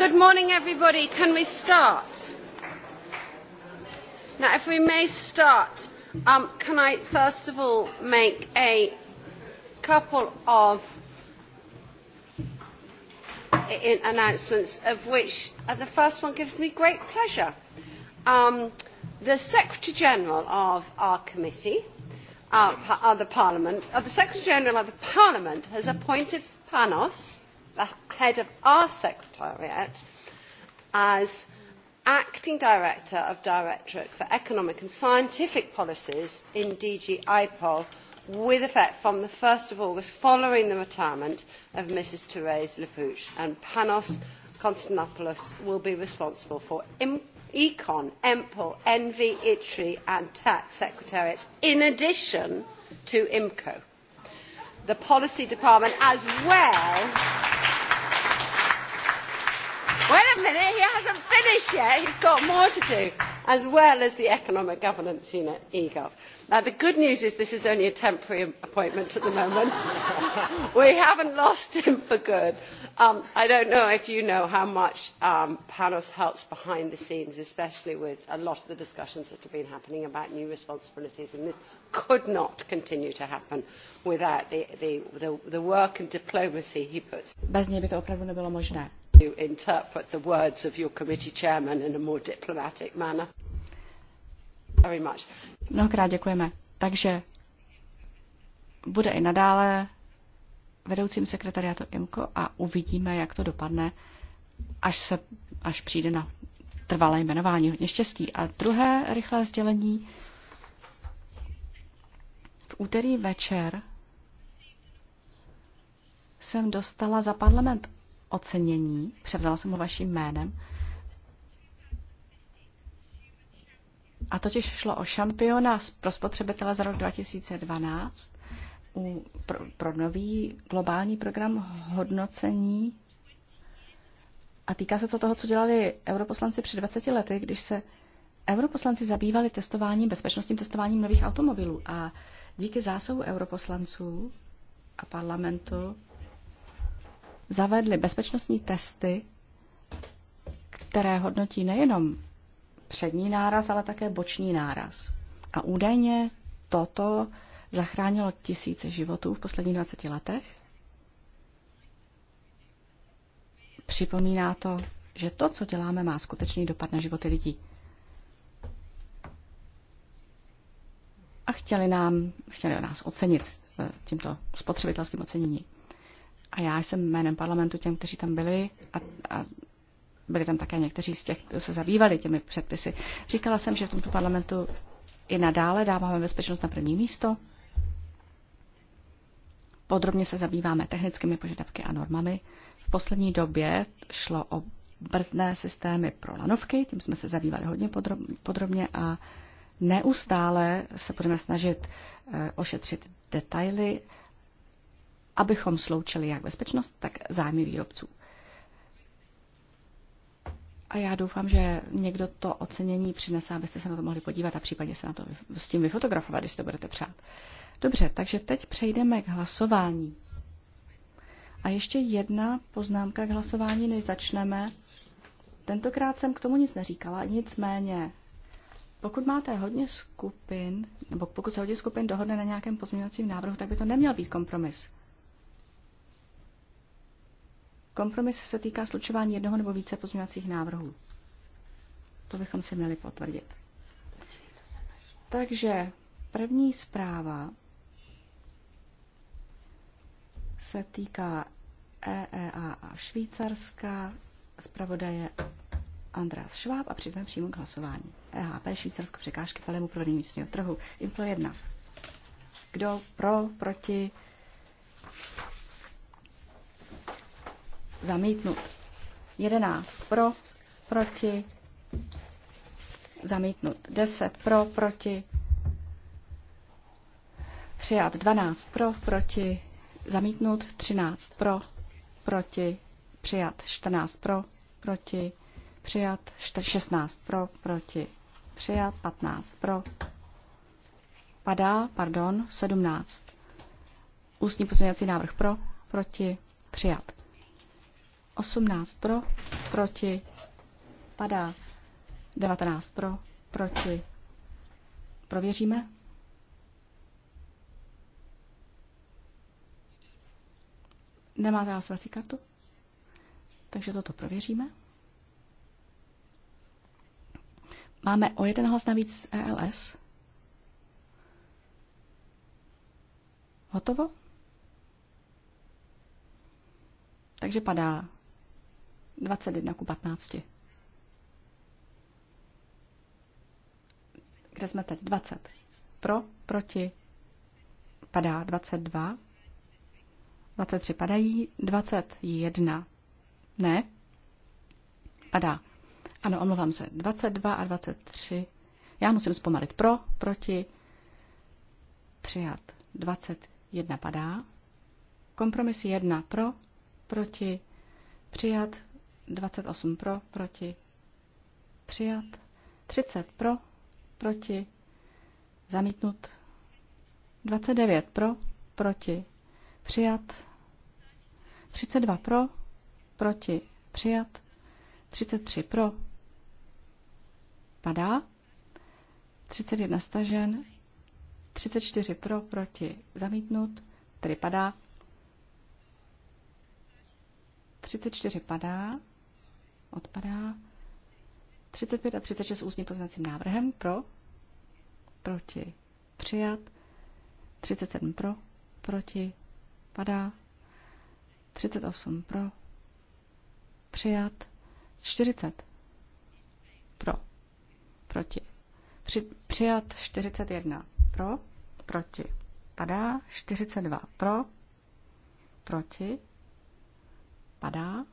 Good morning, everybody. Can we start? Now, if we may start, um, can I first of all make a couple of in- announcements, of which uh, the first one gives me great pleasure. Um, the Secretary General of our committee, uh, pa- uh, the Parliament, uh, the Secretary General of the Parliament has appointed Panos, the head of our secretariat as acting director of directorate for economic and scientific policies in dg ipol with effect from one august following the retirement of mrs therese lepage and panos konstantopoulos will be responsible for econ empl envi itre and tax secretariats in addition to imco the policy department as well Wait a minute, he hasn't finished yet. He's got more to do, as well as the Economic Governance Unit, EGOV. Now, the good news is this is only a temporary appointment at the moment. we haven't lost him for good. Um, I don't know if you know how much um, Panos helps behind the scenes, especially with a lot of the discussions that have been happening about new responsibilities, and this could not continue to happen without the, the, the, the work and diplomacy he puts. Bez něj by to opravdu nebylo možné to interpret the words of your committee chairman in a more diplomatic manner. Very much. Mnohokrát děkujeme. Takže bude i nadále vedoucím sekretariátu IMCO a uvidíme, jak to dopadne, až, se, až přijde na trvalé jmenování. Hodně štěstí. A druhé rychlé sdělení. V úterý večer jsem dostala za parlament ocenění, převzala jsem ho vaším jménem. A totiž šlo o šampiona pro spotřebitele za rok 2012 u, pro, pro nový globální program hodnocení. A týká se to toho, co dělali europoslanci před 20 lety, když se europoslanci zabývali testováním, bezpečnostním testováním nových automobilů. A díky zásahu europoslanců a parlamentu zavedli bezpečnostní testy, které hodnotí nejenom přední náraz, ale také boční náraz. A údajně toto zachránilo tisíce životů v posledních 20 letech. Připomíná to, že to, co děláme, má skutečný dopad na životy lidí. A chtěli nám, chtěli nás ocenit eh, tímto spotřebitelským oceněním. A já jsem jménem parlamentu těm, kteří tam byli a, a byli tam také někteří z těch, kdo se zabývali těmi předpisy. Říkala jsem, že v tomto parlamentu i nadále dáváme bezpečnost na první místo. Podrobně se zabýváme technickými požadavky a normami. V poslední době šlo o brzdné systémy pro lanovky, tím jsme se zabývali hodně podrobně a neustále se budeme snažit eh, ošetřit detaily abychom sloučili jak bezpečnost, tak zájmy výrobců. A já doufám, že někdo to ocenění přinese, abyste se na to mohli podívat a případně se na to s tím vyfotografovat, když to budete přát. Dobře, takže teď přejdeme k hlasování. A ještě jedna poznámka k hlasování, než začneme. Tentokrát jsem k tomu nic neříkala, nicméně, pokud máte hodně skupin, nebo pokud se hodně skupin dohodne na nějakém pozměňovacím návrhu, tak by to neměl být kompromis. Kompromis se týká slučování jednoho nebo více pozměňovacích návrhů. To bychom si měli potvrdit. Takže první zpráva se týká EEA a Švýcarska, zpravodaje András Šváb a přitom přímo k hlasování. EHP Švýcarsko překážky velemu provedení vnitřního trhu. Implo 1. Kdo pro, proti, Zamítnut. 11 pro, proti, zamítnut. 10 pro, proti, přijat. 12 pro, proti, zamítnut. 13 pro, proti, přijat. 14 pro, proti, přijat. 16 pro, proti, přijat. 15 pro, padá, pardon, 17. Ústní pozměňovací návrh pro, proti, přijat. 18 pro, proti, padá. 19 pro, proti. Prověříme. Nemáte hlasovací kartu? Takže toto prověříme. Máme o jeden hlas navíc ELS. Hotovo? Takže padá 21 ku 15. Kde jsme teď? 20. Pro, proti, padá 22. 23 padají, 21 ne, padá. Ano, omlouvám se, 22 a 23. Já musím zpomalit pro, proti, přijat. 21 padá. Kompromis 1 pro, proti, přijat. 28 pro, proti, přijat. 30 pro, proti, zamítnut. 29 pro, proti, přijat. 32 pro, proti, přijat. 33 pro, padá. 31 stažen, 34 pro, proti, zamítnut, tedy padá. 34 padá. Odpadá. 35 a 36 s ústním návrhem pro, proti, přijat. 37 pro, proti, padá. 38 pro, přijat. 40 pro, proti. Při, přijat 41 pro, proti. Padá 42 pro, proti. Padá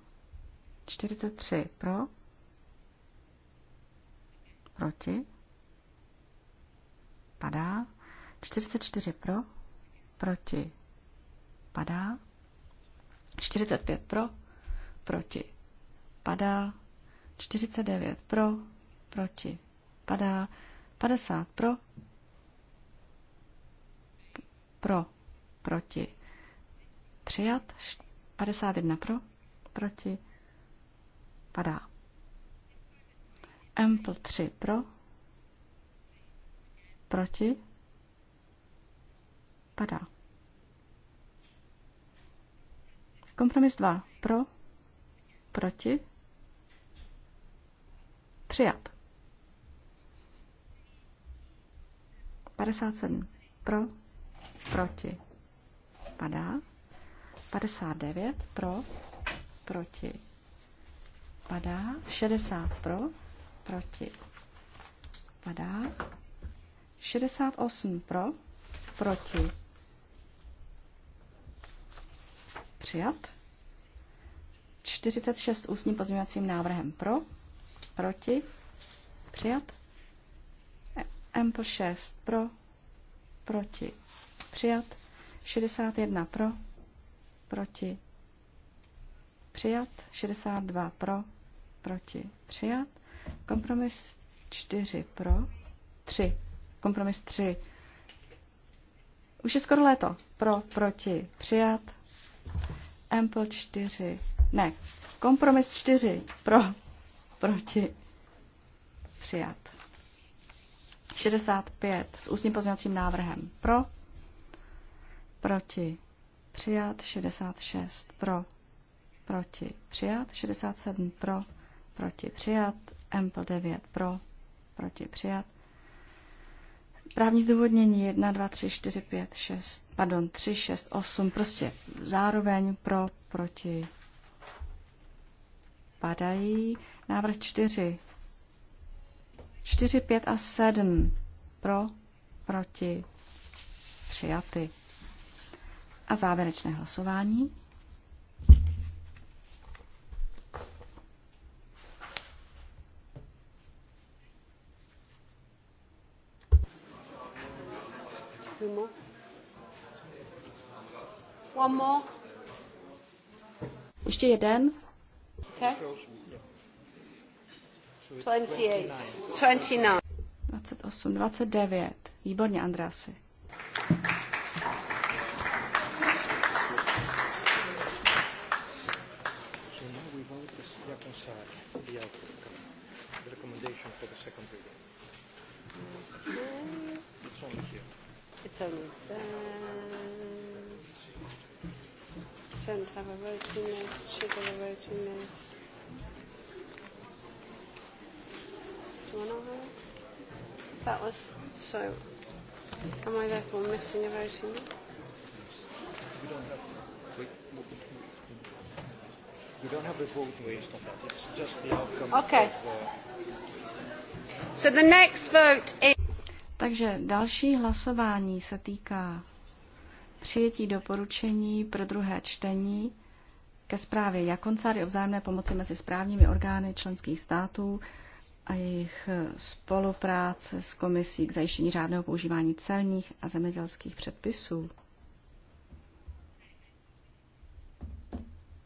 43 pro, proti, padá. 44 pro, proti, padá. 45 pro, proti, padá. 49 pro, proti, padá. 50 pro, pro, proti, přijat. 51 pro, proti, vypadá. Ample 3 pro. Proti. Padá. Kompromis 2 pro. Proti. Přijat. 57 pro. Proti. Padá. 59 pro. Proti padá, 60 pro, proti, padá, 68 pro, proti, přijat, 46 ústním pozměňovacím návrhem pro, proti, přijat, Ample 6 pro, proti, přijat, 61 pro, proti, přijat, 62 pro, proti, přijat. Kompromis 4 pro, 3, kompromis 3. Už je skoro léto. Pro, proti, přijat. Ample 4, ne, kompromis 4 pro, proti, přijat. 65 s ústním pozměňovacím návrhem pro, proti, přijat, 66 pro, proti, přijat, 67 pro, proti přijat, MPL 9 pro, proti přijat. Právní zdůvodnění 1, 2, 3, 4, 5, 6, pardon, 3, 6, 8, prostě zároveň pro, proti padají. Návrh 4, 4, 5 a 7 pro, proti přijaty. A závěrečné hlasování. Two more. One more. Ještě jeden. Okay. 28. 29. 28, 29. Výborně, Andrásy. cenu. Don't have a voting list. Should have a Do have That was so. Am I therefore missing a voting We don't have. the vote wait. We don't have a on that. It's just the outcome. Okay. Of, uh, so the next vote is. Takže další hlasování se týká přijetí doporučení pro druhé čtení ke zprávě Jakoncáry o vzájemné pomoci mezi správními orgány členských států a jejich spolupráce s komisí k zajištění řádného používání celních a zemědělských předpisů.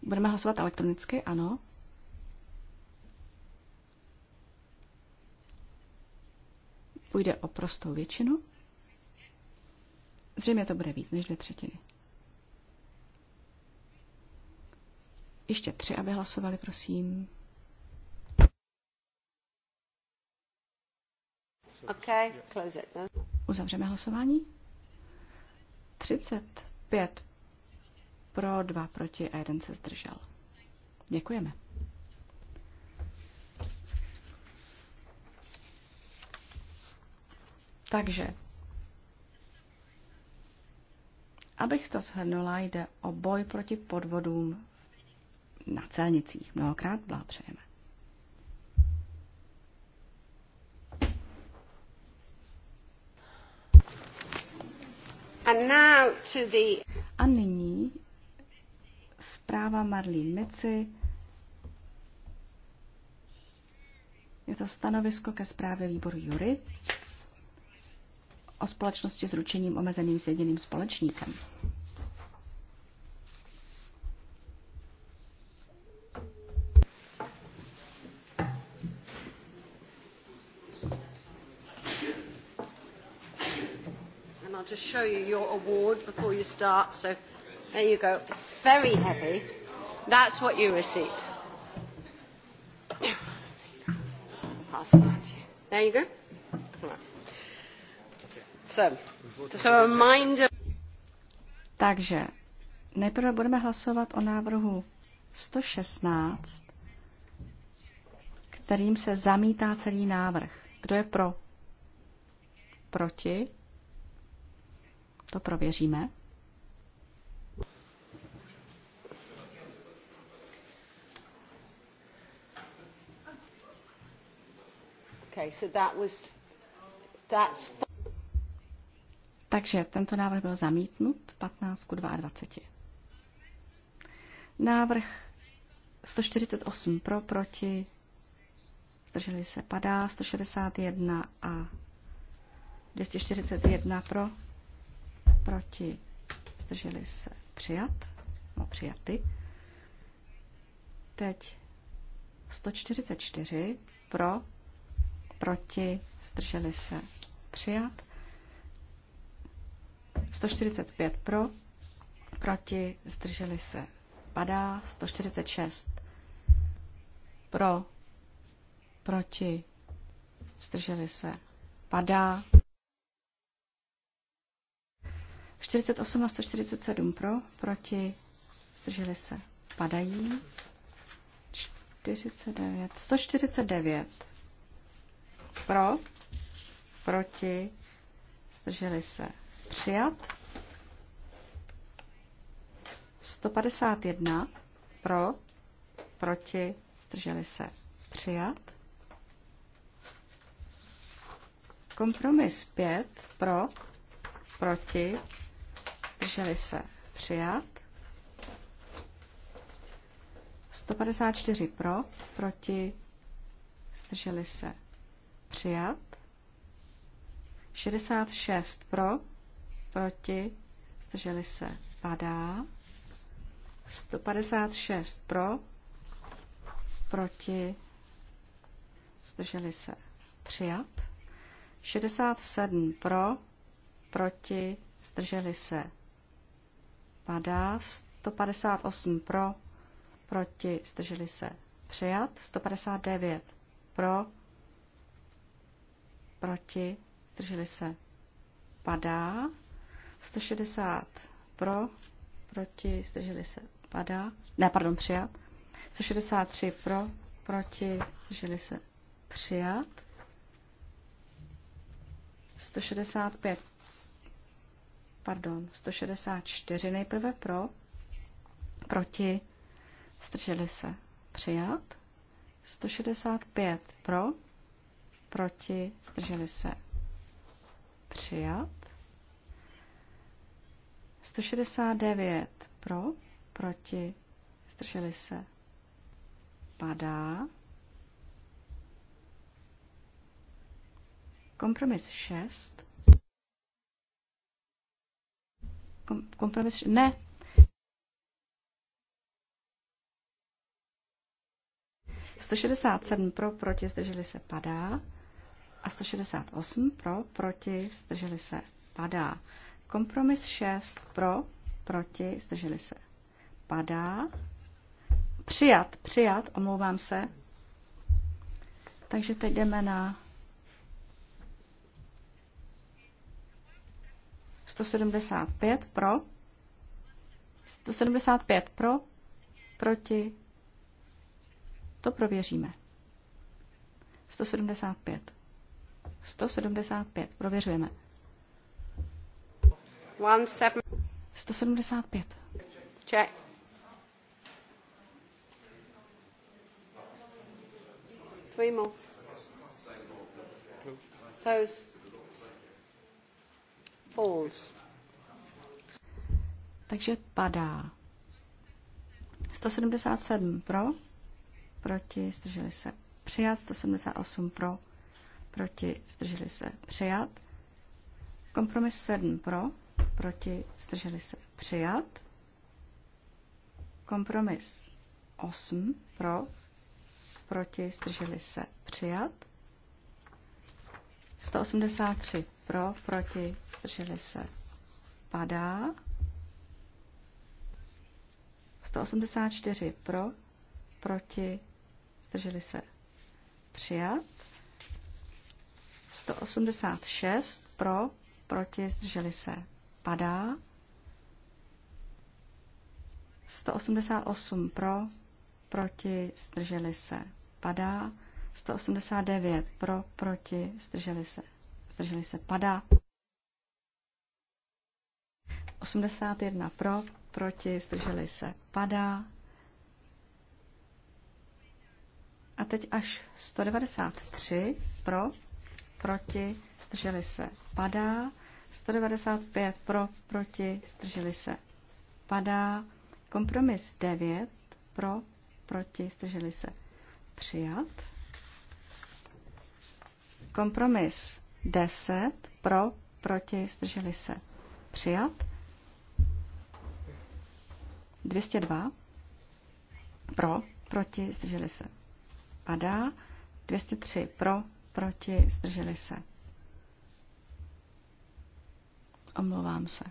Budeme hlasovat elektronicky, ano. půjde o prostou většinu. Zřejmě to bude víc než dvě třetiny. Ještě tři, aby hlasovali, prosím. Okay, close it Uzavřeme hlasování. 35 pro, 2 proti a jeden se zdržel. Děkujeme. Takže, abych to shrnula, jde o boj proti podvodům na celnicích. Mnohokrát přejeme. A nyní zpráva Marlín Mici. Je to stanovisko ke zprávě výboru Jury o společnosti s ručením omezeným s jediným společníkem. just show you your award before you start. So there you go. It's very heavy. That's what you received. Pass There you go. Takže nejprve budeme hlasovat o návrhu 116, kterým se zamítá celý návrh. Kdo je pro? Proti? To prověříme. Okay, so that was, that's... Takže tento návrh byl zamítnut 15 k 22. Návrh 148 pro, proti, zdrželi se, padá 161 a 241 pro, proti, zdrželi se, přijat, no přijaty. Teď 144 pro, proti, zdrželi se, přijat. 145 pro, proti, zdrželi se, padá. 146 pro, proti, zdrželi se, padá. 48 a 147 pro, proti, zdrželi se, padají. 49, 149 pro, proti, zdrželi se, Přijat. 151 pro, proti, zdrželi se. Přijat. Kompromis 5 pro, proti, zdrželi se. Přijat. 154 pro, proti, zdrželi se. Přijat. 66 pro, proti, zdrželi se, padá. 156 pro, proti, zdrželi se, přijat. 67 pro, proti, zdrželi se, padá. 158 pro, proti, zdrželi se, přijat. 159 pro, proti, zdrželi se, padá. 160 pro, proti, zdrželi se, padá. Ne, pardon, přijat. 163 pro, proti, zdrželi se, přijat. 165, pardon, 164 nejprve pro, proti, zdrželi se, přijat. 165 pro, proti, zdrželi se, přijat. 169 pro, proti, zdrželi se, padá. Kompromis 6. Kom, kompromis, ne. Sto šedesát sedm pro, proti, zdrželi se, padá. A 168 pro, proti, zdrželi se, padá. Kompromis 6 pro, proti, zdrželi se. Padá. Přijat, přijat, omlouvám se. Takže teď jdeme na 175 pro, 175 pro, proti, to prověříme. 175. 175. Prověřujeme. 175. Check. Three more. Close. Falls. Takže padá. 177 pro, proti, zdrželi se přijat, 178 pro, proti, zdrželi se přijat, kompromis 7 pro, proti, zdrželi se přijat. Kompromis 8 pro, proti, zdrželi se přijat. 183 pro, proti, zdrželi se padá. 184 pro, proti, zdrželi se přijat. 186 pro, proti, zdrželi se padá. 188 pro, proti, zdrželi se, padá. 189 pro, proti, zdrželi se, zdrželi se, padá. 81 pro, proti, zdrželi se, padá. A teď až 193 pro, proti, zdrželi se, padá. 195 pro, proti, strželi se. Padá. Kompromis 9 pro, proti, strželi se. Přijat. Kompromis 10 pro, proti, strželi se. Přijat. 202 pro, proti, strželi se. Padá. 203 pro, proti, strželi se. Omlouvám se.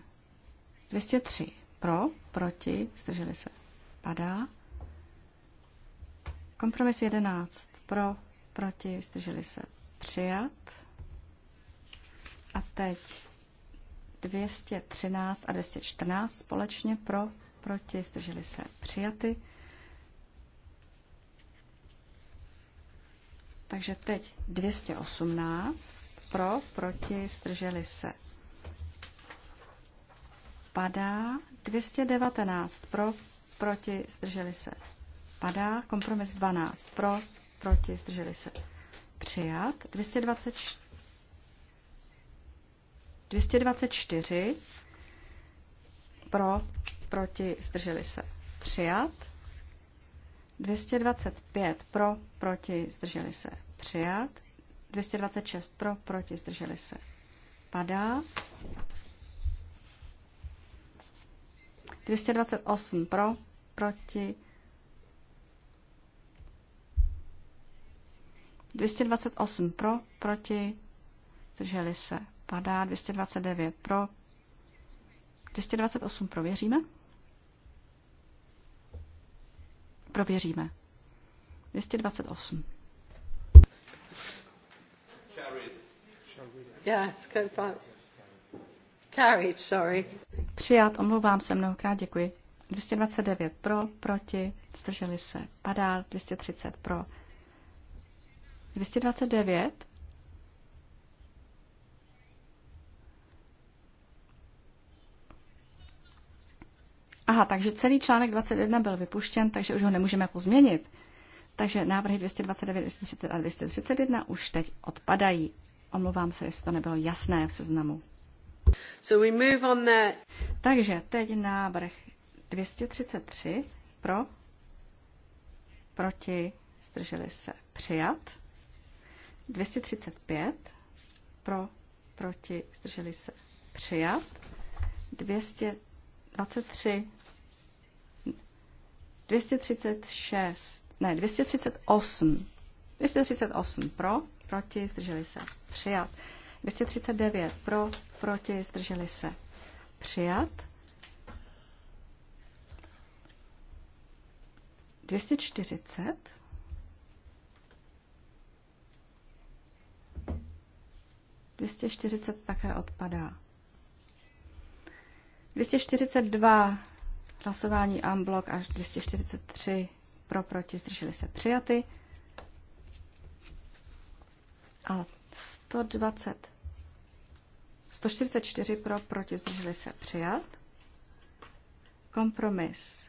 203. Pro, proti, zdrželi se. Padá. Kompromis 11. Pro, proti, zdrželi se. Přijat. A teď 213 a 214 společně pro, proti, zdrželi se. Přijaty. Takže teď 218 pro, proti, zdrželi se padá. 219 pro, proti, zdrželi se. Padá. Kompromis 12 pro, proti, zdrželi se. Přijat. 224. pro, proti, zdrželi se. Přijat. 225 pro, proti, zdrželi se. Přijat. 226 pro, proti, zdrželi se. Padá. 228 pro, proti 228 pro, proti, drželi se, padá 229 pro, 228 prověříme. Prověříme. 228. Yeah, it's Carried, sorry. Přijat, omlouvám se mnohokrát, děkuji. 229 pro, proti, zdrželi se, padá, 230 pro. 229 Aha, takže celý článek 21 byl vypuštěn, takže už ho nemůžeme pozměnit. Takže návrhy 229, 230 a 231 už teď odpadají. Omlouvám se, jestli to nebylo jasné v seznamu. So we move on the... Takže teď návrh 233 pro, proti, zdrželi se, přijat. 235 pro, proti, zdrželi se, přijat. 223, 236, ne, 238, 238 pro, proti, zdrželi se, přijat. 239 pro, proti, zdrželi se. Přijat. 240. Dvěstě čtyřicet také odpadá. 242 hlasování amblok až 243 pro proti zdrželi se přijaty. A 120. 144 pro, proti, zdrželi se přijat. Kompromis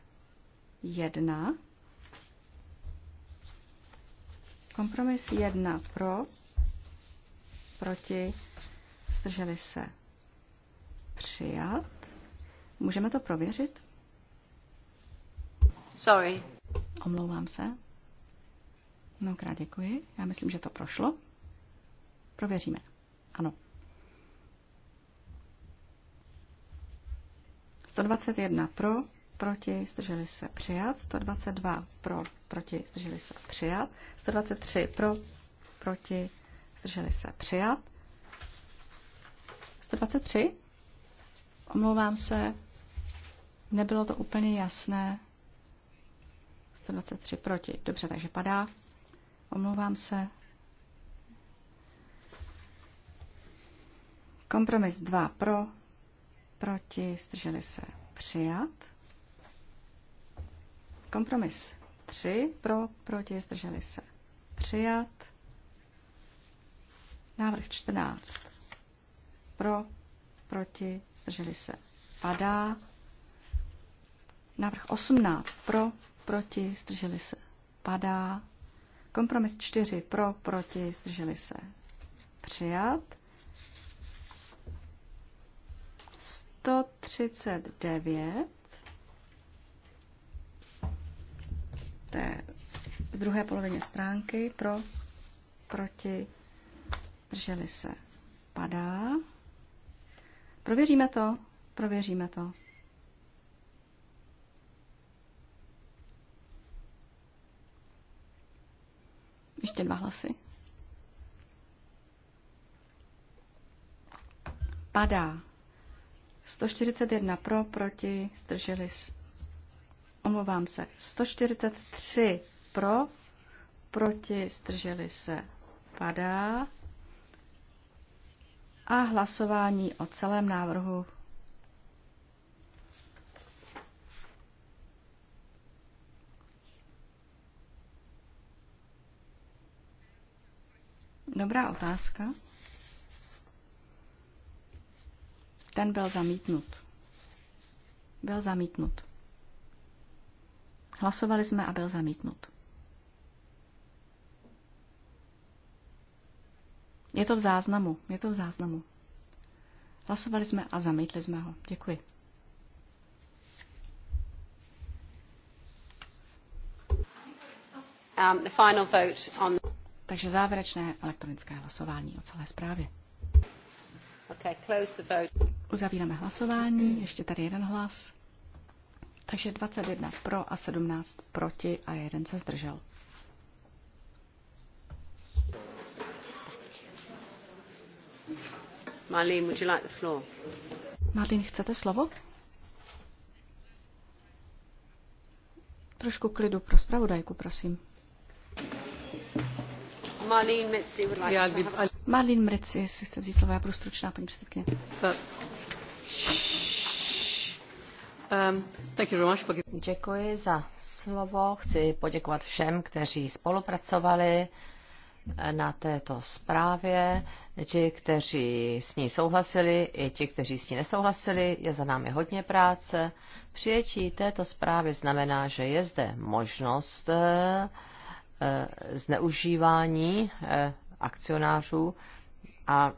1. Kompromis 1 pro, proti, zdrželi se přijat. Můžeme to prověřit? Sorry. Omlouvám se. Mnohokrát děkuji. Já myslím, že to prošlo. Prověříme. Ano. 121 pro, proti, zdrželi se přijat. 122 pro, proti, zdrželi se přijat. 123 pro, proti, zdrželi se přijat. 123? Omlouvám se, nebylo to úplně jasné. 123 proti. Dobře, takže padá. Omlouvám se. Kompromis 2 pro, proti, zdrželi se přijat. Kompromis 3 pro, proti, zdrželi se přijat. Návrh 14 pro, proti, zdrželi se padá. Návrh 18 pro, proti, zdrželi se padá. Kompromis 4 pro, proti, zdrželi se přijat. 139. To je v druhé polovině stránky. Pro, proti, drželi se. Padá. Prověříme to. Prověříme to. Ještě dva hlasy. Padá. 141 pro, proti, zdrželi, omlouvám se, 143 pro, proti, zdrželi se, padá. A hlasování o celém návrhu. Dobrá otázka. Ten byl zamítnut. Byl zamítnut. Hlasovali jsme a byl zamítnut. Je to v záznamu, je to v záznamu. Hlasovali jsme a zamítli jsme ho. Děkuji. Um, the final vote on... Takže závěrečné elektronické hlasování o celé zprávě. Okay, close the vote. Uzavíráme hlasování, ještě tady jeden hlas. Takže 21 pro a 17 proti a jeden se zdržel. Marlene, would you like the floor? Marlene, chcete slovo? Trošku klidu pro zpravodajku, prosím. Marlene Mritzi, would like Marlene Mritzi, si chce vzít slovo, já budu stručná, paní předsedkyně. Um, Děkuji za slovo. Chci poděkovat všem, kteří spolupracovali eh, na této zprávě. Ti, kteří s ní souhlasili, i ti, kteří s ní nesouhlasili, je za námi hodně práce. Přijetí této zprávy znamená, že je zde možnost eh, eh, zneužívání akcionářů a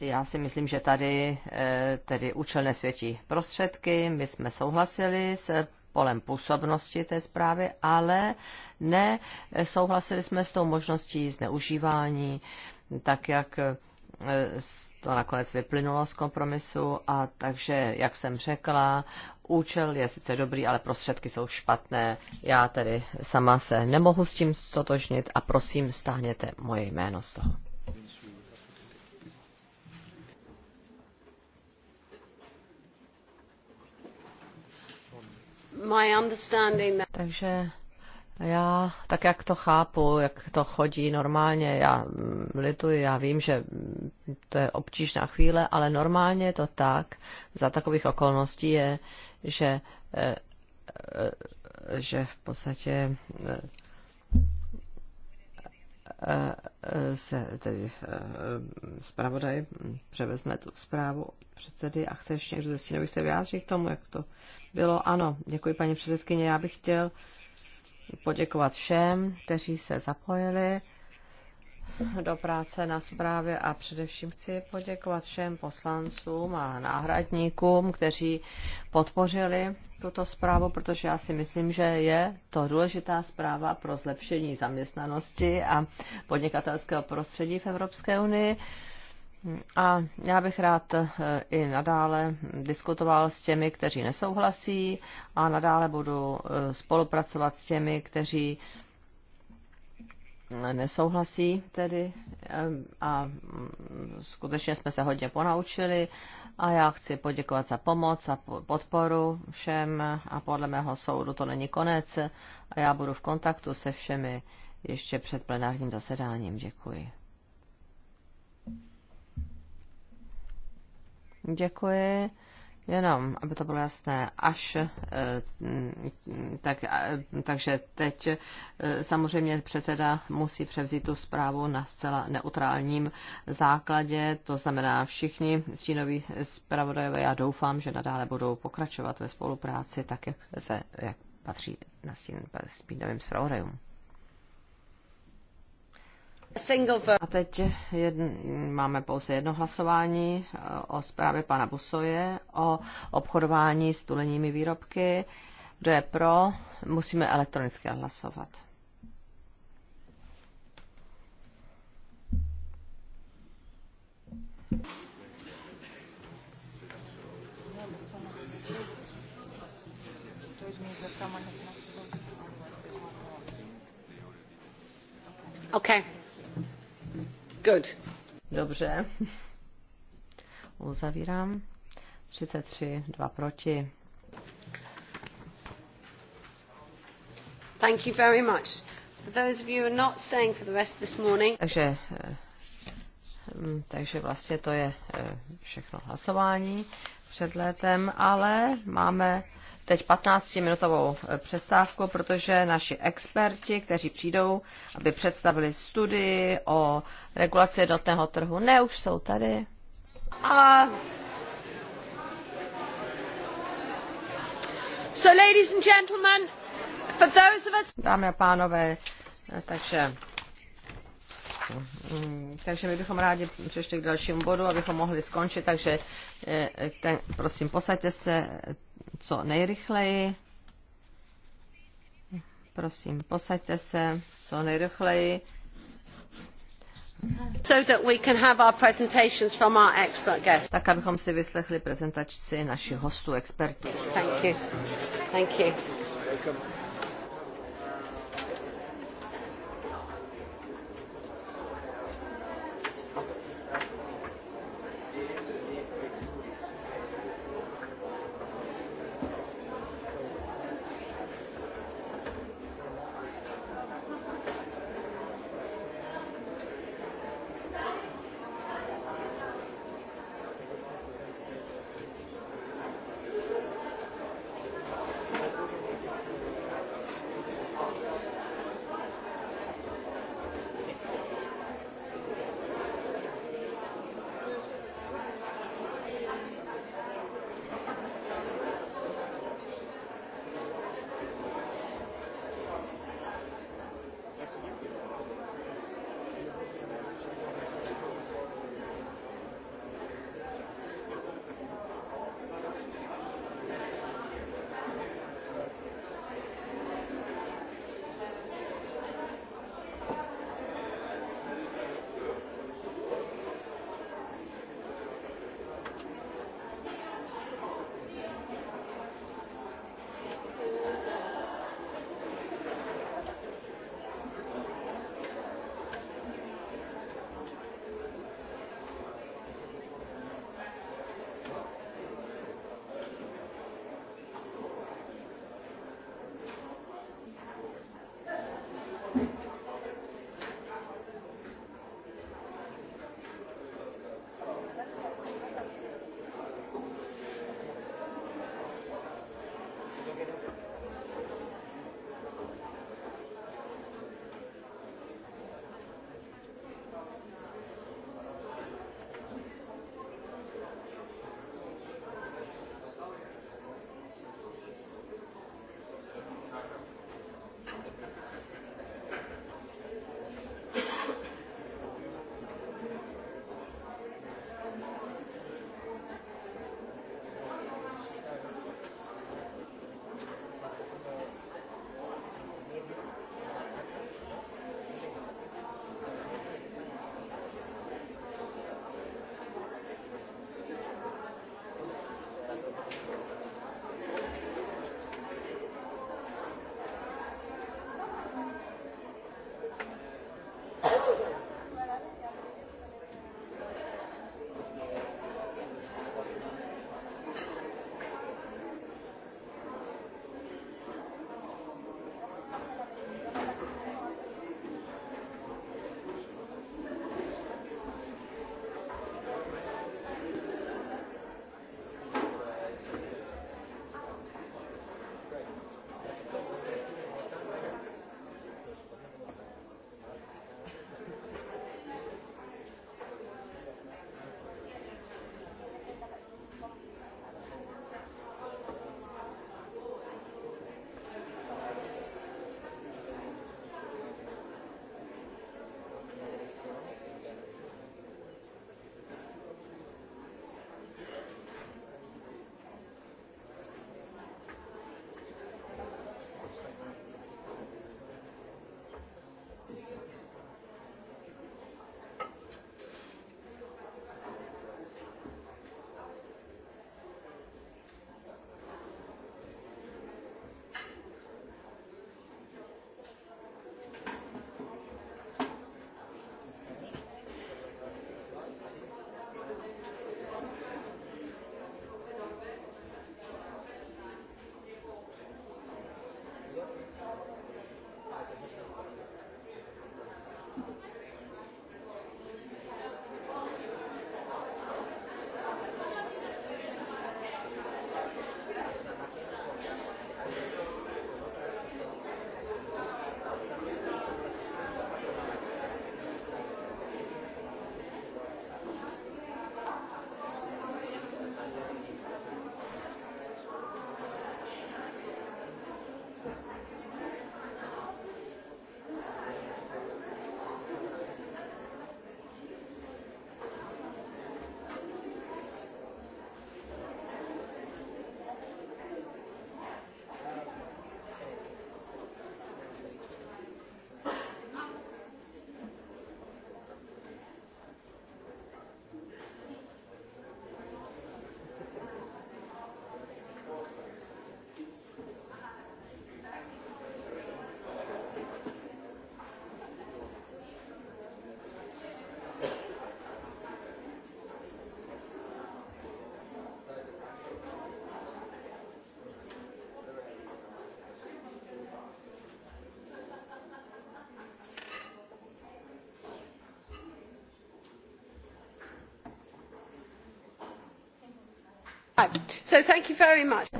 já si myslím, že tady eh, tedy účel nesvětí prostředky. My jsme souhlasili s polem působnosti té zprávy, ale ne eh, souhlasili jsme s tou možností zneužívání, tak jak eh, to nakonec vyplynulo z kompromisu a takže, jak jsem řekla, účel je sice dobrý, ale prostředky jsou špatné. Já tedy sama se nemohu s tím stotožnit a prosím, stáhněte moje jméno z toho. Takže já tak, jak to chápu, jak to chodí normálně, já lituji, já vím, že to je obtížná chvíle, ale normálně je to tak, za takových okolností je, že, eh, eh, že v podstatě eh, se tedy zpravodaj převezme tu zprávu předsedy a chceš někdo ze stínových se vyjádřit k tomu, jak to bylo ano. Děkuji, paní předsedkyně. Já bych chtěl poděkovat všem, kteří se zapojili do práce na zprávě a především chci poděkovat všem poslancům a náhradníkům, kteří podpořili tuto zprávu, protože já si myslím, že je to důležitá zpráva pro zlepšení zaměstnanosti a podnikatelského prostředí v Evropské unii. A já bych rád eh, i nadále diskutoval s těmi, kteří nesouhlasí a nadále budu eh, spolupracovat s těmi, kteří eh, nesouhlasí tedy a mm, skutečně jsme se hodně ponaučili a já chci poděkovat za pomoc a podporu všem a podle mého soudu to není konec a já budu v kontaktu se všemi ještě před plenárním zasedáním. Děkuji. Děkuji. Jenom, aby to bylo jasné, až, eh, mm, tak, takže teď eh, samozřejmě předseda musí převzít tu zprávu na zcela neutrálním základě, to znamená všichni stínoví zpravodajové, já doufám, že nadále budou pokračovat ve spolupráci tak, jak se jak patří na stínovým zpravodajům. A teď jedn, máme pouze jedno hlasování eh, o zprávě pana Busoje o obchodování s tuleními výrobky. Kdo je pro, musíme elektronicky hlasovat. Okay. Good. Dobře. Uzavírám. 33, 2 proti. Thank you very much. For those of you who are not staying for the rest this morning. Takže eh, mm, takže vlastně to je eh, všechno hlasování před létem, ale máme teď 15-minutovou eh, přestávku, protože naši experti, kteří přijdou, aby představili studii o regulaci jednotného trhu, ne, už jsou tady. A... So, ladies and gentlemen, for those of us... Dámy a pánové, eh, takže takže my bychom rádi přešli k dalšímu bodu, abychom mohli skončit, takže eh, ten, prosím, posaďte se co nejrychleji. Prosím, posaďte se co nejrychleji. So that we can have our presentations from our expert guests. Tak, abychom si vyslechli prezentaci našich hostů, expertů. Thank you. Thank you.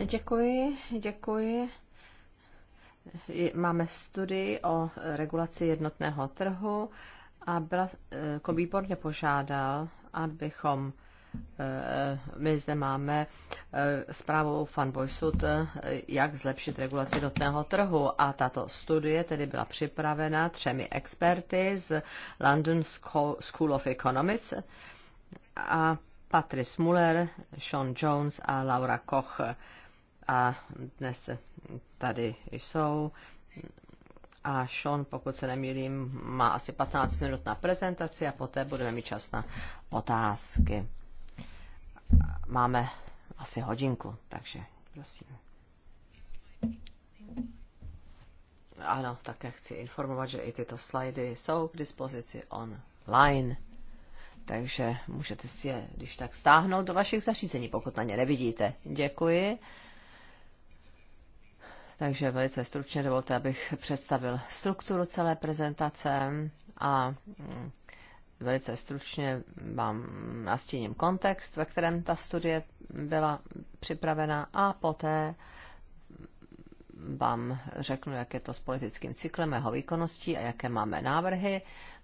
Děkuji, děkuji. Máme studii o eh, regulaci jednotného trhu a byla, eh, jako výborně požádal, abychom eh, my zde máme zprávou Fanboysud, jak zlepšit regulaci jednotného trhu. A tato studie tedy byla připravena třemi experty z London School of Economics a Patrice Muller Sean Jones a Laura Koch. A dnes tady jsou. A Sean, pokud se nemýlím, má asi 15 minut na prezentaci a poté budeme mít čas na otázky. Máme asi hodinku, takže prosím. Ano, také chci informovat, že i tyto slajdy jsou k dispozici online takže můžete si je, když tak, stáhnout do vašich zařízení, pokud na ně nevidíte. Děkuji. Takže velice stručně dovolte, abych představil strukturu celé prezentace a mm, velice stručně vám nastíním kontext, ve kterém ta studie byla připravena a poté vám řeknu, jak je to s politickým cyklem jeho výkonností a jaké máme návrhy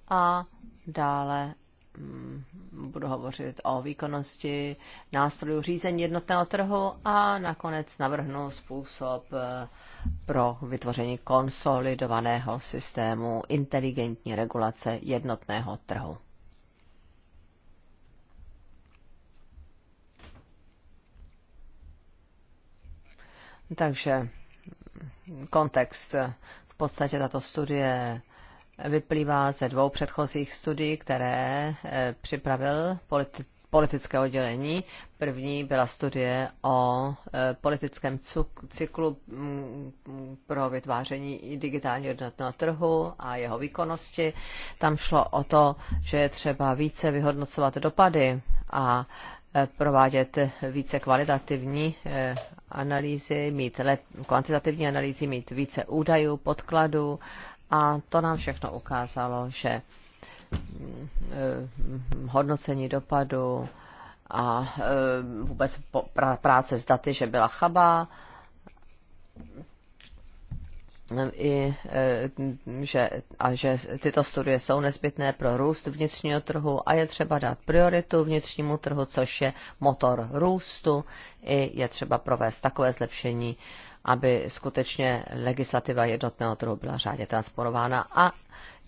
a dále Mm, budu hovořit o výkonnosti nástrojů řízení jednotného trhu a nakonec navrhnu způsob eh, pro vytvoření konsolidovaného systému inteligentní regulace jednotného trhu. Takže kontext. V podstatě tato studie vyplývá ze dvou předchozích studií, které eh, připravil politické oddělení. První byla studie o eh, politickém cyklu mm, pro vytváření digitálního jednotného trhu a jeho výkonnosti. Tam šlo o to, že je třeba více vyhodnocovat dopady a eh, provádět více kvalitativní analýzy, mít lep, kvantitativní analýzy, mít více údajů, podkladů a to nám všechno ukázalo, že mm, eh, hodnocení dopadu a eh, vůbec práce s daty, že byla chabá, i, eh, že, a že tyto studie jsou nezbytné pro růst vnitřního trhu a je třeba dát prioritu vnitřnímu trhu, což je motor růstu, i je třeba provést takové zlepšení aby skutečně legislativa jednotného trhu byla řádně transponována a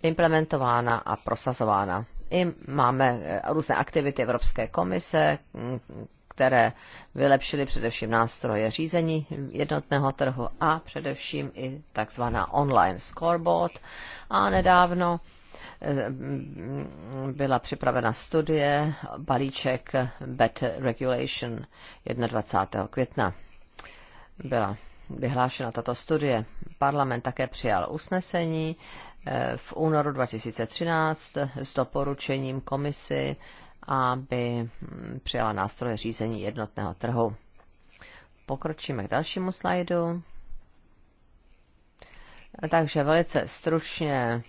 implementována a prosazována. I máme eh, různé aktivity Evropské komise, mm, které vylepšily především nástroje řízení jednotného trhu a především i takzvaná online scoreboard. A nedávno eh, mm, byla připravena studie balíček Better Regulation 21. května. Byla vyhlášena tato studie. Parlament také přijal usnesení eh, v únoru 2013 s doporučením komisi, aby hm, přijala nástroje řízení jednotného trhu. Pokročíme k dalšímu slajdu. Takže velice stručně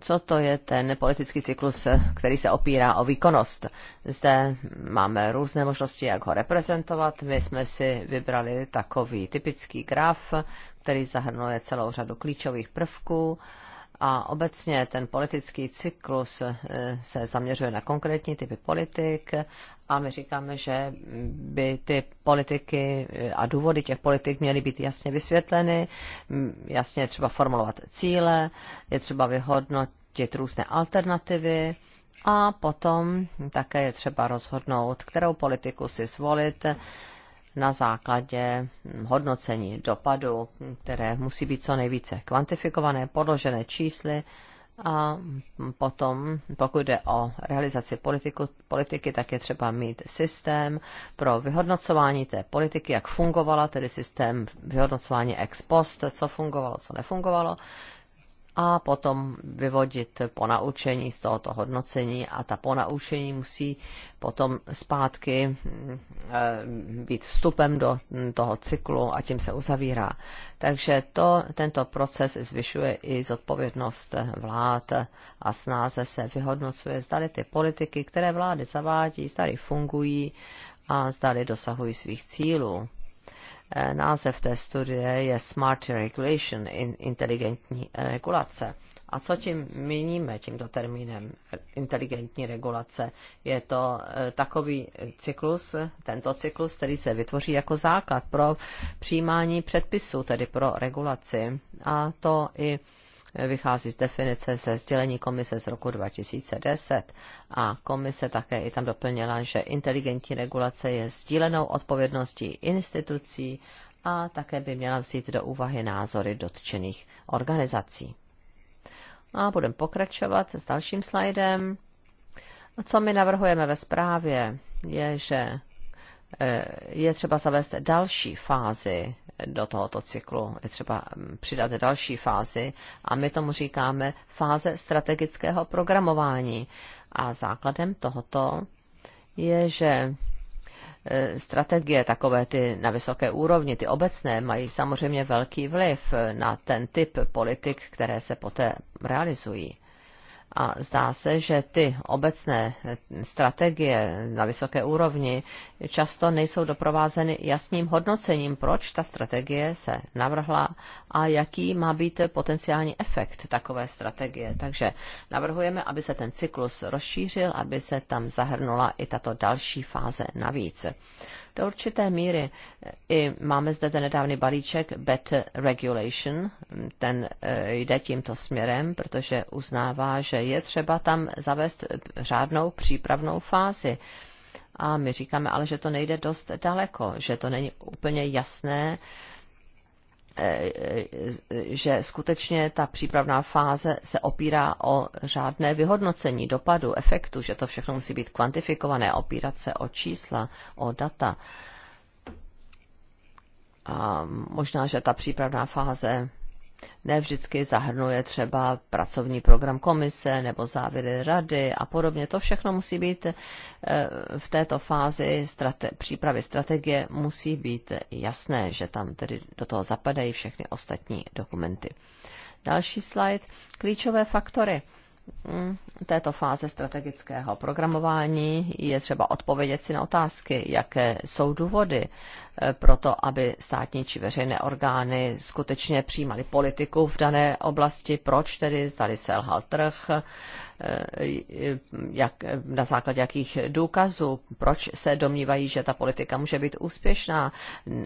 co to je ten politický cyklus, který se opírá o výkonnost. Zde máme různé možnosti, jak ho reprezentovat. My jsme si vybrali takový typický graf, který zahrnuje celou řadu klíčových prvků. A obecně ten politický cyklus eh, se zaměřuje na konkrétní typy politik a my říkáme, že by ty politiky eh, a důvody těch politik měly být jasně vysvětleny, jasně třeba formulovat cíle, je třeba vyhodnotit různé alternativy, a potom také je třeba rozhodnout, kterou politiku si zvolit, na základě hodnocení dopadu, které musí být co nejvíce kvantifikované, podložené čísly a potom, pokud jde o realizaci politiku, politiky, tak je třeba mít systém pro vyhodnocování té politiky, jak fungovala, tedy systém vyhodnocování ex post, co fungovalo, co nefungovalo, a potom vyvodit ponaučení z tohoto hodnocení a ta ponaučení musí potom zpátky mm, eh, být vstupem do mm, toho cyklu a tím se uzavírá. Takže to, tento proces zvyšuje i zodpovědnost vlád a snáze se vyhodnocuje, zdali ty politiky, které vlády zavádí, zdali fungují a zdali dosahují svých cílů. Eh, název té studie je Smart Regulation, inteligentní regulace. A co tím míníme tímto termínem inteligentní regulace? Je to eh, takový cyklus, tento cyklus, který se vytvoří jako základ pro přijímání předpisů, tedy pro regulaci. A to i vychází z definice ze sdělení komise z roku 2010 a komise také i tam doplnila, že inteligentní regulace je sdílenou odpovědností institucí a také by měla vzít do úvahy názory dotčených organizací. A budeme pokračovat s dalším slajdem. A co my navrhujeme ve zprávě, je, že eh, je třeba zavést další fázi do tohoto cyklu. Je třeba mm, přidat další fázi a my tomu říkáme fáze strategického programování. A základem tohoto je, že e, strategie, takové ty na vysoké úrovni, ty obecné, mají samozřejmě velký vliv na ten typ politik, které se poté realizují. A zdá se, že ty obecné strategie na vysoké úrovni často nejsou doprovázeny jasným hodnocením, proč ta strategie se navrhla a jaký má být potenciální efekt takové strategie. Takže navrhujeme, aby se ten cyklus rozšířil, aby se tam zahrnula i tato další fáze navíc. Do určité míry eh, i máme zde ten nedávný balíček Better Regulation, ten eh, jde tímto směrem, protože uznává, že je třeba tam zavést eh, řádnou přípravnou fázi. A my říkáme ale, že to nejde dost daleko, že to není úplně jasné, Eh, eh, že skutečně ta přípravná fáze se opírá o řádné vyhodnocení dopadu, efektu, že to všechno musí být kvantifikované, opírat se o čísla, o data. A možná, že ta přípravná fáze ne vždycky zahrnuje třeba pracovní program komise nebo závěry rady a podobně. To všechno musí být eh, v této fázi strate- přípravy strategie musí být jasné, že tam tedy do toho zapadají všechny ostatní dokumenty. Další slide. Klíčové faktory. Mm, této fáze strategického programování je třeba odpovědět si na otázky, jaké jsou důvody eh, pro to, aby státní či veřejné orgány skutečně přijímaly politiku v dané oblasti, proč tedy zdali selhal trh, eh, jak, na základě jakých důkazů, proč se domnívají, že ta politika může být úspěšná,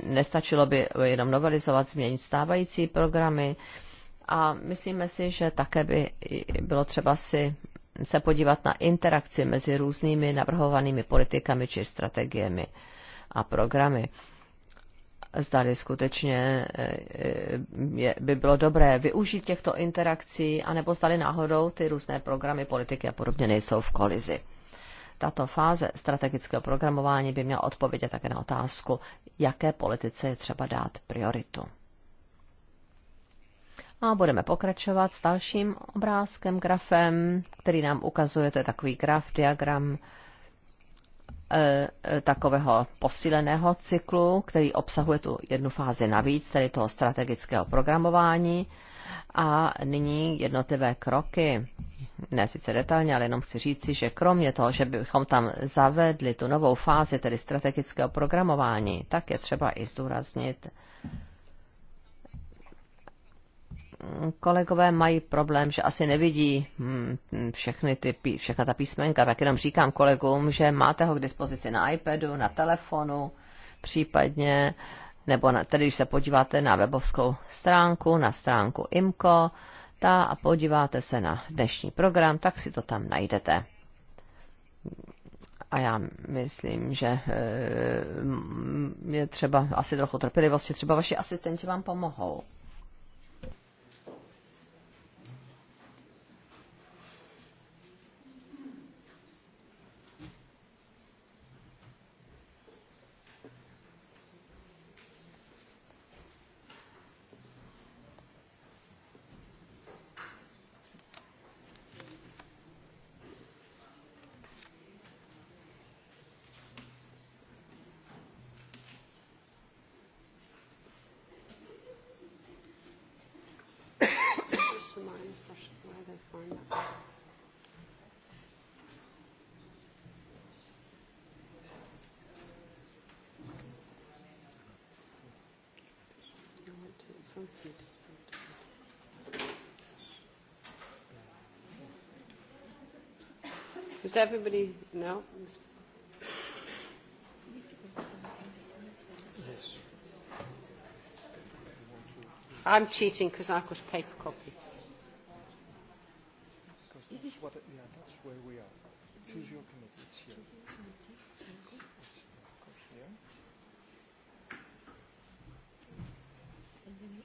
nestačilo by jenom novelizovat, změnit stávající programy, a myslíme si, že také by bylo třeba si se podívat na interakci mezi různými navrhovanými politikami či strategiemi a programy. Zdali skutečně eh, je, by bylo dobré využít těchto interakcí, anebo zdali náhodou ty různé programy, politiky a podobně nejsou v kolizi. Tato fáze strategického programování by měla odpovědět také na otázku, jaké politice je třeba dát prioritu. A budeme pokračovat s dalším obrázkem, grafem, který nám ukazuje, to je takový graf, diagram eh, eh, takového posíleného cyklu, který obsahuje tu jednu fázi navíc, tedy toho strategického programování. A nyní jednotlivé kroky, ne sice detailně, ale jenom chci říci, že kromě toho, že bychom tam zavedli tu novou fázi, tedy strategického programování, tak je třeba i zdůraznit kolegové mají problém, že asi nevidí hmm, všechny ty, všechna ta písmenka, tak jenom říkám kolegům, že máte ho k dispozici na iPadu, na telefonu, případně, nebo na, tedy když se podíváte na webovskou stránku, na stránku IMCO, ta a podíváte se na dnešní program, tak si to tam najdete. A já myslím, že eh, je třeba asi trochu trpělivosti, třeba vaši asistenti vám pomohou. Does everybody know? Yes. I'm cheating because I've got a paper copy. Because this is what, yeah, that's where we are. Choose your committee. It's here. It's here.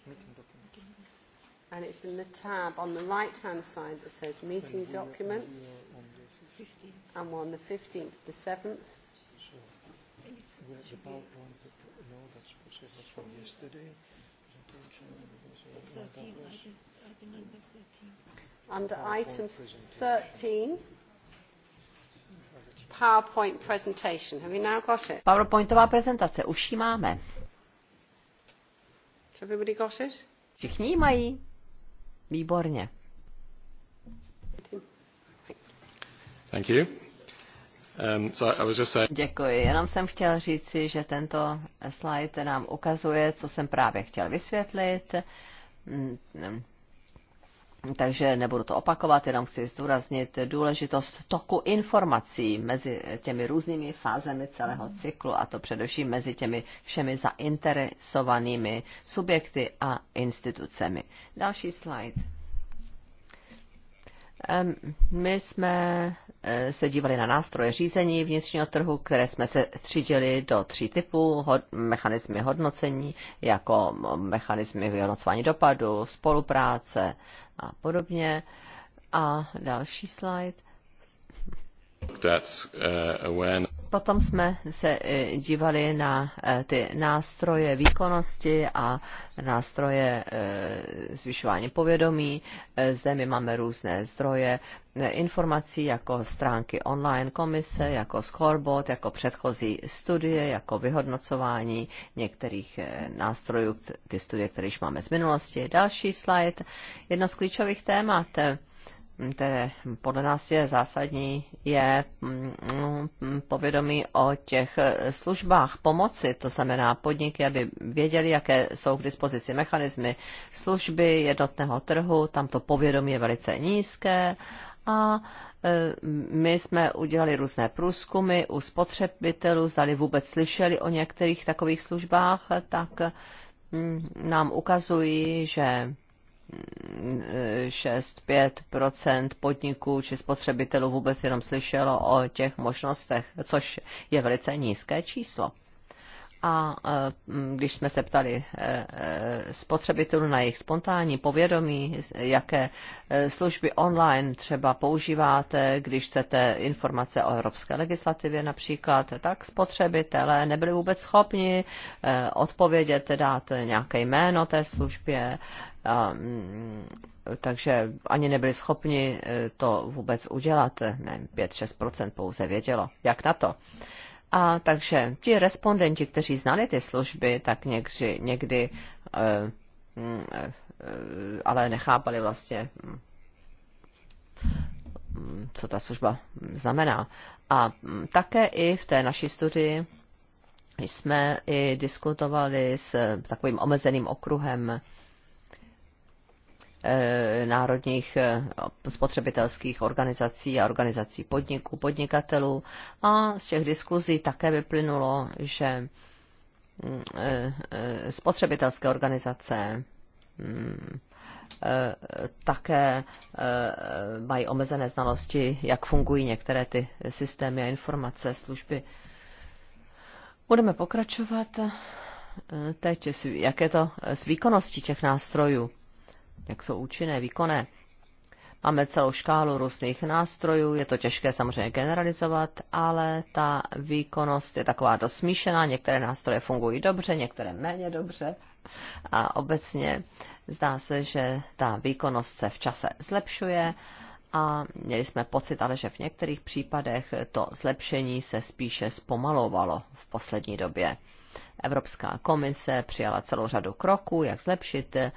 Meeting document. And it's in the tab on the right-hand side that says meeting documents. We I'm on the 15th, the 7th. So, the PowerPoint, no, that's, that's from yesterday. No, Under item 13, PowerPoint presentation. Have you now got it? PowerPointová prezentace, už ji máme. Has everybody got it? Všichni mají? Výborně. Um, Děkuji. Jenom jsem chtěl říci, že tento slide nám ukazuje, co jsem právě chtěl vysvětlit. Mm, takže nebudu to opakovat, jenom chci zdůraznit důležitost toku informací mezi těmi různými fázemi celého cyklu, a to především mezi těmi všemi zainteresovanými subjekty a institucemi. Další slide. My jsme Eh, se dívali na nástroje řízení vnitřního trhu, které jsme se střídili do tří typů, hod, mechanizmy hodnocení, jako mechanismy vyhodnocování dopadu, spolupráce a podobně. A další slide. Potom jsme se e, dívali na e, ty nástroje výkonnosti a nástroje e, zvyšování povědomí. Zde my máme různé zdroje informací, jako stránky online komise, jako scoreboard, jako předchozí studie, jako vyhodnocování některých nástrojů, ty studie, které už máme z minulosti. Další slide. Jedno z klíčových témat které podle nás je zásadní, je mm, mm, povědomí o těch službách pomoci, to znamená podniky, aby věděli, jaké jsou k dispozici mechanismy služby jednotného trhu, tam to povědomí je velice nízké a e, my jsme udělali různé průzkumy u spotřebitelů, zdali vůbec slyšeli o některých takových službách, tak mm, nám ukazují, že 6-5 podniků či spotřebitelů vůbec jenom slyšelo o těch možnostech, což je velice nízké číslo. A e, když jsme se ptali e, e, spotřebitelů na jejich spontánní povědomí, jaké služby online třeba používáte, když chcete informace o evropské legislativě například, tak spotřebitelé nebyli vůbec schopni odpovědět, dát nějaké jméno té službě a, mm, takže ani nebyli schopni e, to vůbec udělat. Ne, 5-6% pouze vědělo, jak na to. A takže ti respondenti, kteří znali ty služby, tak někdy, někdy e, mm, e, ale nechápali vlastně, mm, co ta služba znamená. A také i v té naší studii jsme i diskutovali s takovým omezeným okruhem Eh, národních eh, spotřebitelských organizací a organizací podniků, podnikatelů. A z těch diskuzí také vyplynulo, že mm, eh, spotřebitelské organizace mm, také mají omezené znalosti, jak fungují některé ty systémy a informace, služby. Budeme pokračovat teď, jak je to s výkonností těch nástrojů jak jsou účinné, výkonné. Máme celou škálu různých nástrojů, je to těžké samozřejmě generalizovat, ale ta výkonnost je taková dosmíšená, některé nástroje fungují dobře, některé méně dobře a obecně zdá se, že ta výkonnost se v čase zlepšuje a měli jsme pocit ale, že v některých případech to zlepšení se spíše zpomalovalo v poslední době. Evropská komise přijala celou řadu kroků, jak zlepšit eh,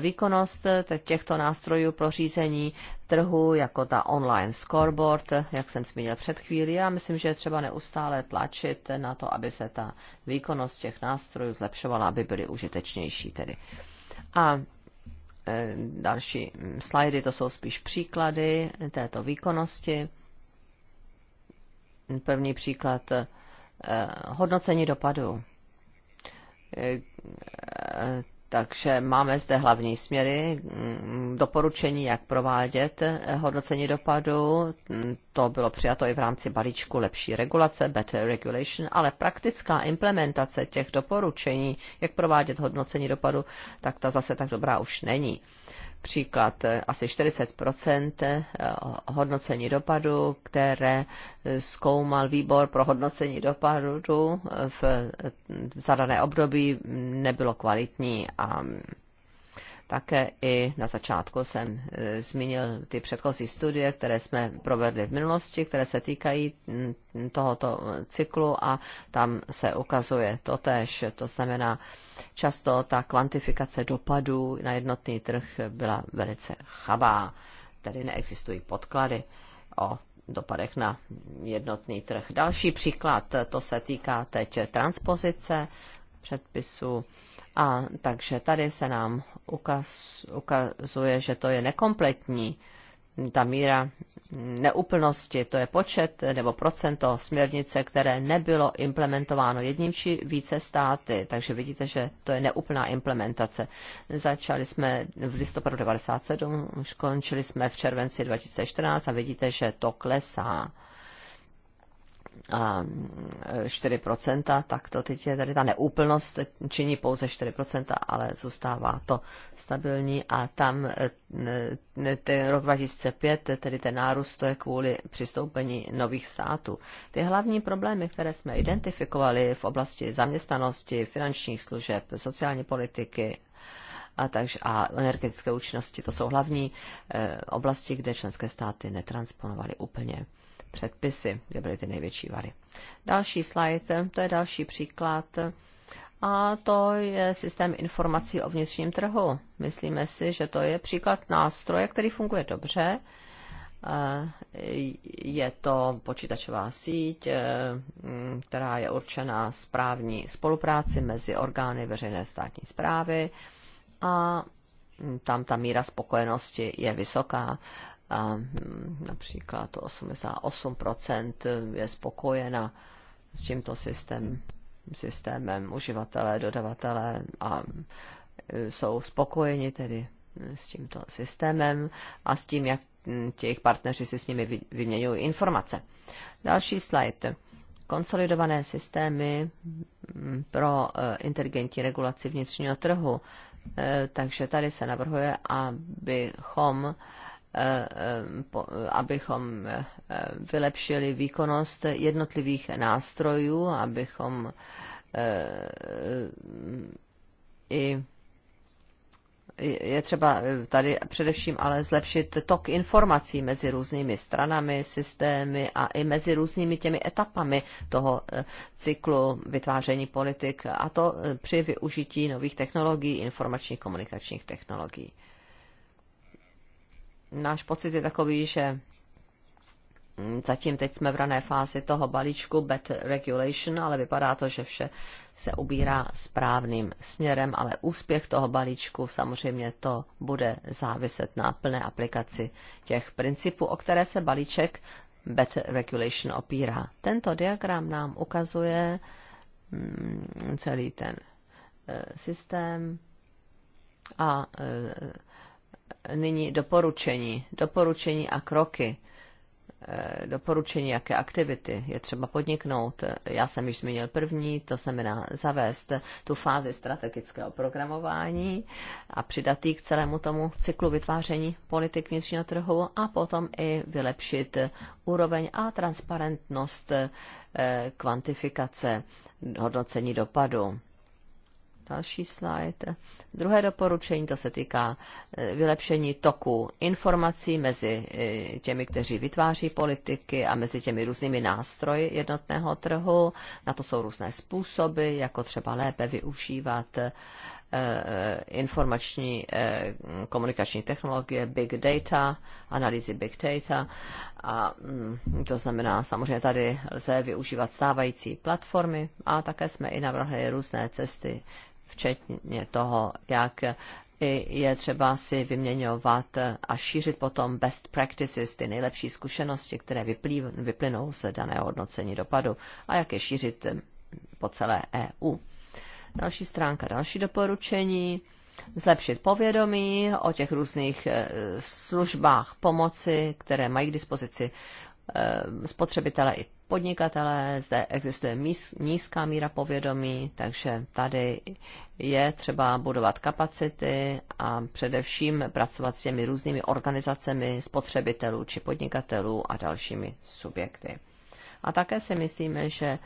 výkonnost těchto nástrojů pro řízení trhu, jako ta online scoreboard, jak jsem zmínil před chvílí. Já myslím, že je třeba neustále tlačit na to, aby se ta výkonnost těch nástrojů zlepšovala, aby byly užitečnější tedy. A eh, další mm, slajdy, to jsou spíš příklady této výkonnosti. První příklad eh, hodnocení dopadu takže máme zde hlavní směry, mm, doporučení, jak provádět eh, hodnocení dopadu. Mm, to bylo přijato i v rámci balíčku lepší regulace, better regulation, ale praktická implementace těch doporučení, jak provádět hodnocení dopadu, tak ta zase tak dobrá už není příklad eh, asi 40 eh, hodnocení dopadu, které eh, zkoumal výbor pro hodnocení dopadu v zadané období, mm, nebylo kvalitní a mm, také i na začátku jsem e, zmínil ty předchozí studie, které jsme provedli v minulosti, které se týkají mm, tohoto e, cyklu a tam se ukazuje totéž. To znamená, často ta kvantifikace dopadů na jednotný trh byla velice chabá. Tady neexistují podklady o dopadech na jednotný trh. Další příklad, to se týká teď transpozice předpisu a takže tady se nám ukaz, ukazuje, že to je nekompletní. Ta míra neúplnosti, to je počet nebo procento směrnice, které nebylo implementováno jedním či více státy. Takže vidíte, že to je neúplná implementace. Začali jsme v listopadu 1997, skončili jsme v červenci 2014 a vidíte, že to klesá. 4%, tak to teď je tady ta neúplnost, činí pouze 4%, ale zůstává to stabilní a tam eh, ten rok 2005, tedy ten nárůst, to je kvůli přistoupení nových států. Ty hlavní problémy, které jsme identifikovali v oblasti zaměstnanosti, finančních služeb, sociální politiky, a, takže, a energetické účinnosti, to jsou hlavní e, oblasti, kde členské státy netransponovaly úplně předpisy, kde byly ty největší vady. Další slide, to je další příklad. A to je systém informací o vnitřním trhu. Myslíme si, že to je příklad nástroje, který funguje dobře. Eh, je to počítačová síť, eh, která je určena správní spolupráci mezi orgány veřejné státní zprávy a tam ta míra spokojenosti je vysoká a mm, například 88% je spokojena s tímto systém, systémem uživatelé, dodavatelé a e, jsou spokojeni tedy s tímto systémem a s tím, jak mm, těch partneři si s nimi vyměňují informace. Další slide. Konsolidované systémy mm, pro e, inteligentní regulaci vnitřního trhu. E, takže tady se navrhuje, abychom Eh, eh, abychom eh, vylepšili výkonnost jednotlivých nástrojů, abychom i je třeba tady především ale zlepšit tok informací mezi různými stranami, systémy a i mezi různými těmi etapami toho cyklu vytváření politik a to při využití nových technologií, informačních komunikačních technologií náš pocit je takový, že mm, zatím teď jsme v rané fázi toho balíčku bad regulation, ale vypadá to, že vše se ubírá správným směrem, ale úspěch toho balíčku samozřejmě to bude záviset na plné aplikaci těch principů, o které se balíček bad regulation opírá. Tento diagram nám ukazuje mm, celý ten e, systém a e, nyní doporučení, doporučení a kroky, eh, doporučení, jaké aktivity je třeba podniknout. Já jsem již zmínil první, to znamená zavést tu fázi strategického programování a přidat ji k celému tomu cyklu vytváření politik vnitřního trhu a potom i vylepšit úroveň a transparentnost eh, kvantifikace hodnocení dopadu Další slide. Druhé doporučení, to se týká eh, vylepšení toku informací mezi eh, těmi, kteří vytváří politiky a mezi těmi různými nástroji jednotného trhu. Na to jsou různé způsoby, jako třeba lépe využívat eh, informační komunikační technologie, big data, analýzy big data. A mm, to znamená, samozřejmě tady lze využívat stávající platformy a také jsme i navrhli různé cesty, včetně toho, jak je třeba si vyměňovat a šířit potom best practices, ty nejlepší zkušenosti, které vyplynou z daného hodnocení dopadu a jak je šířit po celé EU. Další stránka, další doporučení, zlepšit povědomí o těch různých eh, službách pomoci, které mají k dispozici eh, spotřebitele i podnikatelé, zde existuje nízká míra povědomí, takže tady je třeba budovat kapacity a především pracovat s těmi různými organizacemi spotřebitelů či podnikatelů a dalšími subjekty. A také si myslíme, že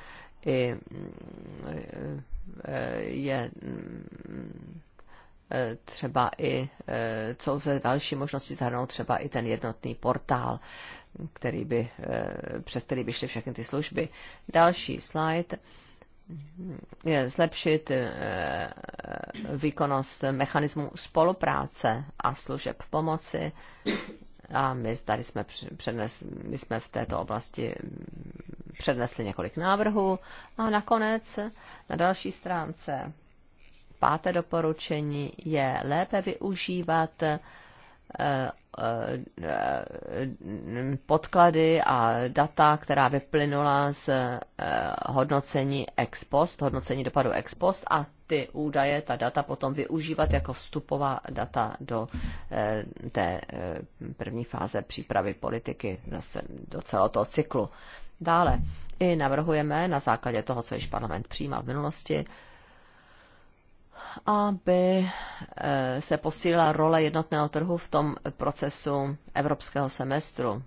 i mm, e, je mm, E, třeba i, e, co se další možnosti zahrnout třeba i ten jednotný portál, který by, e, přes který by šly všechny ty služby. Další slide je zlepšit výkonnost mechanismu spolupráce a služeb pomoci. A my tady jsme, přednes, my jsme v této oblasti přednesli několik návrhů. A nakonec na další stránce Páté doporučení je lépe využívat eh, eh, podklady a data, která vyplynula z eh, hodnocení ex post, hodnocení dopadu ex post a ty údaje, ta data potom využívat jako vstupová data do té první fáze přípravy politiky zase do celého toho cyklu. Dále i navrhujeme na základě toho, co již parlament přijímal v minulosti, aby eh, se posílila role jednotného trhu v tom procesu evropského semestru,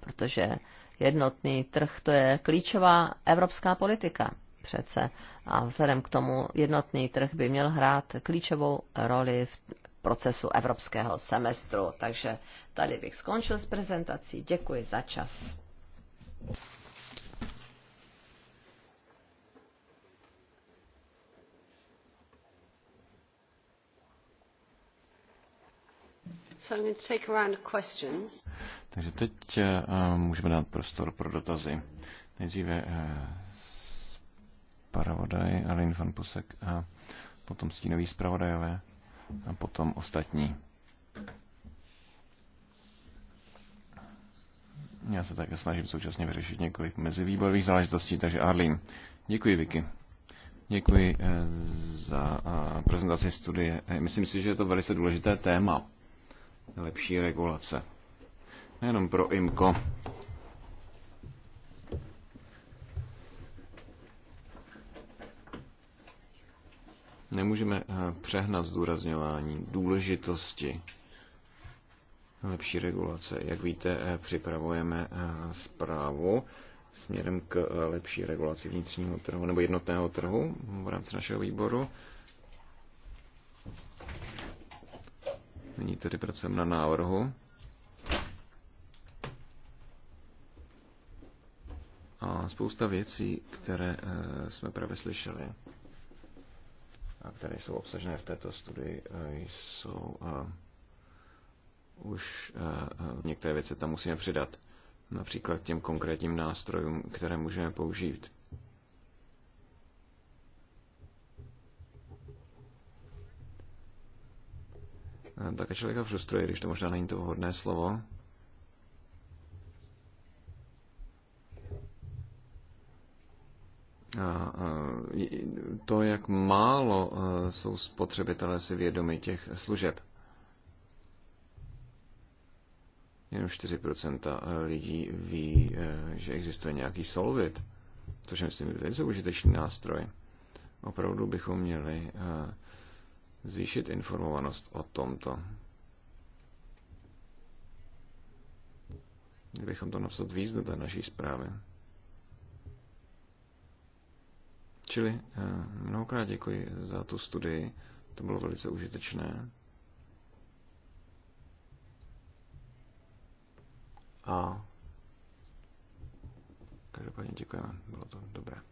protože jednotný trh to je klíčová evropská politika přece. A vzhledem k tomu jednotný trh by měl hrát klíčovou roli v procesu evropského semestru. Takže tady bych skončil s prezentací. Děkuji za čas. So Takže teď eh, můžeme dát prostor pro dotazy. Nejdříve eh, zpravodaj Alin van Pusek a potom stínový zpravodajové a potom ostatní. Já se také snažím současně vyřešit několik mezivýborových záležitostí, takže Arlín, děkuji Vicky. Děkuji eh, za prezentaci studie. Myslím si, že je to velice důležité téma lepší regulace. Nejenom pro IMCO. Nemůžeme eh, přehnat zdůrazňování důležitosti lepší regulace. Jak víte, eh, připravujeme eh, zprávu směrem k lepší regulaci vnitřního trhu nebo jednotného trhu v rámci našeho výboru. Nyní tedy pracujeme na návrhu. A spousta věcí, které eh, jsme právě slyšeli a které jsou obsažené v této studii, eh, jsou eh, už některé věci tam musíme přidat. Například těm konkrétním nástrojům, které můžeme použít. Eh, také člověka frustruje, když to možná není to vhodné slovo. A eh, to, jak málo eh, jsou spotřebitelé si vědomi těch služeb. Jenom 4% lidí ví, že existuje nějaký solvit, což je, myslím, velice užitečný nástroj. Opravdu bychom měli zvýšit informovanost o tomto. Kdybychom to napsat víc do té naší zprávy. Čili eh, mnohokrát děkuji za tu studii, to bylo velice užitečné. A každopádně děkujeme, bylo to dobré.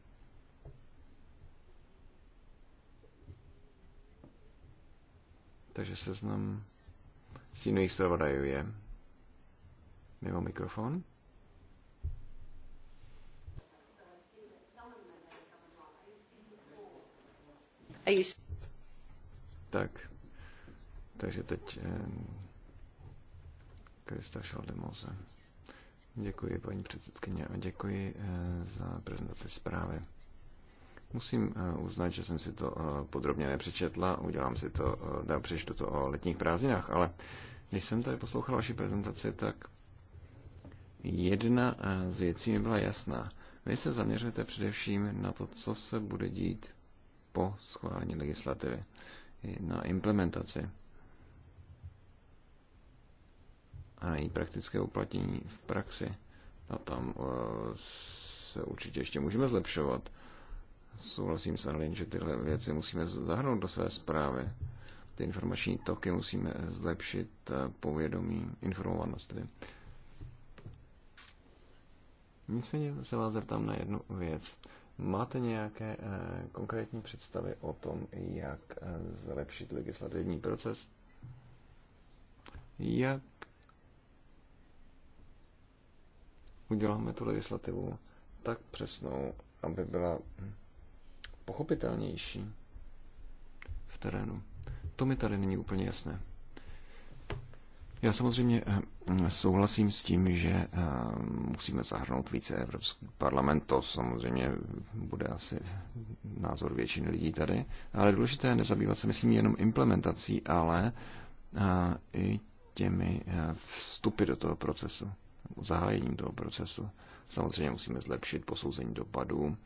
takže seznam stínových zpravodajů je mimo mikrofon. Tak, takže teď eh, Krista Šaldemose. Děkuji paní předsedkyně a děkuji eh, za prezentaci zprávy. Musím eh, uznat, že jsem si to eh, podrobně nepřečetla, udělám si to, ne, přečtu to o letních prázdninách, ale když jsem tady poslouchal vaši prezentaci, tak jedna eh, z věcí mi byla jasná. Vy se zaměřujete především na to, co se bude dít po schválení legislativy, na implementaci a její praktické uplatnění v praxi. A tam se určitě ještě můžeme zlepšovat. Souhlasím s Arlin, že tyhle věci musíme zahrnout do své zprávy. Ty informační toky musíme zlepšit, eh, povědomí, informovanost tedy. Nicméně se vás zeptám na jednu věc. Máte nějaké eh, konkrétní představy o tom, jak eh, zlepšit legislativní proces? Jak uděláme tu legislativu tak přesnou, aby byla pochopitelnější v terénu. To mi tady není úplně jasné. Já samozřejmě eh, souhlasím s tím, že eh, musíme zahrnout více Evropský parlament, to samozřejmě bude asi názor většiny lidí tady, ale důležité je nezabývat se, myslím, jenom implementací, ale eh, i těmi vstupy do toho procesu, zahájením toho procesu. Samozřejmě musíme zlepšit posouzení dopadů,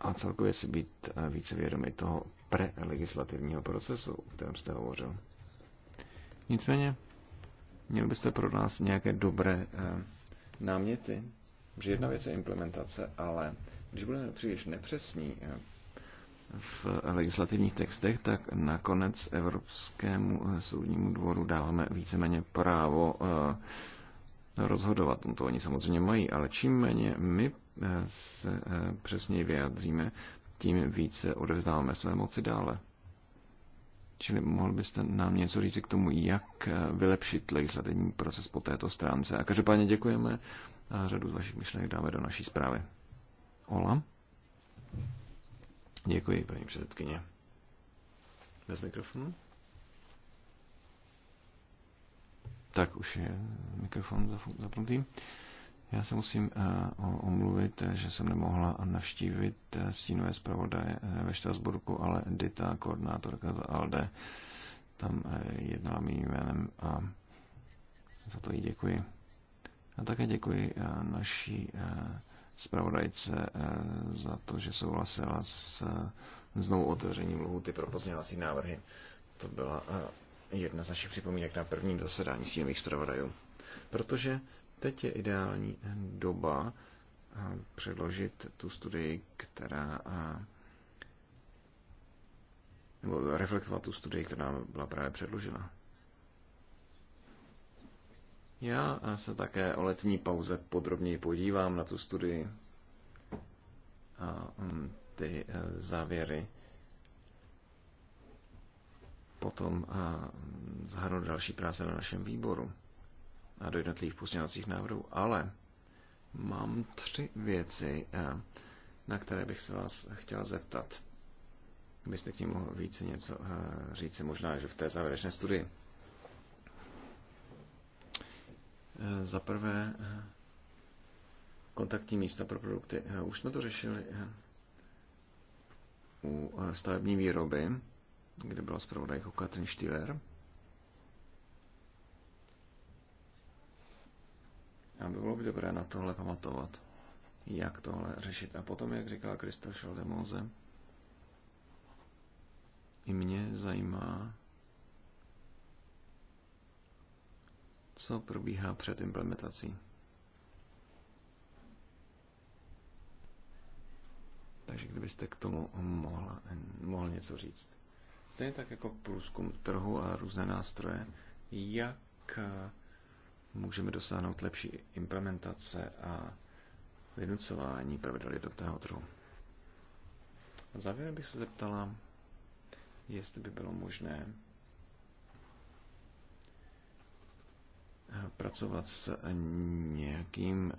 a celkově si být eh, více vědomi toho prelegislativního procesu, o kterém jste hovořil. Nicméně, měli byste pro nás nějaké dobré eh, náměty, že jedna věc je implementace, ale když budeme příliš nepřesní eh, v legislativních textech, tak nakonec Evropskému soudnímu dvoru dáváme víceméně právo rozhodovat. No to oni samozřejmě mají, ale čím méně my se eh, přesněji vyjádříme, tím více odevzdáváme své moci dále. Čili mohl byste nám něco říct k tomu, jak eh, vylepšit legislativní proces po této stránce. A každopádně děkujeme a řadu z vašich myšlenek dáme do naší zprávy. Ola? Děkuji, paní předsedkyně. Bez mikrofonu. Tak už je mikrofon zapnutý. Za já se musím eh, omluvit, že jsem nemohla navštívit eh, stínové zpravodaje eh, ve Štrasburku, ale Dita, koordinátorka za ALDE, tam jednala mým jménem a za to jí děkuji. A také děkuji naší zpravodajce za to, že souhlasila s znovu otevřením lhuty pro pozměňovací návrhy. To byla jedna z našich připomínek na prvním zasedání stínových zpravodajů. Protože Teď je ideální doba eh, předložit tu studii, která eh, nebo reflektovat tu studii, která byla právě předložena. Já eh, se také o letní pauze podrobněji podívám na tu studii a mm, ty závěry potom zahrnu další práce na našem výboru a do jednotlivých pozměňovacích návrhů, ale mám tři věci, eh, na které bych se vás chtěl zeptat. Byste k ním mohl více něco eh, říci, možná, že v té závěrečné studii. Eh, za prvé, kontaktní místa pro produkty. Už jsme to řešili u stavební výroby, kde byla zpravodajka Katrin Štýler. A by bylo by dobré na tohle pamatovat, jak tohle řešit. A potom, jak říkala Krista Šaldemoze, i mě zajímá, co probíhá před implementací. Takže kdybyste k tomu mohla, mohl něco říct. Stejně tak jako průzkum trhu a různé nástroje, jak můžeme dosáhnout lepší implementace a vynucování pravidel jednotného trhu. A závěrem bych se zeptala, jestli by bylo možné pracovat s nějakými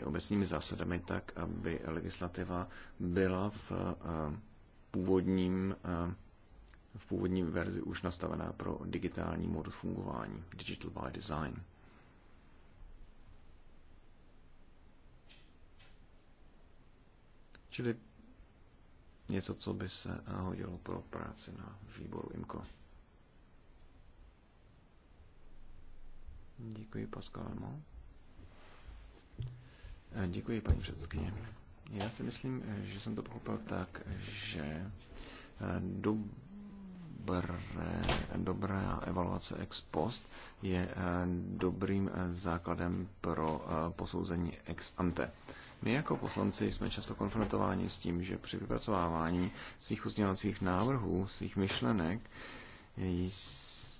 eh, obecnými zásadami tak, aby legislativa byla v eh, původním eh, v původní verzi už nastavená pro digitální modus fungování, digital by design. Čili něco, co by se hodilo pro práci na výboru IMCO. Děkuji, Pascalmo. Eh, děkuji, paní předsedkyně. Já si myslím, že jsem to pochopil tak, že eh, dobré, dobrá evaluace ex post je eh, dobrým základem pro posouzení ex ante. My jako poslanci jsme často konfrontováni s tím, že při vypracovávání svých pozměňovacích návrhů, svých myšlenek,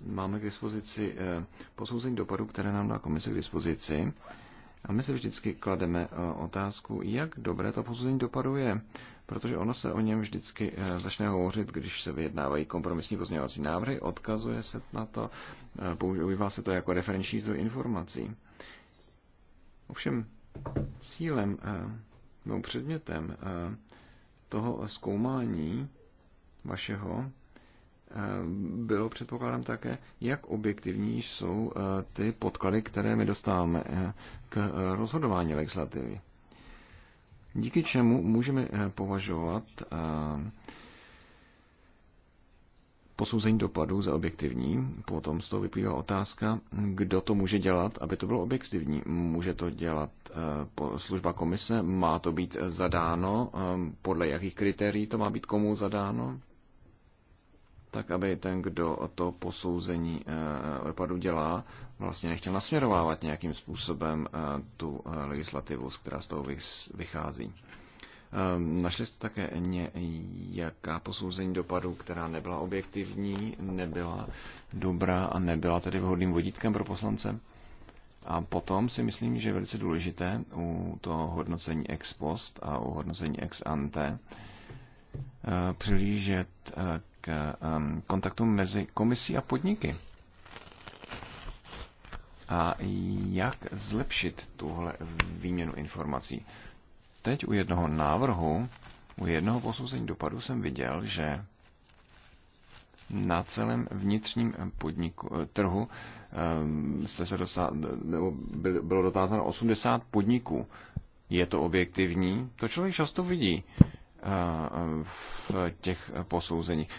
máme k dispozici eh, posouzení dopadu, které nám dá komise k dispozici. A my se vždycky klademe eh, otázku, jak dobré to posouzení dopadu je, protože ono se o něm vždycky eh, začne hovořit, když se vyjednávají kompromisní pozměňovací návrhy, odkazuje se na to, používá se to jako referenční zdroj informací. Ovšem, Cílem eh, nebo předmětem eh, toho zkoumání vašeho eh, bylo, předpokládám také, jak objektivní jsou ty podklady, které my dostáváme k rozhodování legislativy. Díky čemu můžeme považovat posouzení dopadů za objektivní. Potom z toho vyplývá otázka, kdo to může dělat, aby to bylo objektivní. Může to dělat eh, služba komise, má to být eh, zadáno, ehm, podle jakých kritérií to má být komu zadáno, tak aby ten, kdo to posouzení eh, dopadu dělá, vlastně nechtěl nasměrovávat nějakým způsobem tu legislativu, z která z toho vychází. Ehm, našli jste také nějaká posouzení dopadu, která nebyla objektivní, nebyla dobrá a nebyla tedy vhodným vodítkem pro poslance? A potom si myslím, že je velice důležité u toho hodnocení ex post a u hodnocení ex ante eh, přilížet eh, k ehm, kontaktům mezi komisí a podniky. A jak zlepšit tuhle výměnu informací? teď u jednoho návrhu, u jednoho posouzení dopadu jsem viděl, že na celém vnitřním podniku, eh, trhu ehm, jste se dostal, nebo bylo dotázáno 80 podniků. Je to objektivní? To člověk často vidí eh, v těch posouzeních.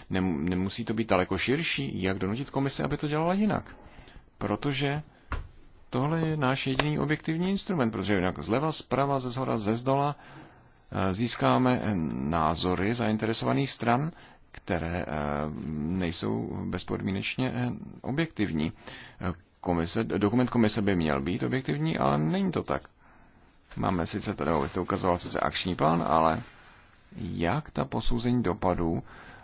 Nemusí to být daleko širší, jak donutit komise, aby to dělala jinak. Protože tohle je náš jediný objektivní instrument, protože jinak zleva, zprava, ze zhora, ze zdola eh, získáme názory zainteresovaných stran, které eh, nejsou bezpodmínečně eh, objektivní. Komise, dokument komise by měl být objektivní, ale není to tak. Máme sice tady, to jste ukazoval sice akční plán, ale jak ta posouzení dopadů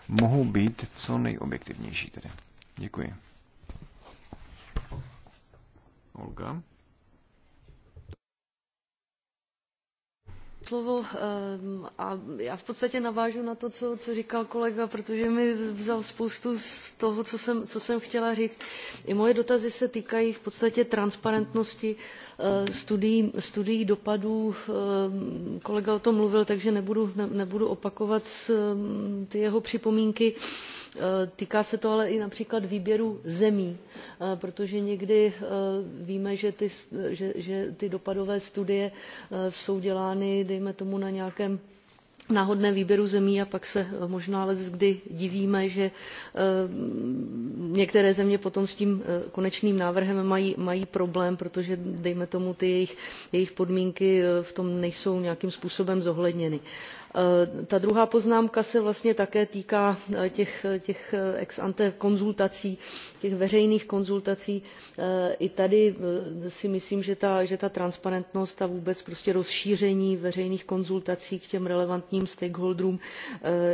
mohou být co nejobjektivnější tedy. Děkuji. Olga. slovo eh, a já v podstatě navážu na to, co, co říkal kolega, protože mi vzal spoustu z toho, co jsem, co jsem chtěla říct. I moje dotazy se týkají v podstatě transparentnosti eh, studií, studií dopadů. Eh, kolega o tom mluvil, takže nebudu, ne, nebudu opakovat ty jeho připomínky. Eh, týká se to ale i například výběru zemí eh, protože někdy eh, víme že ty, dopadové studie jsou dělány dejme tomu na nějakém náhodném výběru zemí a pak se možná leckdy divíme že některé země potom s tím konečným návrhem mají, problém protože dejme tomu ty jejich podmínky v tom nejsou nějakým způsobem zohledněny. Eh, ta druhá poznámka se vlastně také týká eh, těch, eh, ex ante konzultací těch veřejných konzultací. i tady si myslím že ta, transparentnost a vůbec prostě rozšíření veřejných konzultací k těm relevantním stakeholderům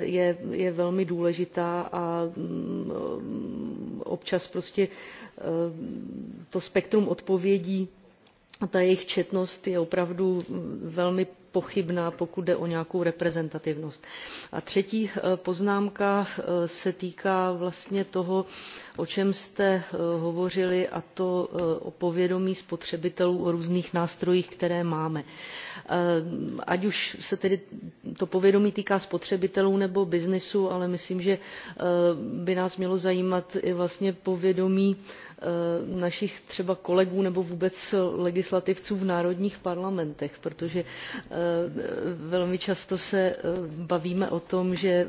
je, je velmi důležitá a mm, občas prostě to spektrum odpovědí a ta jejich četnost je opravdu mm, velmi pochybná, pokud jde o nějakou reprezentativnost. A třetí eh, poznámka eh, se týká vlastně toho, o čem jste eh, hovořili, a to o povědomí spotřebitelů o různých nástrojích, které máme. Ať už se tedy to povědomí týká spotřebitelů nebo byznysu ale myslím, že by nás mělo zajímat i vlastně povědomí našich třeba kolegů nebo vůbec legislativců v národních parlamentech, protože Eh, velmi často se eh, bavíme o tom, že eh,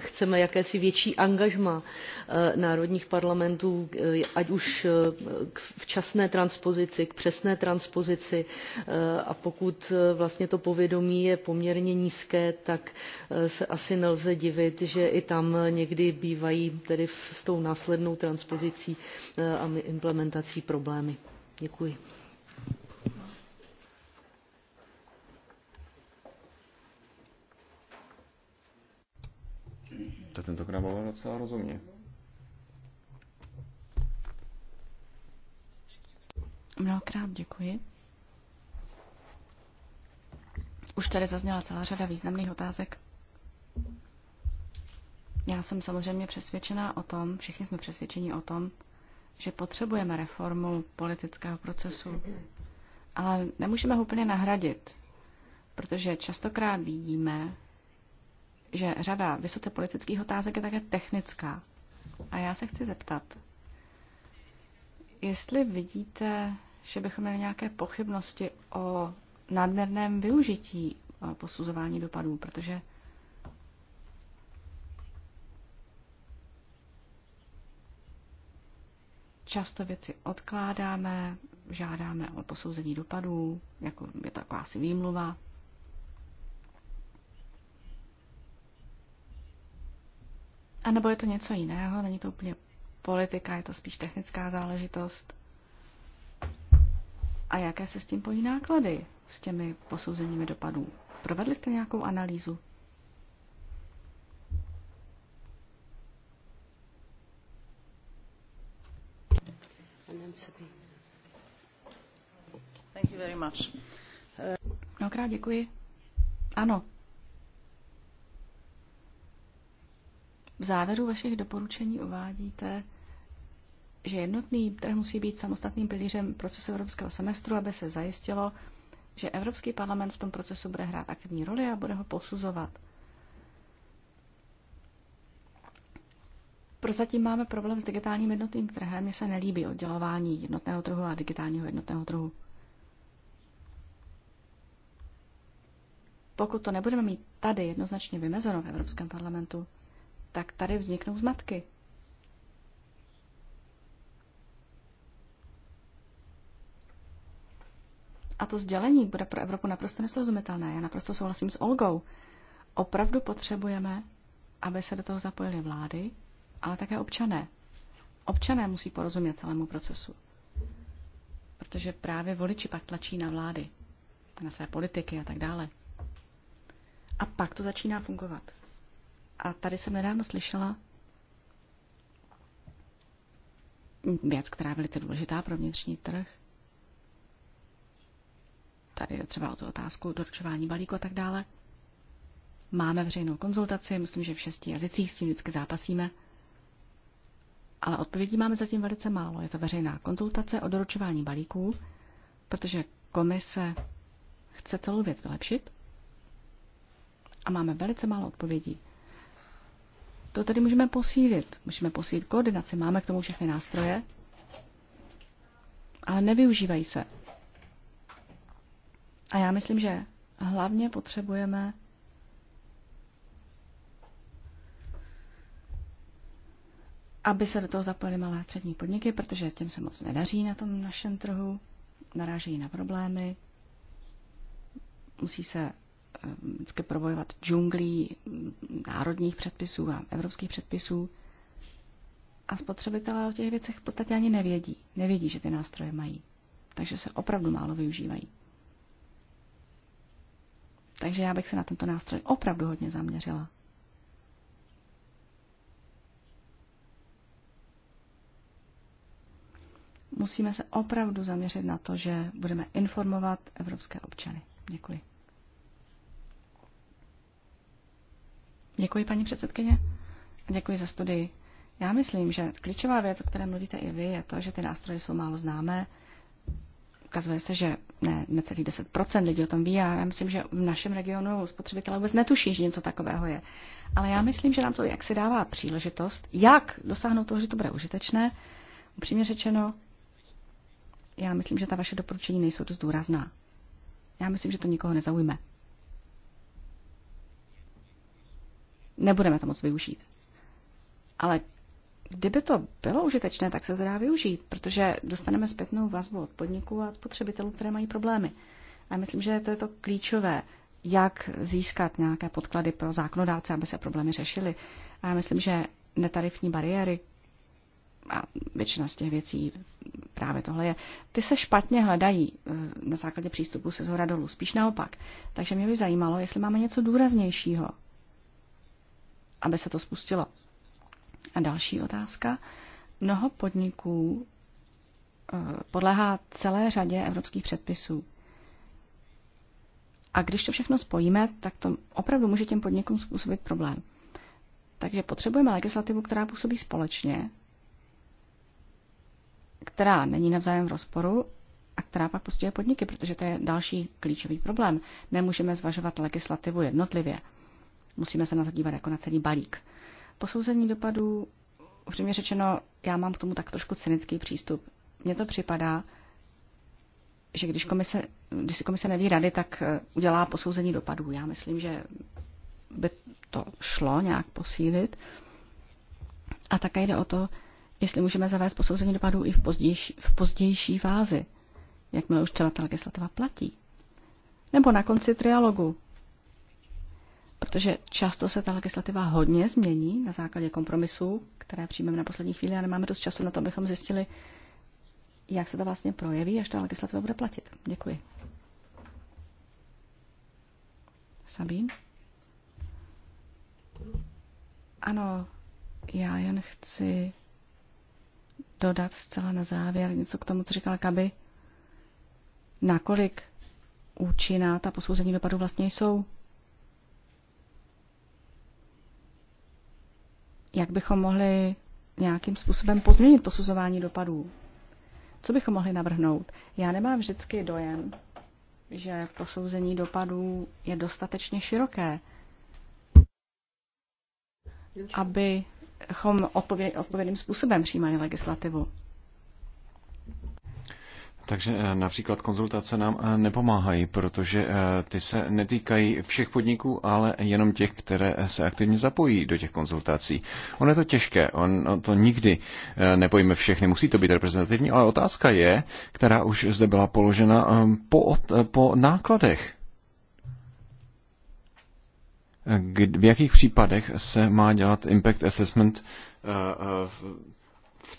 chceme jakési větší angažma národních parlamentů, ať už k včasné transpozici, k přesné transpozici a pokud vlastně to povědomí je poměrně nízké, tak se asi nelze divit, že i tam někdy bývají tedy s tou následnou transpozicí a implementací problémy. Děkuji. Ta tentokrát byla docela rozumně. Mnohokrát děkuji. Už tady zazněla celá řada významných otázek. Já jsem samozřejmě přesvědčená o tom, všichni jsme přesvědčeni o tom, že potřebujeme reformu politického procesu, ale nemůžeme ho úplně nahradit, protože častokrát vidíme, že řada vysoce politických otázek je také technická. A já se chci zeptat, jestli vidíte, že bychom měli nějaké pochybnosti o nadměrném využití eh, posuzování dopadů, protože často věci odkládáme, žádáme o posouzení dopadů, jako je to taková asi výmluva, A nebo je to něco jiného, není to úplně politika, je to spíš technická záležitost. A jaké se s tím pojí náklady, s těmi posouzeními dopadů? Provedli jste nějakou analýzu? Mnohokrát děkuji. Ano, V závěru vašich doporučení uvádíte, že jednotný trh musí být samostatným pilířem procesu evropského semestru, aby se zajistilo, že Evropský parlament v tom procesu bude hrát aktivní roli a bude ho posuzovat. Prozatím máme problém s digitálním jednotným trhem. Mně se nelíbí oddělování jednotného trhu a digitálního jednotného trhu. Pokud to nebudeme mít tady jednoznačně vymezeno v Evropském parlamentu, tak tady vzniknou zmatky. A to sdělení bude pro Evropu naprosto nesrozumitelné. Já naprosto souhlasím s Olgou. Opravdu potřebujeme, aby se do toho zapojily vlády, ale také občané. Občané musí porozumět celému procesu. Protože právě voliči pak tlačí na vlády, na své politiky a tak dále. A pak to začíná fungovat. A tady jsem nedávno slyšela věc, která je velice důležitá pro vnitřní trh. Tady je třeba o tu otázku doručování balíku a tak dále. Máme veřejnou konzultaci, myslím, že v šesti jazycích s tím vždycky zápasíme. Ale odpovědí máme zatím velice málo. Je to veřejná konzultace o doručování balíků, protože komise chce celou věc vylepšit a máme velice málo odpovědí. To tedy můžeme posílit. Můžeme posílit koordinaci. Máme k tomu všechny nástroje, ale nevyužívají se. A já myslím, že hlavně potřebujeme aby se do toho zapojily malé a střední podniky, protože těm se moc nedaří na tom našem trhu, narážejí na problémy, musí se vždycky probojovat džunglí národních předpisů a evropských předpisů. A spotřebitelé o těch věcech v podstatě ani nevědí. Nevědí, že ty nástroje mají. Takže se opravdu málo využívají. Takže já bych se na tento nástroj opravdu hodně zaměřila. Musíme se opravdu zaměřit na to, že budeme informovat evropské občany. Děkuji. Děkuji, paní předsedkyně. A děkuji za studii. Já myslím, že klíčová věc, o které mluvíte i vy, je to, že ty nástroje jsou málo známé. Ukazuje se, že ne, necelých 10% lidí o tom ví a já myslím, že v našem regionu spotřebitelé vůbec netuší, že něco takového je. Ale já myslím, že nám to jaksi dává příležitost, jak dosáhnout toho, že to bude užitečné. Upřímně řečeno, já myslím, že ta vaše doporučení nejsou dost důrazná. Já myslím, že to nikoho nezaujme. nebudeme to moc využít. Ale kdyby to bylo užitečné, tak se to dá využít, protože dostaneme zpětnou vazbu od podniků a od spotřebitelů, které mají problémy. A myslím, že to je to klíčové, jak získat nějaké podklady pro zákonodáce, aby se problémy řešily. A já myslím, že netarifní bariéry a většina z těch věcí právě tohle je, ty se špatně hledají eh, na základě přístupu se zhora dolů, spíš naopak. Takže mě by zajímalo, jestli máme něco důraznějšího, aby se to spustilo. A další otázka. Mnoho podniků eh, podléhá celé řadě evropských předpisů. A když to všechno spojíme, tak to opravdu může těm podnikům způsobit problém. Takže potřebujeme legislativu, která působí společně, která není navzájem v rozporu a která pak postihuje podniky, protože to je další klíčový problém. Nemůžeme zvažovat legislativu jednotlivě. Musíme se na to dívat jako na celý balík. Posouzení dopadů, upřímně řečeno, já mám k tomu tak trošku cynický přístup. Mně to připadá, že když, komise, když si komise neví rady, tak eh, udělá posouzení dopadů. Já myslím, že by to šlo nějak posílit. A také jde o to, jestli můžeme zavést posouzení dopadů i v pozdější, v pozdější fázi, jakmile už třeba ta legislativa platí. Nebo na konci trialogu, protože často se ta legislativa hodně změní na základě kompromisů, které přijmeme na poslední chvíli a nemáme dost času na to, abychom zjistili, jak se to vlastně projeví, až ta legislativa bude platit. Děkuji. Sabín? Ano, já jen chci dodat zcela na závěr něco k tomu, co říkala Kaby. Nakolik účinná ta posouzení dopadu vlastně jsou? jak bychom mohli nějakým způsobem pozměnit posuzování dopadů. Co bychom mohli navrhnout? Já nemám vždycky dojem, že posouzení dopadů je dostatečně široké, abychom odpověd, odpovědným způsobem přijímali legislativu. Takže eh, například konzultace nám eh, nepomáhají, protože eh, ty se netýkají všech podniků, ale jenom těch, které se aktivně zapojí do těch konzultací. Ono je to těžké, on to nikdy nepojíme všechny, musí to být reprezentativní, ale otázka je, která už zde byla položena po, po nákladech. V jakých případech se má dělat impact assessment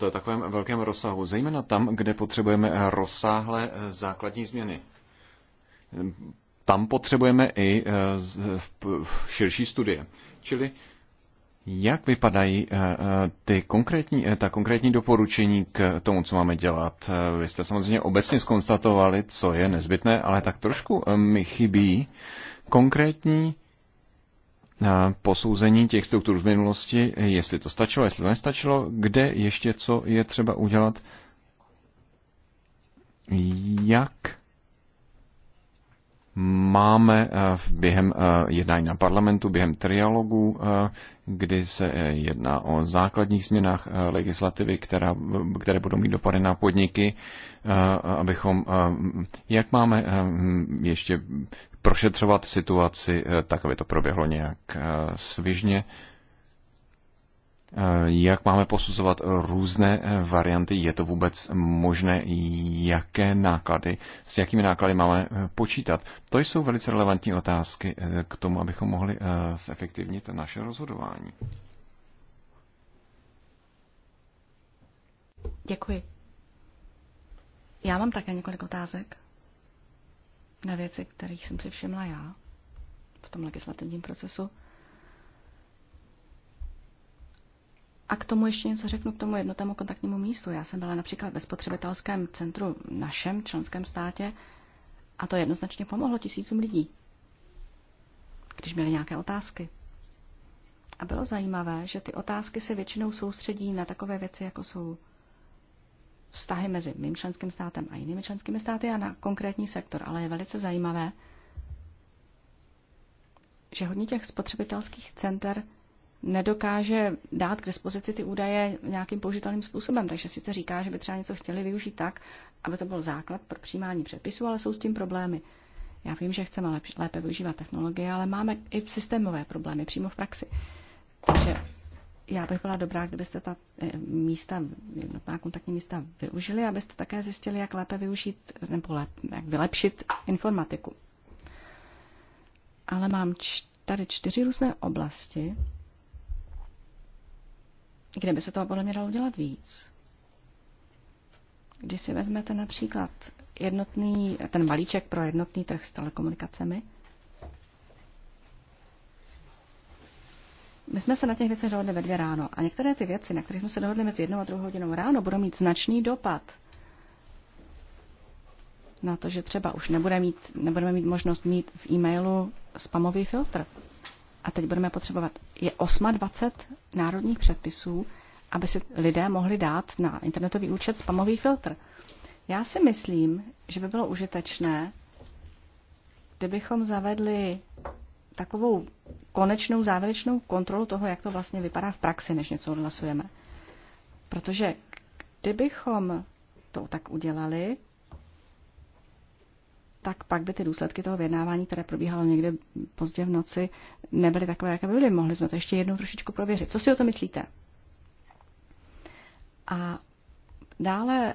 v takovém velkém rozsahu, zejména tam, kde potřebujeme rozsáhlé eh, základní změny. Tam potřebujeme i eh, širší studie. Čili jak vypadají eh, ty konkrétní, ta konkrétní doporučení k tomu, co máme dělat? Vy jste samozřejmě obecně skonstatovali, co je nezbytné, ale tak trošku mi chybí konkrétní Eh, posouzení těch struktur z minulosti, jestli to stačilo, jestli to nestačilo, kde ještě co je třeba udělat, jak máme eh, během eh, jednání na parlamentu, během trialogu, kdy se jedná o základních změnách legislativy, která, které budou mít dopady na podniky, abychom, jak máme ještě prošetřovat situaci eh, tak, aby to proběhlo nějak eh, svižně. Eh, jak máme posuzovat různé varianty? Je to vůbec možné? Jaké náklady? S jakými náklady máme počítat? To jsou velice relevantní otázky k tomu, abychom mohli zefektivnit naše rozhodování. Děkuji. Já mám také několik otázek na věci, kterých jsem si všimla já v tom legislativním procesu. A k tomu ještě něco řeknu k tomu jednotnému kontaktnímu místu. Já jsem byla například ve spotřebitelském centru v našem členském státě a to jednoznačně pomohlo tisícům lidí, když měli nějaké otázky. A bylo zajímavé, že ty otázky se většinou soustředí na takové věci, jako jsou vztahy mezi mým členským státem a jinými členskými státy a na konkrétní sektor, ale je velice zajímavé, že hodně těch spotřebitelských center nedokáže dát k dispozici ty údaje nějakým použitelným způsobem. Takže sice říká, že by třeba něco chtěli využít tak, aby to byl základ pro přijímání předpisů, ale jsou s tím problémy. Já vím, že chceme lépe využívat technologie, ale máme i systémové problémy přímo v praxi. Takže já bych byla dobrá, kdybyste ta eh, místa, jednotná kontaktní místa využili, abyste také zjistili, jak lépe využít nebo lep, jak vylepšit informatiku. Ale mám č- tady čtyři různé oblasti, kde by se toho podle mě dalo dělat víc. Když si vezmete například jednotný, ten balíček pro jednotný trh s telekomunikacemi, My jsme se na těch věcech dohodli ve dvě ráno a některé ty věci, na kterých jsme se dohodli mezi jednou a druhou hodinou ráno, budou mít značný dopad na to, že třeba už nebude mít, nebudeme mít možnost mít v e-mailu spamový filtr. A teď budeme potřebovat, je 28 národních předpisů, aby si lidé mohli dát na internetový účet spamový filtr. Já si myslím, že by bylo užitečné, kdybychom zavedli takovou konečnou závěrečnou kontrolu toho, jak to vlastně vypadá v praxi, než něco odhlasujeme. Protože kdybychom to tak udělali, tak pak by ty důsledky toho vyjednávání, které probíhalo někde pozdě v noci, nebyly takové, jaké by byly. Mohli jsme to ještě jednou trošičku prověřit. Co si o to myslíte? A dále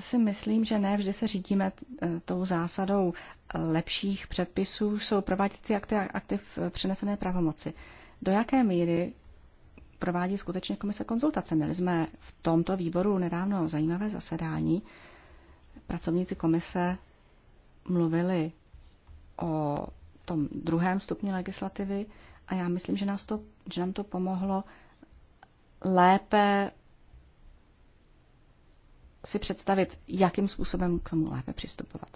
si myslím, že ne vždy se řídíme e, tou zásadou lepších předpisů, jsou prováděcí akty a akty v přenesené pravomoci. Do jaké míry provádí skutečně komise konzultace? Měli jsme v tomto výboru nedávno zajímavé zasedání. Pracovníci komise mluvili o tom druhém stupni legislativy a já myslím, že, nás to, že nám to pomohlo lépe si představit, jakým způsobem k tomu lépe přistupovat.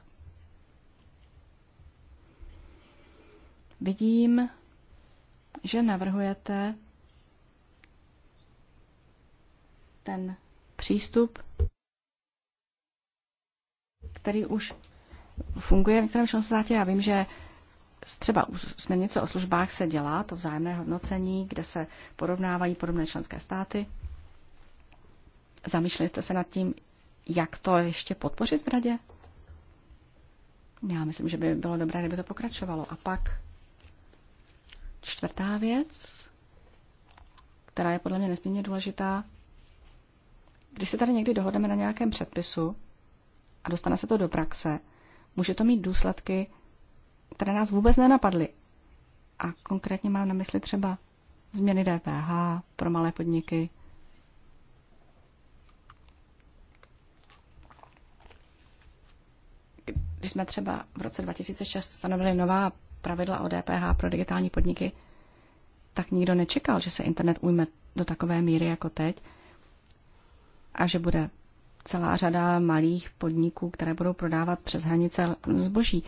Vidím, že navrhujete ten přístup, který už funguje v některém členském státě. Já vím, že třeba u směrnice o službách se dělá to vzájemné hodnocení, kde se porovnávají podobné členské státy. Zamýšlejte se nad tím, jak to ještě podpořit v radě? Já myslím, že by bylo dobré, kdyby to pokračovalo. A pak čtvrtá věc, která je podle mě nesmírně důležitá. Když se tady někdy dohodneme na nějakém předpisu a dostane se to do praxe, může to mít důsledky, které nás vůbec nenapadly. A konkrétně mám na mysli třeba změny DPH pro malé podniky, Když jsme třeba v roce 2006 stanovili nová pravidla o DPH pro digitální podniky, tak nikdo nečekal, že se internet ujme do takové míry jako teď a že bude celá řada malých podniků, které budou prodávat přes hranice zboží.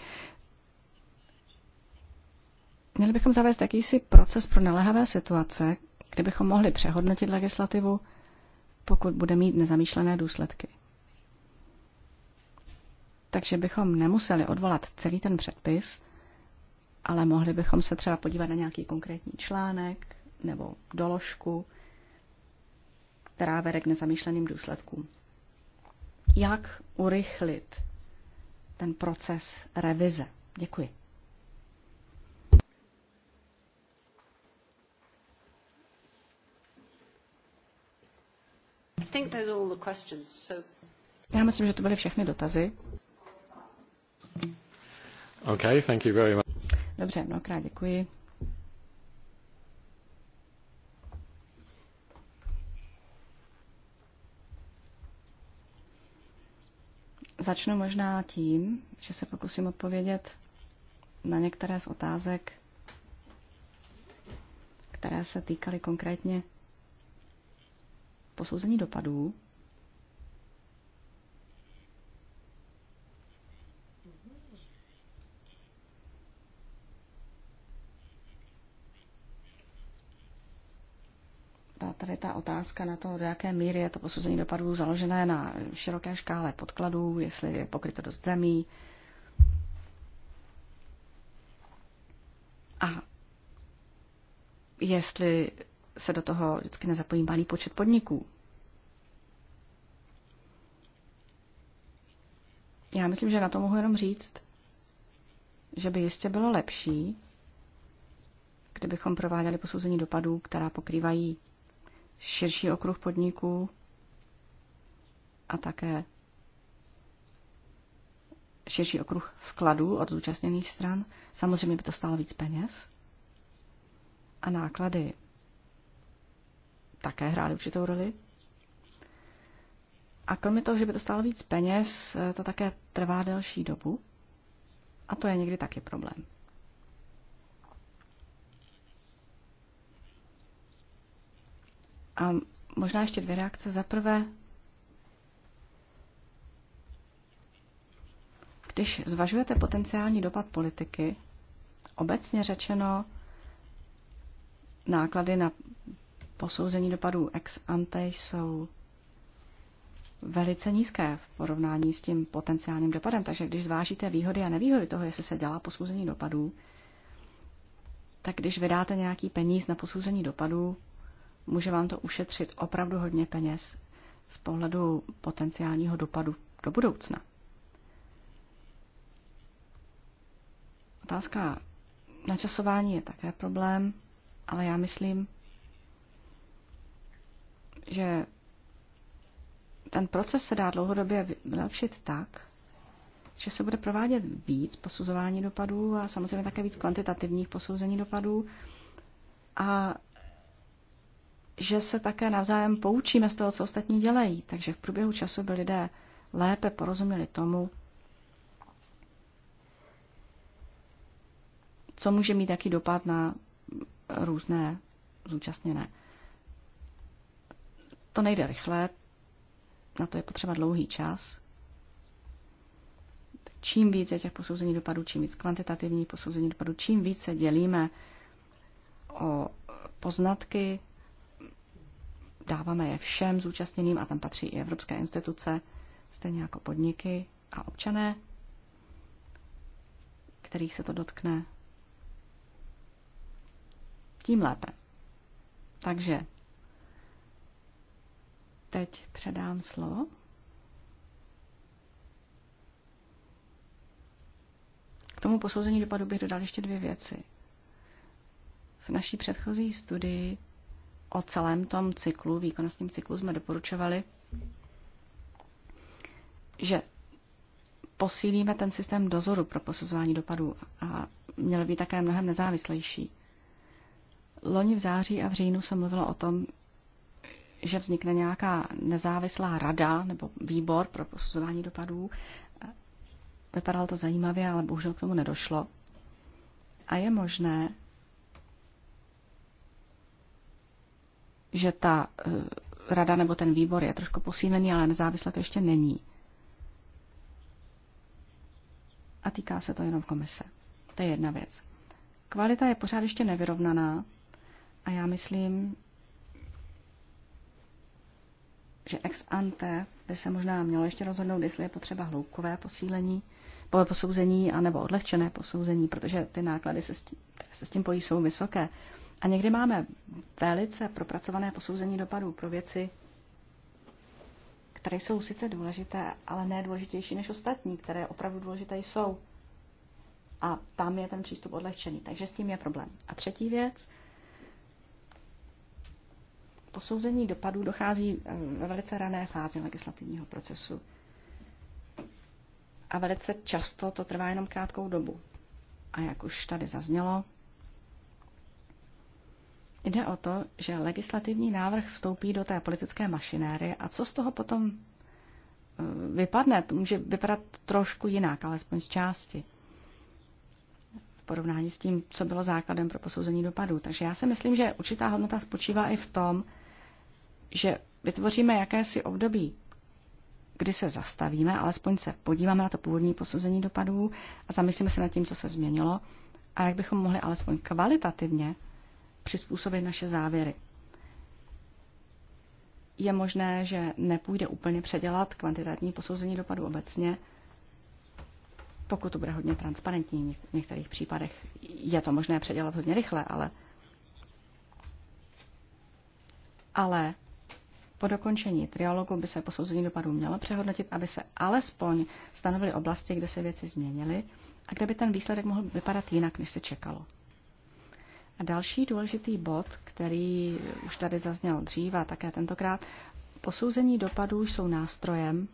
Měli bychom zavést jakýsi proces pro nelehavé situace, kde bychom mohli přehodnotit legislativu, pokud bude mít nezamýšlené důsledky takže bychom nemuseli odvolat celý ten předpis, ale mohli bychom se třeba podívat na nějaký konkrétní článek nebo doložku, která vede k nezamýšleným důsledkům. Jak urychlit ten proces revize? Děkuji. Já myslím, že to byly všechny dotazy. Okay, thank you very much. Dobře, mnohokrát děkuji. Začnu možná tím, že se pokusím odpovědět na některé z otázek, které se týkaly konkrétně posouzení dopadů tady ta otázka na to, do jaké míry je to posouzení dopadů založené na široké škále podkladů, jestli je pokryto dost zemí. A jestli se do toho vždycky nezapojí malý počet podniků. Já myslím, že na to mohu jenom říct, že by jistě bylo lepší, kdybychom prováděli posouzení dopadů, která pokrývají širší okruh podniků a také širší okruh vkladů od zúčastněných stran. Samozřejmě by to stálo víc peněz. A náklady také hrály určitou roli. A kromě toho, že by to stálo víc peněz, to také trvá delší dobu. A to je někdy taky problém. A možná ještě dvě reakce. Za prvé, když zvažujete potenciální dopad politiky, obecně řečeno náklady na posouzení dopadů ex ante jsou velice nízké v porovnání s tím potenciálním dopadem. Takže když zvážíte výhody a nevýhody toho, jestli se dělá posouzení dopadů, tak když vydáte nějaký peníz na posouzení dopadů, Může vám to ušetřit opravdu hodně peněz z pohledu potenciálního dopadu do budoucna. Otázka načasování je také problém, ale já myslím, že ten proces se dá dlouhodobě vylepšit tak, že se bude provádět víc posuzování dopadů a samozřejmě také víc kvantitativních posouzení dopadů a že se také navzájem poučíme z toho, co ostatní dělají. Takže v průběhu času by lidé lépe porozuměli tomu, co může mít jaký dopad na různé zúčastněné. To nejde rychle, na to je potřeba dlouhý čas. Čím víc je těch posouzení dopadů, čím víc kvantitativní posouzení dopadů, čím více dělíme o poznatky, dáváme je všem zúčastněným a tam patří i evropské instituce, stejně jako podniky a občané, kterých se to dotkne. Tím lépe. Takže teď předám slovo. K tomu posouzení dopadu bych dodal ještě dvě věci. V naší předchozí studii o celém tom cyklu, výkonnostním cyklu, jsme doporučovali, že posílíme ten systém dozoru pro posuzování dopadů a měl být také mnohem nezávislejší. Loni v září a v říjnu se mluvilo o tom, že vznikne nějaká nezávislá rada nebo výbor pro posuzování dopadů. Vypadalo to zajímavě, ale bohužel k tomu nedošlo. A je možné, že ta eh, rada nebo ten výbor je trošku posílený, ale nezávisle to ještě není. A týká se to jenom komise. To je jedna věc. Kvalita je pořád ještě nevyrovnaná a já myslím, že ex ante by se možná mělo ještě rozhodnout, jestli je potřeba hloubkové posílení, posouzení anebo odlehčené posouzení, protože ty náklady, se s tím, které se s tím pojí, jsou vysoké. A někdy máme velice propracované posouzení dopadů pro věci, které jsou sice důležité, ale ne důležitější než ostatní, které opravdu důležité jsou. A tam je ten přístup odlehčený, takže s tím je problém. A třetí věc, posouzení dopadů dochází eh, ve velice rané fázi legislativního procesu. A velice často to trvá jenom krátkou dobu. A jak už tady zaznělo, Jde o to, že legislativní návrh vstoupí do té politické mašinérie a co z toho potom e, vypadne, to může vypadat trošku jinak, alespoň z části v porovnání s tím, co bylo základem pro posouzení dopadů. Takže já si myslím, že určitá hodnota spočívá i v tom, že vytvoříme jakési období, kdy se zastavíme, alespoň se podíváme na to původní posouzení dopadů a zamyslíme se nad tím, co se změnilo a jak bychom mohli alespoň kvalitativně přizpůsobit naše závěry. Je možné, že nepůjde úplně předělat kvantitativní posouzení dopadu obecně, pokud to bude hodně transparentní. V některých případech je to možné předělat hodně rychle, ale, ale po dokončení trialogu by se posouzení dopadů mělo přehodnotit, aby se alespoň stanovily oblasti, kde se věci změnily a kde by ten výsledek mohl vypadat jinak, než se čekalo. A další důležitý bod, který už tady zazněl dříve a také tentokrát, posouzení dopadů jsou nástrojem,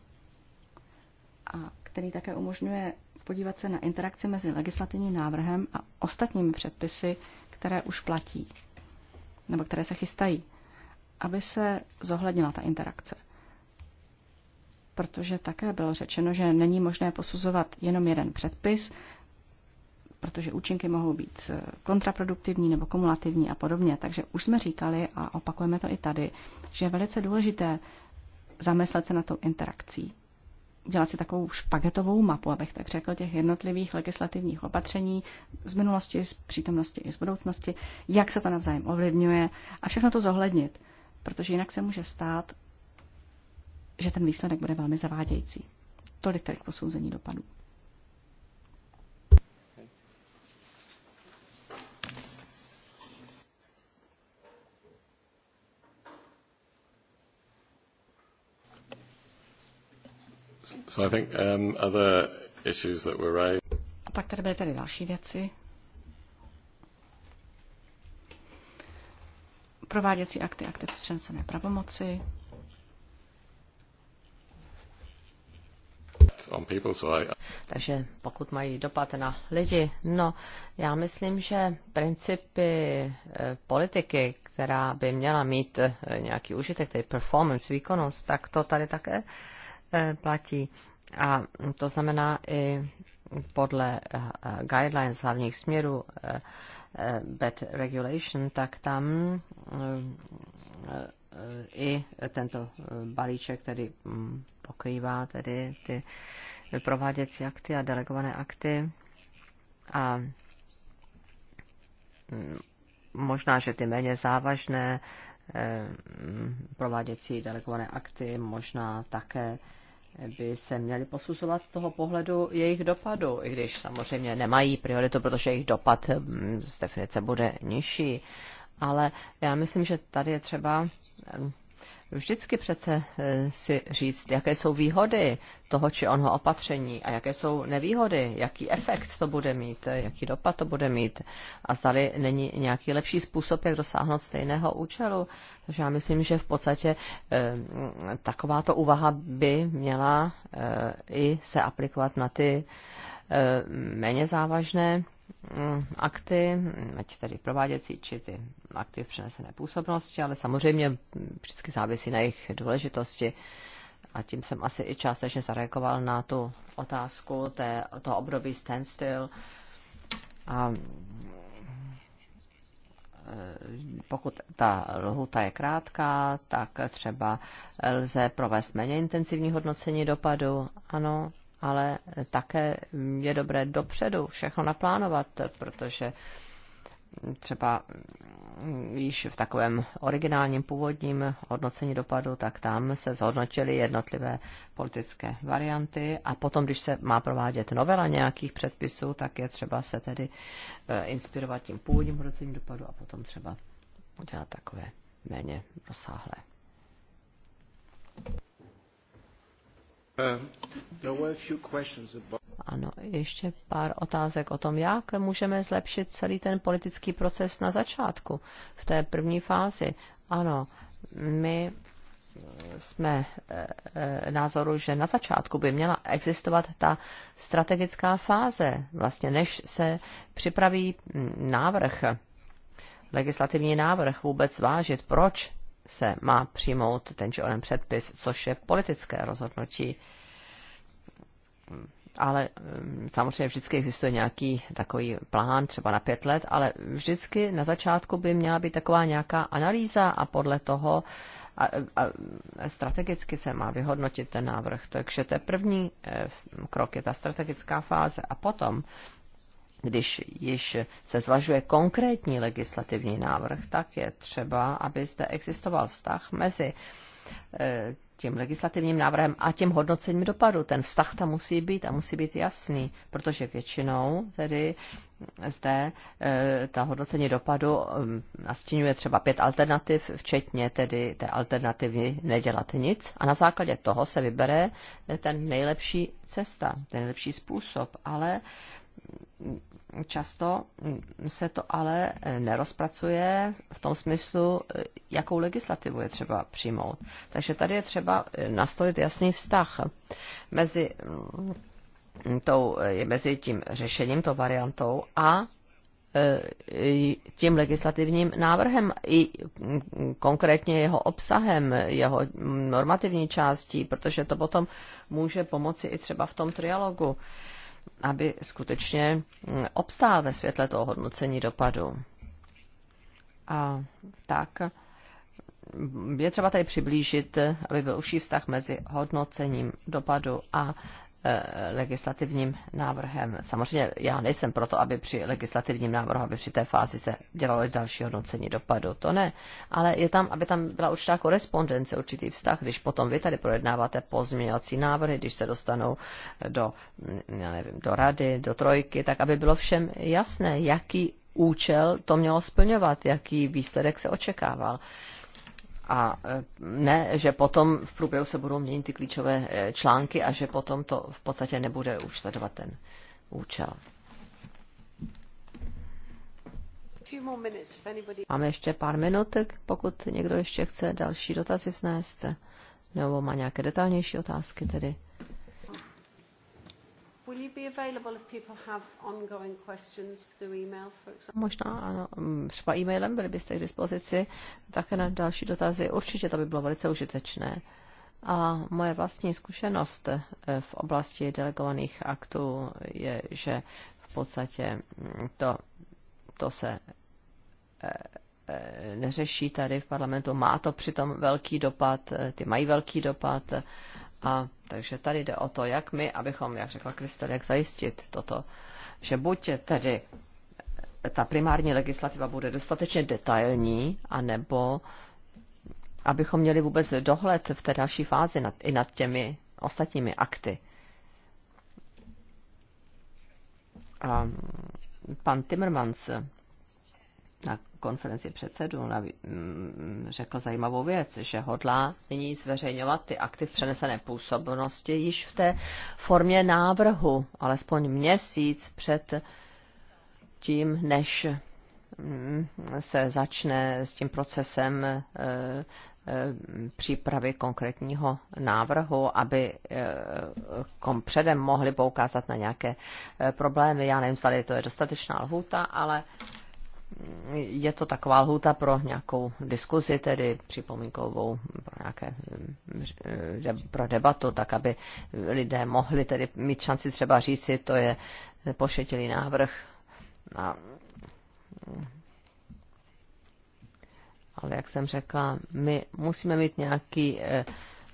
a který také umožňuje podívat se na interakci mezi legislativním návrhem a ostatními předpisy, které už platí nebo které se chystají, aby se zohlednila ta interakce. Protože také bylo řečeno, že není možné posuzovat jenom jeden předpis, protože účinky mohou být eh, kontraproduktivní nebo kumulativní a podobně. Takže už jsme říkali a opakujeme to i tady, že je velice důležité zamyslet se na tou interakcí. Dělat si takovou špagetovou mapu, abych tak řekl, těch jednotlivých legislativních opatření z minulosti, z přítomnosti i z budoucnosti, jak se to navzájem ovlivňuje a všechno to zohlednit, protože jinak se může stát, že ten výsledek bude velmi zavádějící. Tolik tedy k posouzení dopadů. So I think, um, other issues that were raised. A pak tady byly tady další věci. Prováděcí akty, akty přenesené pravomoci. Takže pokud mají dopad na lidi, no, já myslím, že principy eh, politiky, která by měla mít eh, nějaký užitek, tedy performance, výkonnost, tak to tady také Eh, platí. A to znamená i podle eh, guidelines hlavních směrů eh, bad regulation, tak tam i tento balíček tedy mm, pokrývá tedy ty prováděcí akty a delegované akty. A mm, možná, že ty méně závažné mm, prováděcí delegované akty možná také by se měly posuzovat z toho pohledu jejich dopadu, i když samozřejmě nemají prioritu, protože jejich dopad mm, z definice bude nižší. Ale já myslím, že tady je třeba mm, vždycky přece e, si říct, jaké jsou výhody toho či onho opatření a jaké jsou nevýhody, jaký efekt to bude mít, e, jaký dopad to bude mít a zdali není nějaký lepší způsob, jak dosáhnout stejného účelu. Takže já myslím, že v podstatě e, takováto úvaha by měla i se aplikovat na ty méně závažné Mm, akty, mm, ať tedy prováděcí, či ty akty v přenesené působnosti, ale samozřejmě mm, vždycky závisí na jejich důležitosti. A tím jsem asi i částečně zareagoval na tu otázku té, toho období standstill. A e, pokud ta lhuta je krátká, tak třeba lze provést méně intenzivní hodnocení dopadu. Ano, ale také je dobré dopředu všechno naplánovat, protože třeba již v takovém originálním původním hodnocení dopadu, tak tam se zhodnotily jednotlivé politické varianty a potom, když se má provádět novela nějakých předpisů, tak je třeba se tedy eh, inspirovat tím původním hodnocením dopadu a potom třeba udělat takové méně rozsáhlé. Ano, ještě pár otázek o tom, jak můžeme zlepšit celý ten politický proces na začátku, v té první fázi. Ano, my jsme eh, eh, názoru, že na začátku by měla existovat ta strategická fáze, vlastně než se připraví mm, návrh, legislativní návrh, vůbec vážit, proč se má přijmout ten či onen předpis, což je politické rozhodnutí. Ale mm, samozřejmě vždycky existuje nějaký takový plán, třeba na pět let, ale vždycky na začátku by měla být taková nějaká analýza a podle toho a, a strategicky se má vyhodnotit ten návrh. Takže to je první eh, krok, je ta strategická fáze. A potom když již se zvažuje konkrétní legislativní návrh, tak je třeba, aby zde existoval vztah mezi eh, tím legislativním návrhem a tím hodnocením dopadu. Ten vztah tam musí být a musí být jasný, protože většinou tedy zde eh, ta hodnocení dopadu mm, nastínuje třeba pět alternativ, včetně tedy té alternativy nedělat nic a na základě toho se vybere ten nejlepší cesta, ten nejlepší způsob, ale často se to ale nerozpracuje v tom smyslu, jakou legislativu je třeba přijmout. Takže tady je třeba nastolit jasný vztah mezi, tou, mezi tím řešením, tou variantou a e, tím legislativním návrhem i konkrétně jeho obsahem, jeho normativní částí, protože to potom může pomoci i třeba v tom trialogu aby skutečně mm, obstál ve světle toho hodnocení dopadu. A tak mm, je třeba tady přiblížit, aby byl užší vztah mezi hodnocením dopadu a Eh, legislativním návrhem. Samozřejmě já nejsem proto, aby při legislativním návrhu, aby při té fázi se dělalo další hodnocení dopadu, to ne. Ale je tam, aby tam byla určitá korespondence, určitý vztah, když potom vy tady projednáváte pozměňovací návrhy, když se dostanou do, mm, já nevím, do rady, do trojky, tak aby bylo všem jasné, jaký účel to mělo splňovat, jaký výsledek se očekával a e, ne, že potom v průběhu se budou měnit ty klíčové e, články a že potom to v podstatě nebude už sledovat ten účel. Máme ještě pár minut, pokud někdo ještě chce další dotazy vznést, nebo má nějaké detailnější otázky tedy. Will you be available if people have ongoing questions through email, for example? Možná ano, mm, třeba e-mailem byli byste k dispozici, také na další dotazy. Určitě to by bylo velice užitečné. A moje vlastní zkušenost eh, v oblasti delegovaných aktů je, že v podstatě mm, to, to se eh, eh, neřeší tady v parlamentu. Má to přitom velký dopad, ty mají velký dopad a takže tady jde o to, jak my, abychom, jak řekla Kristel, jak zajistit toto, že buď tedy ta primární legislativa bude dostatečně detailní, anebo abychom měli vůbec dohled v té další fázi nad, i nad těmi ostatními akty. A pan Timmermans na konferenci předsedů mm, řekl zajímavou věc, že hodlá nyní zveřejňovat ty aktiv přenesené působnosti již v té formě návrhu, alespoň měsíc před tím, než mm, se začne s tím procesem e, e, přípravy konkrétního návrhu, aby e, kom předem mohli poukázat na nějaké problémy. Já nevím, zda to je dostatečná lhůta, ale je to taková lhůta pro nějakou diskuzi, tedy připomínkovou, pro, nějaké, pro debatu, tak aby lidé mohli tedy mít šanci třeba říci, to je pošetilý návrh. A, ale jak jsem řekla, my musíme mít nějaký, eh,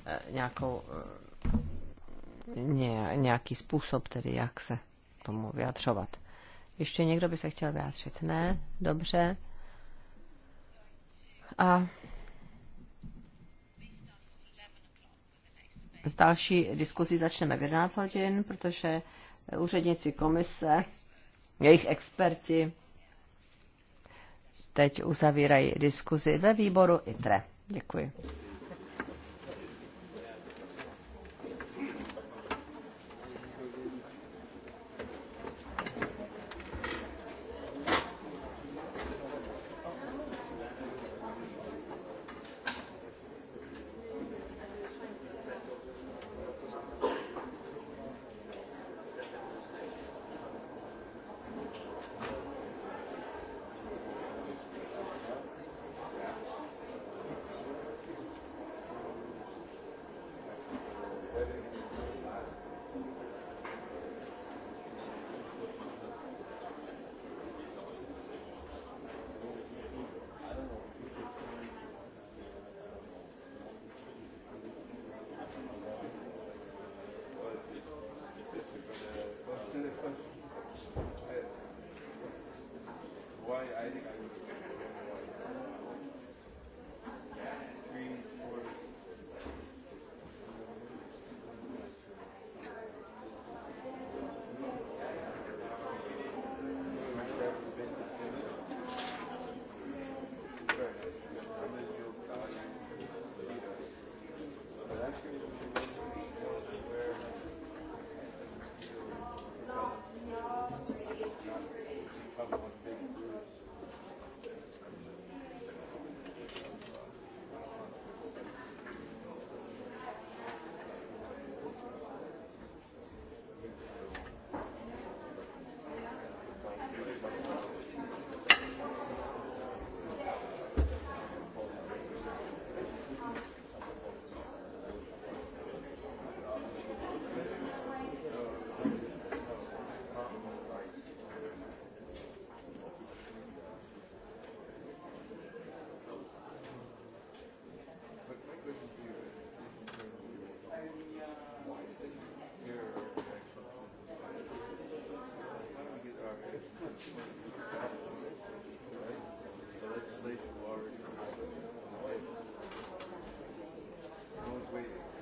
eh, nějakou, eh, nějaký způsob, tedy jak se tomu vyjadřovat. Ještě někdo by se chtěl vyjádřit? Ne? Dobře. A z další diskuzí začneme v 11 hodin, protože úředníci komise, jejich experti teď uzavírají diskuzi ve výboru ITRE. Děkuji. Děkuji.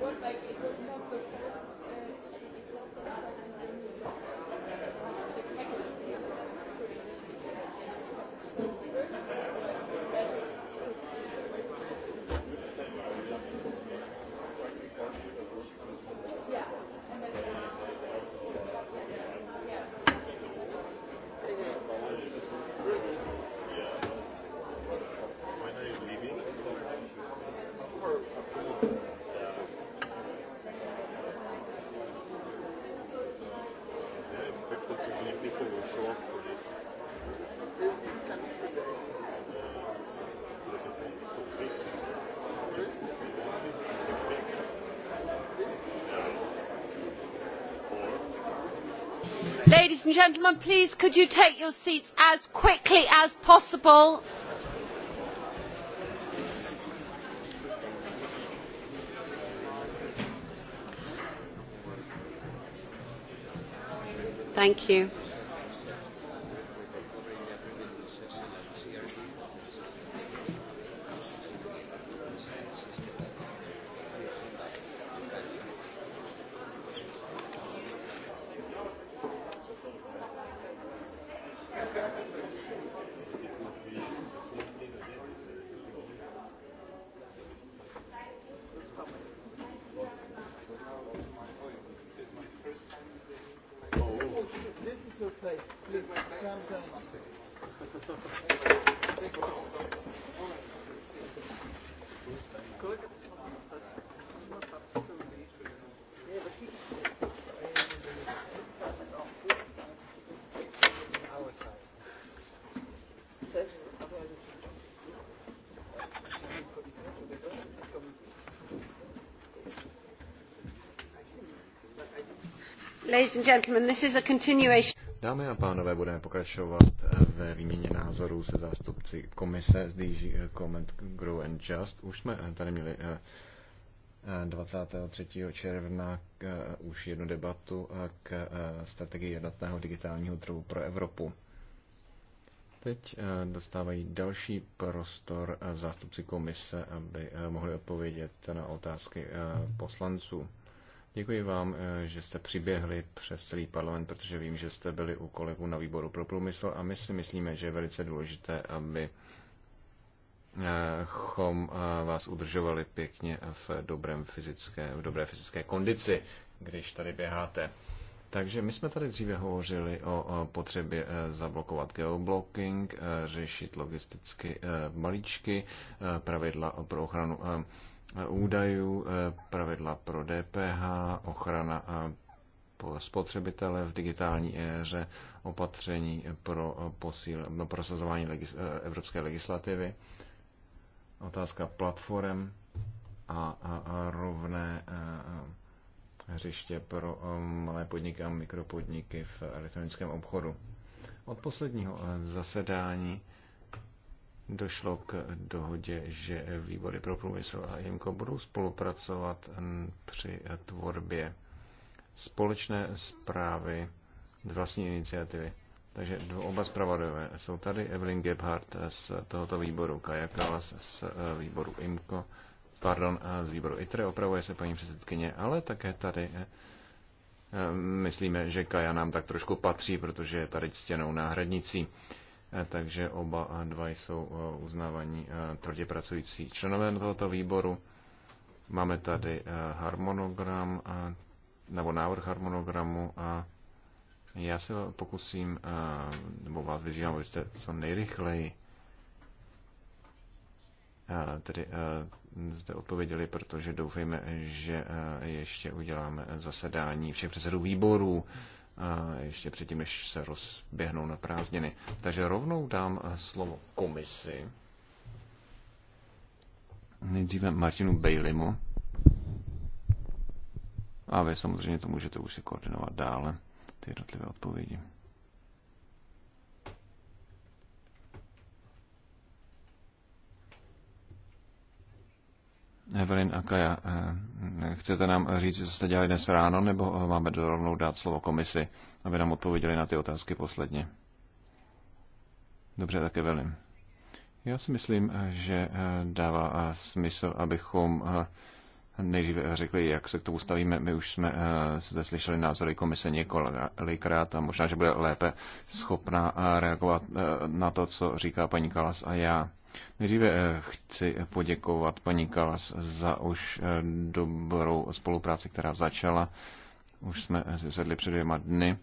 work like and gentlemen please could you take your seats as quickly as possible? thank you. Dámy a pánové, budeme pokračovat eh, ve výměně názorů se zástupci komise z DG eh, Comment Grow and Just. Už jsme eh, tady měli 23. června už jednu debatu k strategii jednotného digitálního trhu pro Evropu. Teď dostávají další prostor zástupci komise, aby mohli odpovědět na otázky poslanců. Děkuji vám, eh, že jste přiběhli přes celý parlament, protože vím, že jste byli u kolegů na výboru pro průmysl a my si myslíme, že je velice důležité, aby eh, chom eh, vás udržovali pěkně v, dobrém fyzické, v dobré fyzické kondici, když tady běháte. Takže my jsme tady dříve hovořili o potřebě zablokovat geoblocking, řešit logisticky balíčky, pravidla pro ochranu Eh, údajů, eh, pravidla pro DPH, ochrana eh, spotřebitele v digitální éře, opatření pro posíl, no, prosazování legis, evropské legislativy, otázka platform a, a, a rovné a, hřiště pro malé podniky a mikropodniky v elektronickém obchodu. Od posledního zasedání došlo k dohodě, že výbory pro průmysl a IMCO budou spolupracovat při tvorbě společné zprávy z vlastní iniciativy. Takže oba zpravodajové jsou tady, Evelyn Gebhardt z tohoto výboru, Kaja Kalas z eh, výboru IMCO, pardon, eh, z výboru ITRE, opravuje se paní předsedkyně, ale také tady eh, myslíme, že Kaja nám tak trošku patří, protože je tady ctěnou náhradnicí. Eh, takže oba eh, dva jsou eh, uznávaní tvrdě pracující členové tohoto výboru. Máme tady harmonogram, nebo návrh harmonogramu a já se pokusím, nebo vás vyzývám, abyste co nejrychleji tedy zde odpověděli, protože doufejme, že ještě uděláme zasedání všech předsedů výborů ještě předtím, než se rozběhnou na prázdniny. Takže rovnou dám slovo komisi. Nejdříve Martinu Bejlimu. A vy samozřejmě to můžete už si koordinovat dále, ty jednotlivé odpovědi. Evelyn a Kaja, eh, chcete nám říct, co jste dělali dnes ráno, nebo máme dorovnou dát slovo komisi, aby nám odpověděli na ty otázky posledně? Dobře, tak Evelyn. Já si myslím, že eh, dává eh, smysl, abychom nejdříve řekli, jak se k tomu stavíme. My už jsme zde slyšeli názory komise několikrát a možná, že bude lépe schopná reagovat na to, co říká paní Kalas a já. Nejdříve eh, chci poděkovat paní Kalas za už eh, dobrou spolupráci, která začala. Už jsme se sedli před dvěma dny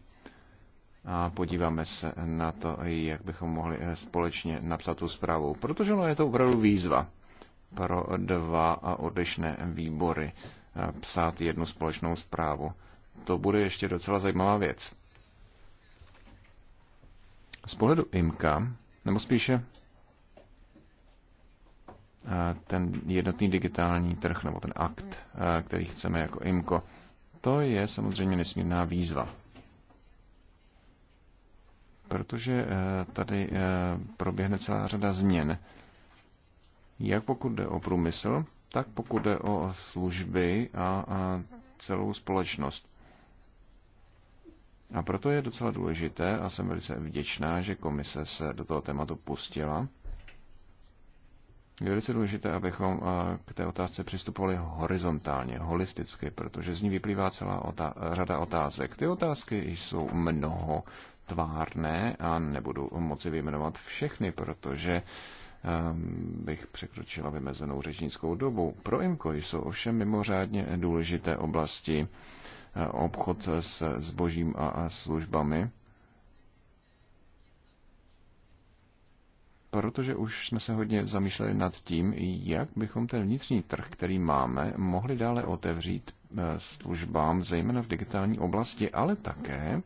a podíváme se na to, jak bychom mohli eh, společně napsat tu zprávu, protože no, je to opravdu výzva pro dva odlišné výbory psát jednu společnou zprávu. To bude ještě docela zajímavá věc. Z pohledu IMKA, nebo spíše ten jednotný digitální trh nebo ten akt, mm. který chceme jako IMCO. To je samozřejmě nesmírná výzva. Protože e, tady e, proběhne celá řada změn. Jak pokud jde o průmysl, tak pokud jde o služby a, a celou společnost. A proto je docela důležité a jsem velice vděčná, že komise se do toho tématu pustila je velice důležité, abychom eh, k té otázce přistupovali horizontálně, holisticky, protože z ní vyplývá celá otá- řada otázek. Ty otázky jsou mnoho tvárné a nebudu moci vyjmenovat všechny, protože ehm, bych překročila vymezenou řečnickou dobu. Pro IMCO jsou ovšem mimořádně důležité oblasti eh, obchod s zbožím a službami protože už jsme se hodně zamýšleli nad tím, jak bychom ten vnitřní trh, který máme, mohli dále otevřít eh, službám, zejména v digitální oblasti, ale také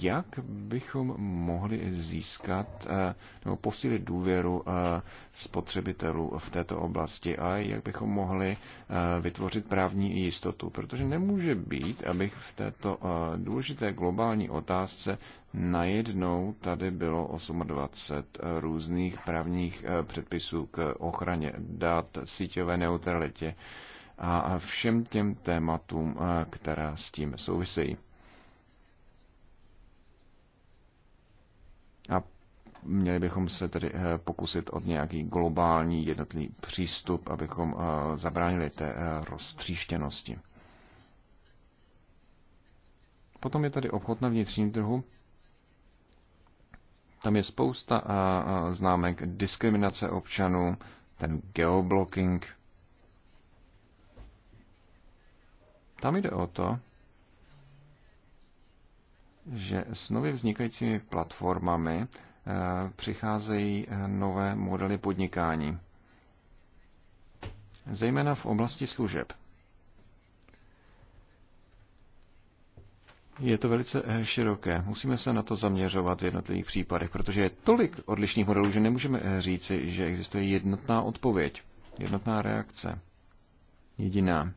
jak bychom mohli získat eh, nebo posílit důvěru eh, spotřebitelů v této oblasti a jak bychom mohli eh, vytvořit právní jistotu. Protože nemůže být, abych v této důležité globální otázce najednou tady bylo 28 různých právních předpisů k ochraně dat, síťové neutralitě a všem těm tématům, která s tím souvisejí. Měli bychom se tedy eh, pokusit od nějaký globální jednotlivý přístup, abychom eh, zabránili té eh, roztříštěnosti. Potom je tady obchod na vnitřním trhu. Tam je spousta známek diskriminace občanů, ten geoblocking. Tam jde o to, že s nově vznikajícími platformami Eh, přicházejí eh, nové modely podnikání, zejména v oblasti služeb. Je to velice eh, široké. Musíme se na to zaměřovat v jednotlivých případech, protože je tolik odlišných modelů, že nemůžeme říci, že existuje jednotná odpověď, jednotná reakce, jediná.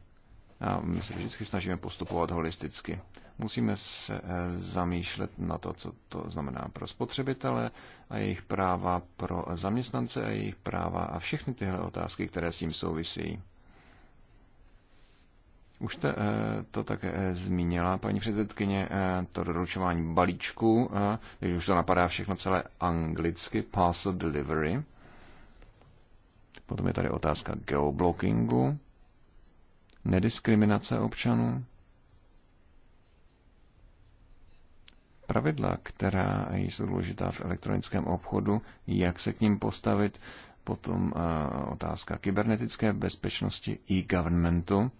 A my se vždycky snažíme postupovat holisticky. Musíme se eh, zamýšlet na to, co to znamená pro spotřebitele a jejich práva, pro zaměstnance a jejich práva a všechny tyhle otázky, které s tím souvisí. Už jste eh, to také eh, zmínila, paní předsedkyně, to doručování balíčku, když už to napadá všechno celé anglicky, parcel delivery. Potom je tady otázka geoblockingu, nediskriminace občanů. pravidla, která jsou důležitá v elektronickém obchodu, jak se k ním postavit, potom eh, otázka kybernetické bezpečnosti i e governmentu,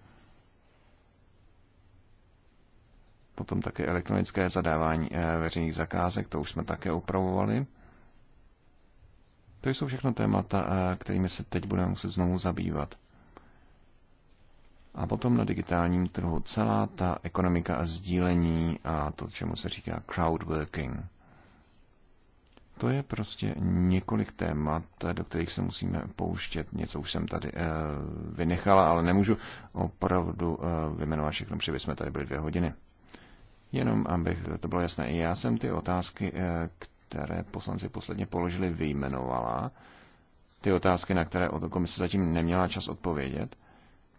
potom také elektronické zadávání eh, veřejných zakázek, to už jsme také upravovali. To jsou všechno témata, eh, kterými se teď budeme muset znovu zabývat. A potom na digitálním trhu celá ta ekonomika a sdílení a to, čemu se říká crowdworking. To je prostě několik témat, do kterých se musíme pouštět. Něco už jsem tady e, vynechala, ale nemůžu opravdu e, vyjmenovat všechno, protože bychom tady byli dvě hodiny. Jenom abych to bylo jasné, já jsem ty otázky, e, které poslanci posledně položili, vyjmenovala. Ty otázky, na které od komise zatím neměla čas odpovědět.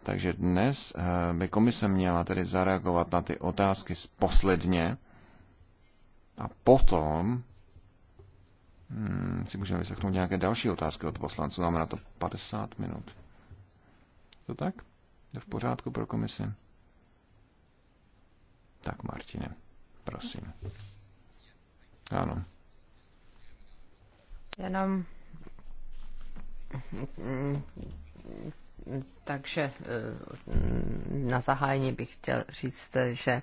Takže dnes eh, by komise měla tedy zareagovat na ty otázky posledně a potom hmm, si můžeme vyslechnout nějaké další otázky od poslanců. Máme na to 50 minut. To tak? Je v pořádku pro komisi? Tak, Martine, prosím. Ano. Jenom takže eh, na zahájení bych chtěl říct, že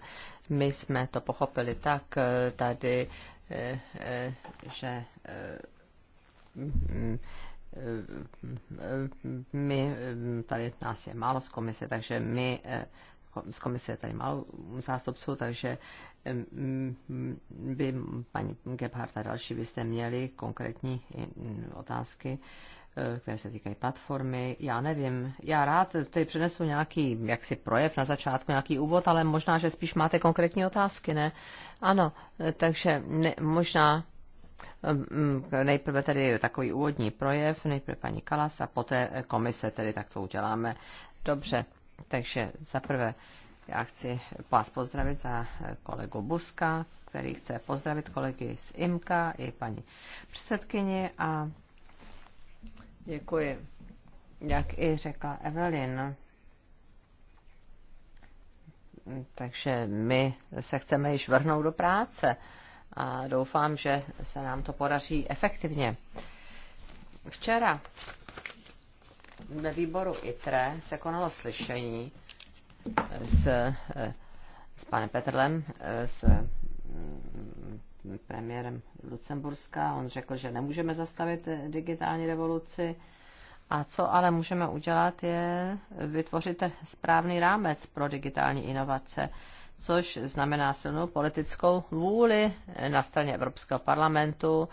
my jsme to pochopili tak eh, tady, eh, že my, mm, mm, mm, tady nás je málo z komise, takže my z komise je tady málo zástupců, takže by paní Gebhardt a další byste měli konkrétní otázky Eh, které se týkají platformy. Já nevím, já rád tady přinesu nějaký jaksi projev na začátku, nějaký úvod, ale možná, že spíš máte konkrétní otázky, ne? Ano, eh, takže ne, možná mm, mm, nejprve tedy takový úvodní projev, nejprve paní Kalas a poté komise, tedy tak to uděláme. Dobře, takže za prvé já chci vás pozdravit za eh, kolegu Buska, který chce pozdravit kolegy z IMKA i paní předsedkyni a Děkuji. Jak i řekla Evelyn, takže my se chceme již vrhnout do práce a doufám, že se nám to podaří efektivně. Včera ve výboru ITRE se konalo slyšení s, s panem Petrlem, s premiérem Lucemburska. On řekl, že nemůžeme zastavit digitální revoluci. A co ale můžeme udělat, je vytvořit správný rámec pro digitální inovace, což znamená silnou politickou vůli na straně Evropského parlamentu.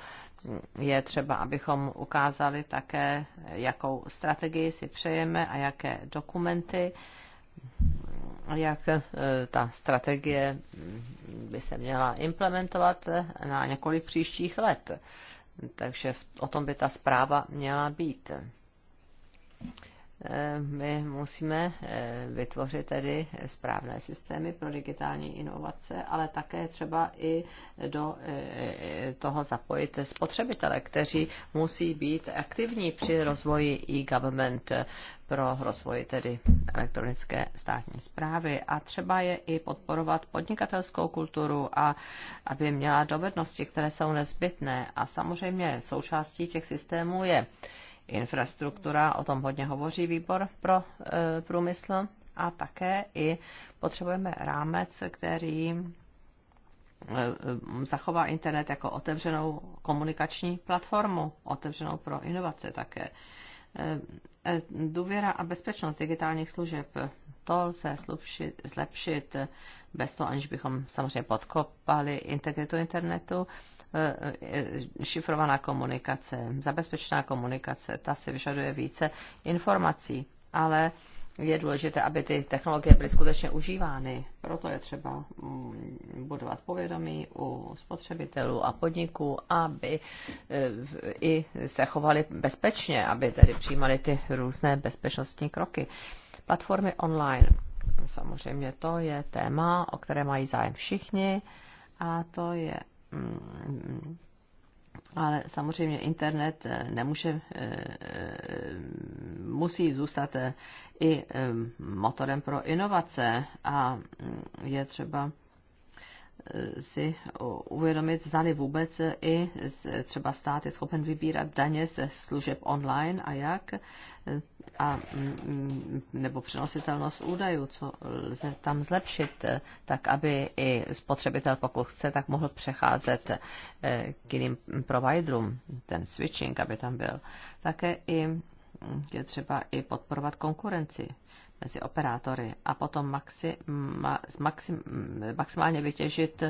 Je třeba, abychom ukázali také, jakou strategii si přejeme a jaké dokumenty jak eh, ta strategie by se měla implementovat na několik příštích let. Takže o tom by ta zpráva měla být. Eh, my musíme eh, vytvořit tedy správné systémy pro digitální inovace, ale také třeba i do eh, toho zapojit spotřebitele, kteří musí být aktivní při rozvoji e-government pro rozvoj tedy elektronické státní zprávy a třeba je i podporovat podnikatelskou kulturu a aby měla dovednosti, které jsou nezbytné. A samozřejmě součástí těch systémů je infrastruktura, o tom hodně hovoří výbor pro e, průmysl a také i potřebujeme rámec, který e, e, zachová internet jako otevřenou komunikační platformu, otevřenou pro inovace také. Důvěra a bezpečnost digitálních služeb, to lze zlepšit, zlepšit bez toho, aniž bychom samozřejmě podkopali integritu internetu. Eh, eh, šifrovaná komunikace, zabezpečená komunikace, ta si vyžaduje více informací, ale je důležité, aby ty technologie byly skutečně užívány. Proto je třeba mm, budovat povědomí u spotřebitelů a podniků, aby eh, i se chovali bezpečně, aby tedy přijímali ty různé bezpečnostní kroky. Platformy online. Samozřejmě to je téma, o které mají zájem všichni a to je Mm. ale samozřejmě internet eh, nemůže, eh, eh, musí zůstat i motorem pro inovace a mm, je třeba si uvědomit, zdali vůbec i třeba stát je schopen vybírat daně ze služeb online a jak, a, mm, nebo přenositelnost údajů, co lze tam zlepšit, tak aby i spotřebitel, pokud chce, tak mohl přecházet eh, k jiným providerům, ten switching, aby tam byl. Také i je třeba i podporovat konkurenci mezi operátory a potom maxi, ma, maxim, maximálně vytěžit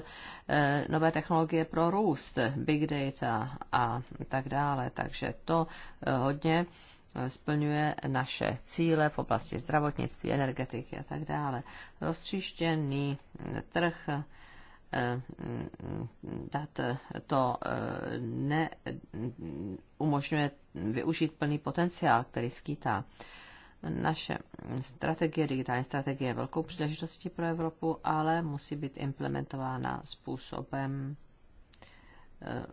eh, nové technologie pro růst, big data a tak dále. Takže to eh, hodně eh, splňuje naše cíle v oblasti zdravotnictví, energetiky a tak dále. Roztříštěný eh, trh eh, mm, mm, mm, dat to ne, umožňuje využít plný potenciál, který skýtá. Naše strategie, digitální strategie je velkou příležitostí pro Evropu, ale musí být implementována způsobem, eh,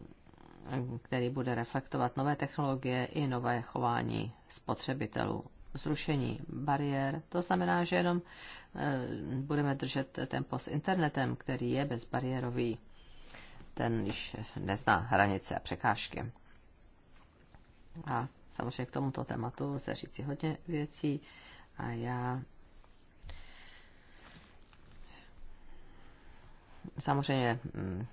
který bude reflektovat nové technologie i nové chování spotřebitelů. Zrušení bariér, to znamená, že jenom eh, budeme držet tempo s internetem, který je bezbariérový. Ten již nezná hranice a překážky. A samozřejmě k tomuto tématu se říci hodně věcí a já Samozřejmě mm,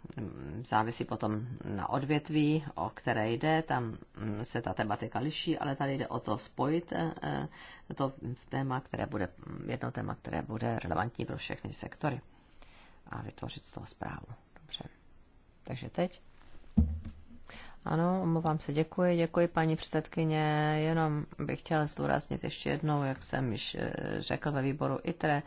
závisí potom na odvětví, o které jde, tam mm, se ta tematika liší, ale tady jde o to spojit eh, eh, to téma, které bude, mm, jedno téma, které bude relevantní pro všechny sektory a vytvořit z toho zprávu. Dobře. Takže teď ano, omlouvám se, děkuji, děkuji paní předsedkyně. Jenom bych chtěla zdůraznit ještě jednou, jak jsem již eh, řekl ve výboru ITRE,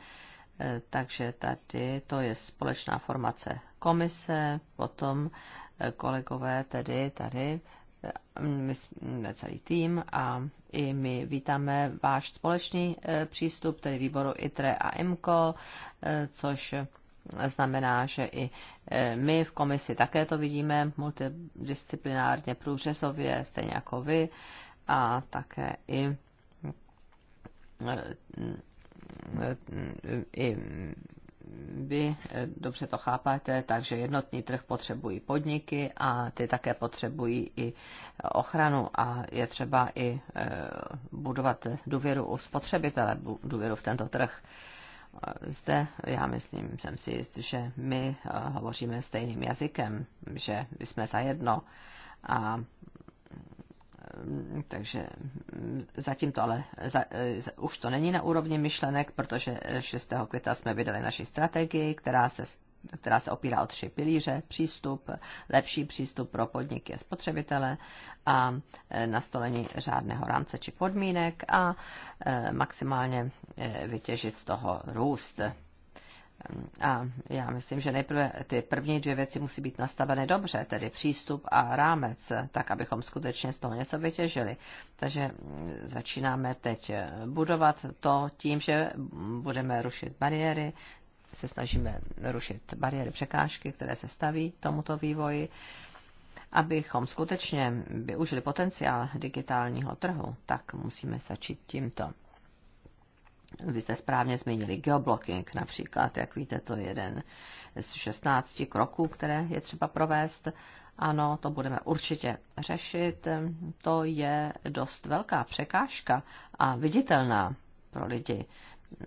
eh, takže tady to je společná formace komise, potom eh, kolegové tedy tady, my jsme celý tým a i my vítáme váš společný přístup, tedy výboru ITRE a IMCO, což znamená, že i e, my v komisi také to vidíme multidisciplinárně, průřezově, stejně jako vy, a také i, e, e, i vy dobře to chápáte, takže jednotný trh potřebují podniky a ty také potřebují i ochranu a je třeba i budovat důvěru u spotřebitele, důvěru v tento trh zde já myslím, jsem si jist, že my eh, hovoříme stejným jazykem, že jsme zajedno. A mm, takže mm, zatím to ale za, eh, za, už to není na úrovni myšlenek, protože 6. května jsme vydali naši strategii, která se která se opírá o tři pilíře, přístup, lepší přístup pro podniky a spotřebitele a e, nastolení řádného rámce či podmínek a e, maximálně e, vytěžit z toho růst. A já myslím, že nejprve ty první dvě věci musí být nastaveny dobře, tedy přístup a rámec, tak abychom skutečně z toho něco vytěžili. Takže mm, začínáme teď budovat to tím, že budeme rušit bariéry, se snažíme rušit bariéry, překážky, které se staví tomuto vývoji, abychom skutečně využili potenciál digitálního trhu, tak musíme začít tímto. Vy jste správně zmínili geoblocking například, jak víte, to je jeden z 16 kroků, které je třeba provést. Ano, to budeme určitě řešit. To je dost velká překážka a viditelná pro lidi.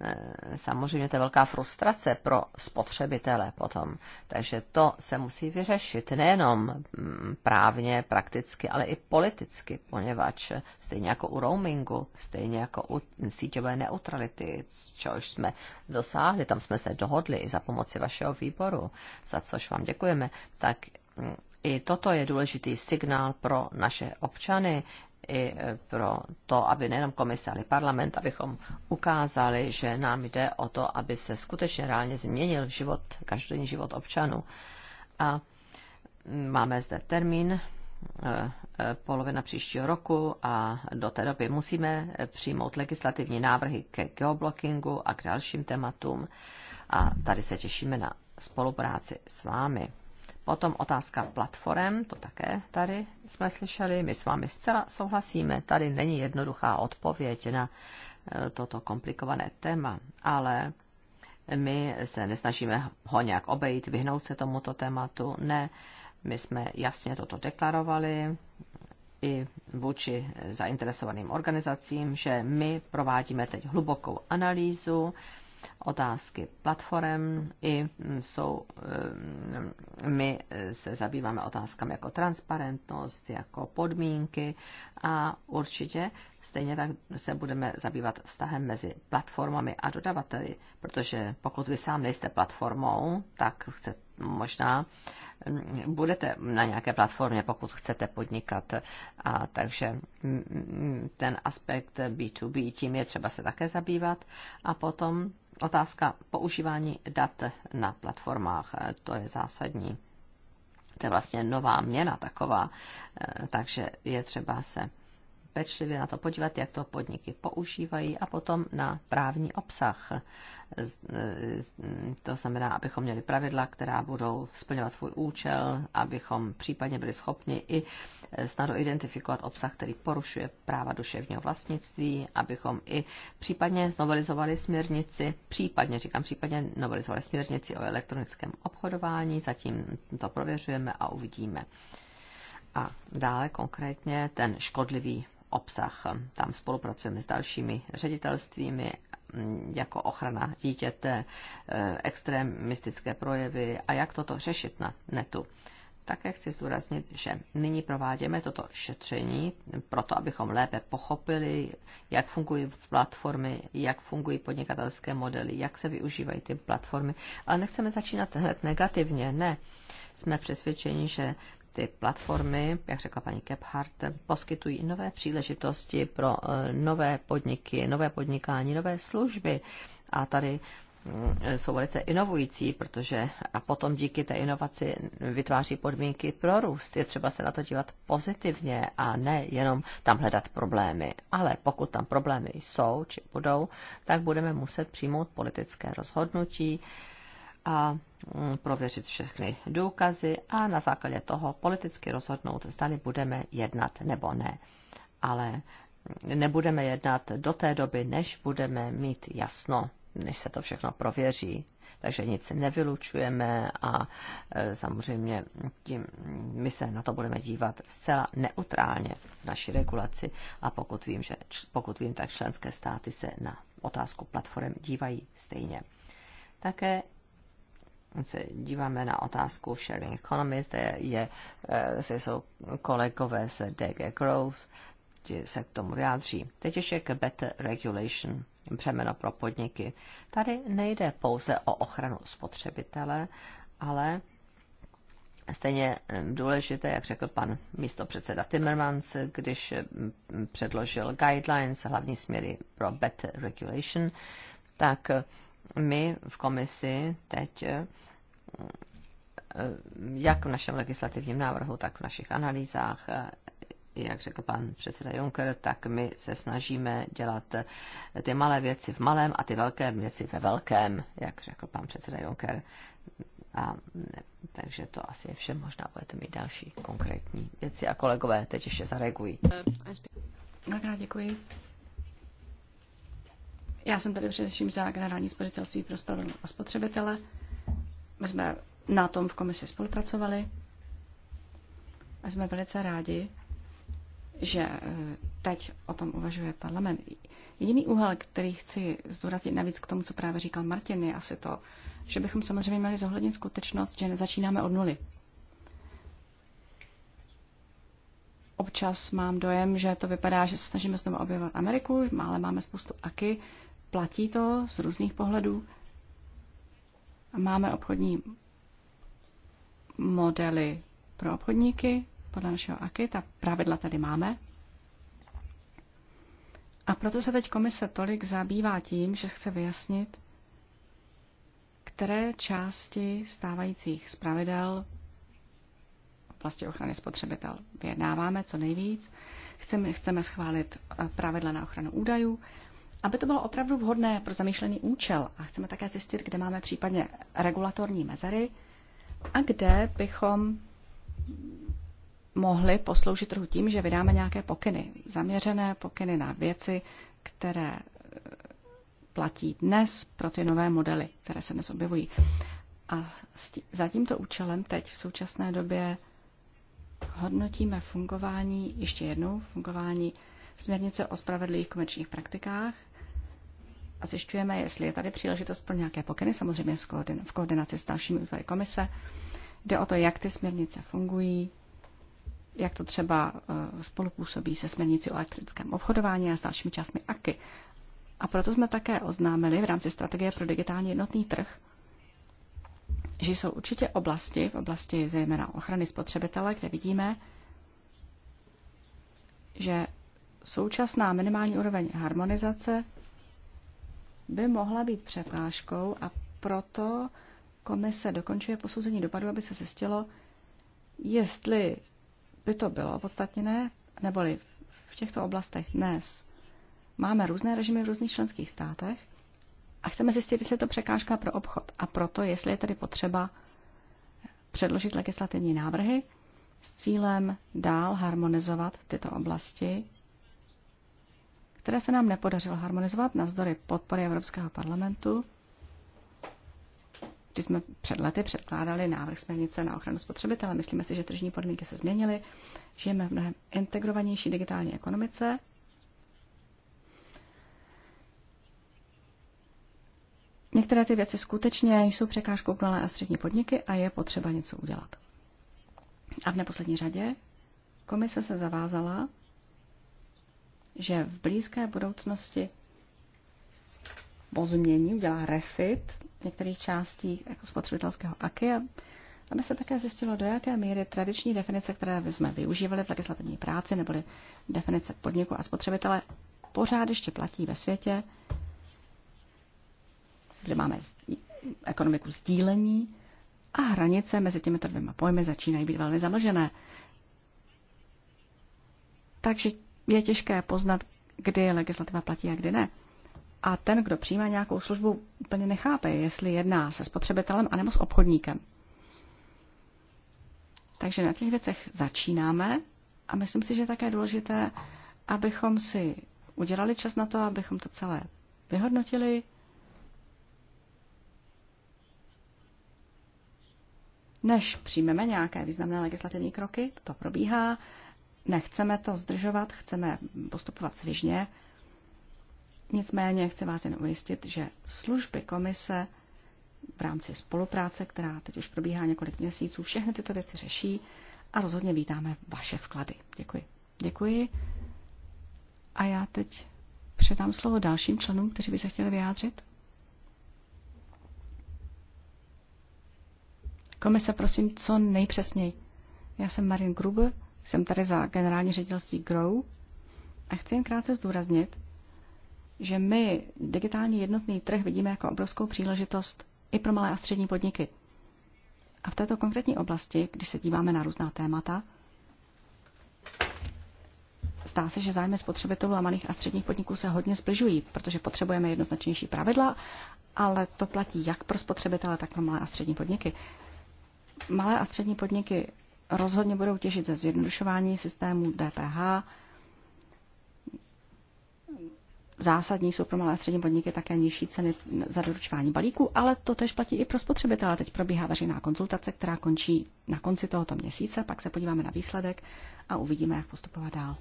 Eh, samozřejmě to je velká frustrace pro spotřebitele potom. Takže to se musí vyřešit nejenom mm, právně, prakticky, ale i politicky, poněvadž stejně jako u roamingu, stejně jako u síťové neutrality, čehož jsme dosáhli, tam jsme se dohodli i za pomoci vašeho výboru, za což vám děkujeme, tak mm, i toto je důležitý signál pro naše občany, i pro to, aby nejenom komise, ale parlament, abychom ukázali, že nám jde o to, aby se skutečně reálně změnil život, každodenní život občanů. A máme zde termín e, e, polovina příštího roku a do té doby musíme přijmout legislativní návrhy ke geoblockingu a k dalším tématům. A tady se těšíme na spolupráci s vámi. Potom otázka platform, to také tady jsme slyšeli. My s vámi zcela souhlasíme. Tady není jednoduchá odpověď na eh, toto komplikované téma, ale my se nesnažíme ho nějak obejít, vyhnout se tomuto tématu. Ne, my jsme jasně toto deklarovali i vůči zainteresovaným organizacím, že my provádíme teď hlubokou analýzu, otázky platform i jsou, eh, my se zabýváme otázkami jako transparentnost, jako podmínky a určitě stejně tak se budeme zabývat vztahem mezi platformami a dodavateli, protože pokud vy sám nejste platformou, tak chce, možná mm, budete na nějaké platformě, pokud chcete podnikat. A takže mm, mm, ten aspekt B2B, tím je třeba se také zabývat. A potom otázka používání dat na platformách, eh, to je zásadní. To je vlastně nová měna taková, eh, takže je třeba se pečlivě na to podívat, jak to podniky používají a potom na právní obsah. To znamená, abychom měli pravidla, která budou splňovat svůj účel, abychom případně byli schopni i snadno identifikovat obsah, který porušuje práva duševního vlastnictví, abychom i případně znovelizovali směrnici, případně, říkám případně, novelizovali směrnici o elektronickém obchodování, zatím to prověřujeme a uvidíme. A dále konkrétně ten škodlivý obsah. Tam spolupracujeme s dalšími ředitelstvími mm, jako ochrana dítěte, eh, extremistické projevy a jak toto řešit na netu. Také chci zdůraznit, že nyní provádíme toto šetření proto, abychom lépe pochopili, jak fungují platformy, jak fungují podnikatelské modely, jak se využívají ty platformy. Ale nechceme začínat hned negativně, ne. Jsme přesvědčeni, že ty platformy, jak řekla paní Kephart, poskytují nové příležitosti pro eh, nové podniky, nové podnikání, nové služby. A tady mm, jsou velice inovující, protože a potom díky té inovaci vytváří podmínky pro růst. Je třeba se na to dívat pozitivně a ne jenom tam hledat problémy. Ale pokud tam problémy jsou či budou, tak budeme muset přijmout politické rozhodnutí, a mm, prověřit všechny důkazy a na základě toho politicky rozhodnout, zdali budeme jednat nebo ne. Ale mm, nebudeme jednat do té doby, než budeme mít jasno, než se to všechno prověří. Takže nic nevylučujeme a e, samozřejmě tím my se na to budeme dívat zcela neutrálně v naší regulaci a pokud vím, že, pokud vím tak členské státy se na otázku platform dívají stejně. Také se díváme na otázku sharing economy, zde je, eh, se jsou kolegové z DG Growth, kteří se k tomu vyjádří. Teď ještě k better regulation, břemeno pro podniky. Tady nejde pouze o ochranu spotřebitele, ale Stejně eh, důležité, jak řekl pan místopředseda Timmermans, když eh, předložil guidelines, hlavní směry pro better regulation, tak my v komisi teď, eh, jak v našem legislativním návrhu, tak v našich analýzách, eh, jak řekl pan předseda Juncker, tak my se snažíme dělat eh, ty malé věci v malém a ty velké věci ve velkém, jak řekl pan předseda Juncker. A, ne, takže to asi je vše. Možná budete mít další konkrétní věci. A kolegové teď ještě zareagují. Tak děkuji. Já jsem tady především za generální spoditelství pro spravedlnost a spotřebitele. My jsme na tom v komisi spolupracovali a jsme velice rádi, že eh, teď o tom uvažuje parlament. Jediný úhel, který chci zdůraznit navíc k tomu, co právě říkal Martin, je asi to, že bychom samozřejmě měli zohlednit skutečnost, že nezačínáme od nuly. Občas mám dojem, že to vypadá, že se snažíme znovu objevovat Ameriku, ale máme spoustu aky, Platí to z různých pohledů. Máme obchodní modely pro obchodníky podle našeho AKY, ta pravidla tady máme. A proto se teď komise tolik zabývá tím, že chce vyjasnit, které části stávajících zpravidel oblasti ochrany spotřebitel vyjednáváme co nejvíc. Chceme, chceme schválit eh, pravidla na ochranu údajů aby to bylo opravdu vhodné pro zamýšlený účel. A chceme také zjistit, kde máme případně regulatorní mezery a kde bychom mohli posloužit trhu tím, že vydáme nějaké pokyny, zaměřené pokyny na věci, které eh, platí dnes pro ty nové modely, které se dnes objevují. A za tímto účelem teď v současné době hodnotíme fungování, ještě jednou fungování směrnice o spravedlivých komerčních praktikách, a zjišťujeme, jestli je tady příležitost pro nějaké pokyny, samozřejmě v koordinaci s dalšími útvary komise. Jde o to, jak ty směrnice fungují, jak to třeba eh, spolupůsobí se směrnici o elektrickém obchodování a s dalšími částmi AKY. A proto jsme také oznámili v rámci strategie pro digitální jednotný trh, že jsou určitě oblasti, v oblasti zejména ochrany spotřebitele, kde vidíme, že současná minimální úroveň harmonizace by mohla být překážkou a proto komise dokončuje posouzení dopadu, aby se zjistilo, jestli by to bylo opodstatněné, neboli v těchto oblastech dnes máme různé režimy v různých členských státech a chceme zjistit, jestli je to překážka pro obchod a proto, jestli je tedy potřeba předložit legislativní návrhy s cílem dál harmonizovat tyto oblasti které se nám nepodařilo harmonizovat navzdory podpory Evropského parlamentu, když jsme před lety předkládali návrh směrnice na ochranu spotřebitele. Myslíme si, že tržní podmínky se změnily, žijeme v mnohem integrovanější digitální ekonomice, Některé ty věci skutečně jsou překážkou pro malé a střední podniky a je potřeba něco udělat. A v neposlední řadě komise se zavázala, že v blízké budoucnosti pozmění, udělá refit některých částí jako spotřebitelského aky, aby se také zjistilo, do jaké míry tradiční definice, které jsme využívali v legislativní práci, neboli definice podniku a spotřebitele, pořád ještě platí ve světě, kde máme ekonomiku sdílení a hranice mezi těmito dvěma pojmy začínají být velmi zamlžené. Takže je těžké poznat, kdy legislativa platí a kdy ne. A ten, kdo přijímá nějakou službu, úplně nechápe, jestli jedná se spotřebitelem anebo s obchodníkem. Takže na těch věcech začínáme a myslím si, že je také důležité, abychom si udělali čas na to, abychom to celé vyhodnotili. Než přijmeme nějaké významné legislativní kroky, to probíhá, Nechceme to zdržovat, chceme postupovat svižně. Nicméně chci vás jen ujistit, že služby komise v rámci spolupráce, která teď už probíhá několik měsíců, všechny tyto věci řeší a rozhodně vítáme vaše vklady. Děkuji. Děkuji. A já teď předám slovo dalším členům, kteří by se chtěli vyjádřit. Komise, prosím, co nejpřesněji. Já jsem Marin Grubl. Jsem tady za generální ředitelství GROW a chci jen krátce zdůraznit, že my digitální jednotný trh vidíme jako obrovskou příležitost i pro malé a střední podniky. A v této konkrétní oblasti, když se díváme na různá témata, zdá se, že zájmy spotřebitelů a malých a středních podniků se hodně zbližují, protože potřebujeme jednoznačnější pravidla, ale to platí jak pro spotřebitele, tak pro malé a střední podniky. Malé a střední podniky rozhodně budou těšit ze zjednodušování systému DPH. Zásadní jsou pro malé a střední podniky také nižší ceny za doručování balíků, ale to tež platí i pro spotřebitele. Teď probíhá veřejná konzultace, která končí na konci tohoto měsíce, pak se podíváme na výsledek a uvidíme, jak postupovat dál.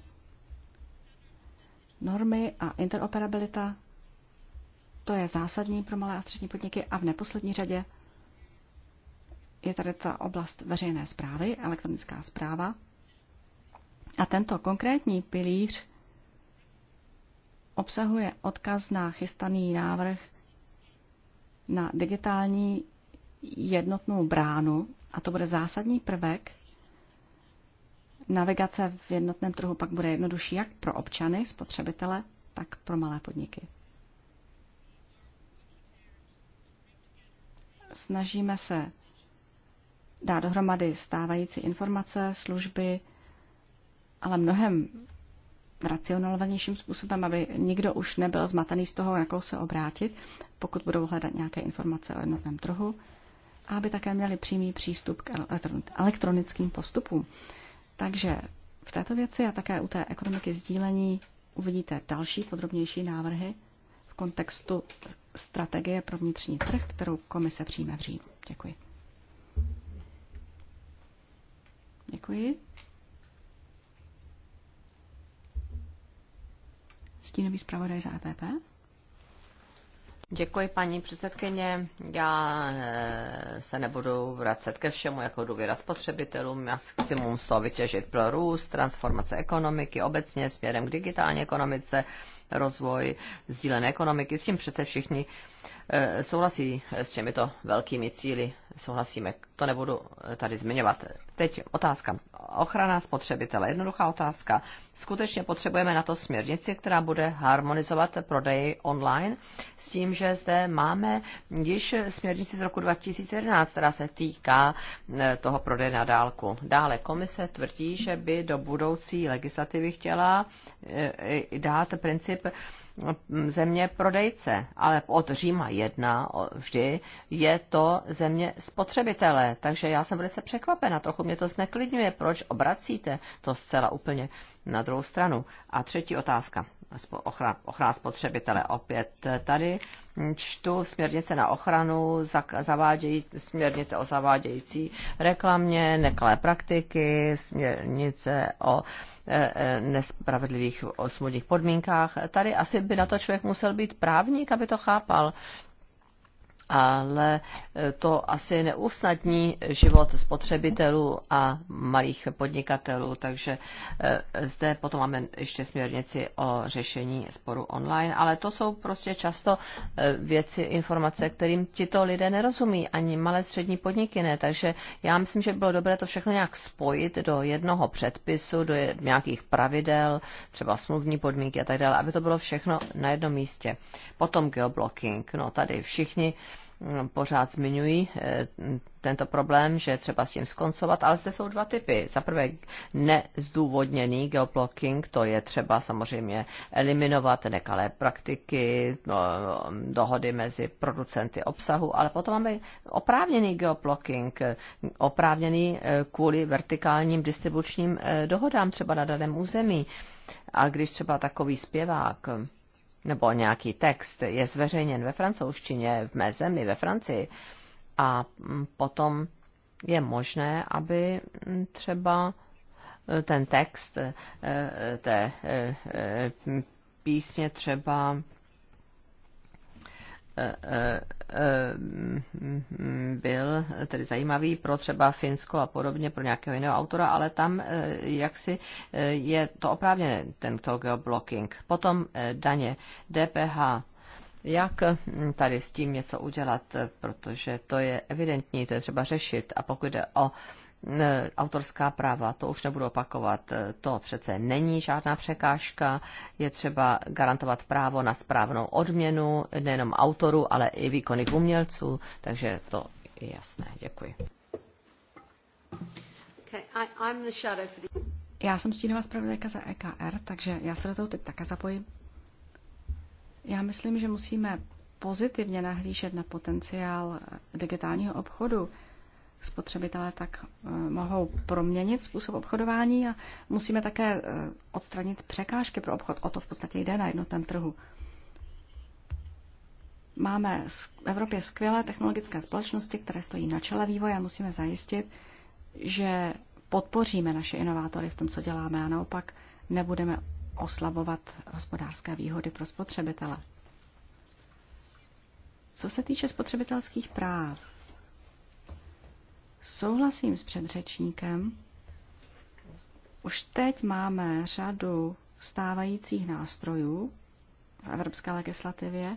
Normy a interoperabilita, to je zásadní pro malé a střední podniky a v neposlední řadě je tady ta oblast veřejné zprávy, elektronická zpráva. A tento konkrétní pilíř obsahuje odkaz na chystaný návrh na digitální jednotnou bránu a to bude zásadní prvek. Navigace v jednotném trhu pak bude jednodušší jak pro občany, spotřebitele, tak pro malé podniky. Snažíme se dá dohromady stávající informace, služby, ale mnohem racionálnějším způsobem, aby nikdo už nebyl zmatený z toho, jakou se obrátit, pokud budou hledat nějaké informace o jednotném trhu, a aby také měli přímý přístup k elektronickým postupům. Takže v této věci a také u té ekonomiky sdílení uvidíte další podrobnější návrhy v kontextu strategie pro vnitřní trh, kterou komise přijme v říjnu. Děkuji. Děkuji. Stínový zpravodaj za EPP. Děkuji, paní předsedkyně. Já e, se nebudu vracet ke všemu jako důvěra spotřebitelům. Já Maximum z toho vytěžit pro růst, transformace ekonomiky obecně směrem k digitální ekonomice, rozvoj sdílené ekonomiky. S tím přece všichni uh, E, souhlasí s těmito velkými cíly, souhlasíme, to nebudu e, tady zmiňovat. Teď otázka. Ochrana spotřebitele. Jednoduchá otázka. Skutečně potřebujeme na to směrnici, která bude harmonizovat prodej online s tím, že zde máme již směrnici z roku 2011, která se týká e, toho prodeje na dálku. Dále komise tvrdí, že by do budoucí legislativy chtěla dát princip země prodejce, ale od Říma jedna vždy je to země spotřebitele. Takže já jsem velice překvapena, trochu mě to zneklidňuje, proč obracíte to zcela úplně na druhou stranu. A třetí otázka ochrana spotřebitele opět. Eh, tady hm, čtu směrnice na ochranu, zavádějí, směrnice o zavádějící reklamě, nekalé praktiky, směrnice o eh, eh, nespravedlivých smluvních podmínkách. Tady asi by na to člověk musel být právník, aby to chápal ale e, to asi neusnadní život spotřebitelů a malých podnikatelů, takže e, zde potom máme ještě směrnici o řešení sporu online, ale to jsou prostě často e, věci, informace, kterým tito lidé nerozumí, ani malé střední podniky ne, takže já myslím, že bylo dobré to všechno nějak spojit do jednoho předpisu, do nějakých pravidel, třeba smluvní podmínky a tak dále, aby to bylo všechno na jednom místě. Potom geoblocking, no tady všichni pořád zmiňují eh, tento problém, že třeba s tím skoncovat, ale zde jsou dva typy. Za prvé nezdůvodněný geoblocking, to je třeba samozřejmě eliminovat nekalé praktiky, no, dohody mezi producenty obsahu, ale potom máme oprávněný geoblocking, oprávněný eh, kvůli vertikálním distribučním eh, dohodám třeba na daném území. A když třeba takový zpěvák nebo nějaký text je zveřejněn ve francouzštině v mé zemi, ve Francii, a mm, potom je možné, aby mm, třeba e, ten text e, e, té písně třeba byl tedy zajímavý pro třeba Finsko a podobně, pro nějakého jiného autora, ale tam eh, jaksi eh, je to oprávně tento geoblocking. Potom eh, daně, DPH, jak hm, tady s tím něco udělat, protože to je evidentní, to je třeba řešit. A pokud jde o E, autorská práva, to už nebudu opakovat, e, to přece není žádná překážka, je třeba garantovat právo na správnou odměnu nejenom autoru, ale i výkonných umělců, takže to je jasné. Děkuji. Já jsem stínová zpravodajka za EKR, takže já se do toho teď také zapojím. Já myslím, že musíme pozitivně nahlížet na potenciál e, digitálního obchodu spotřebitelé tak eh, mohou proměnit způsob obchodování a musíme také eh, odstranit překážky pro obchod. O to v podstatě jde na jednotném trhu. Máme v Evropě skvělé technologické společnosti, které stojí na čele vývoje a musíme zajistit, že podpoříme naše inovátory v tom, co děláme a naopak nebudeme oslabovat hospodářské výhody pro spotřebitele. Co se týče spotřebitelských práv, Souhlasím s předřečníkem. Už teď máme řadu stávajících nástrojů v evropské legislativě.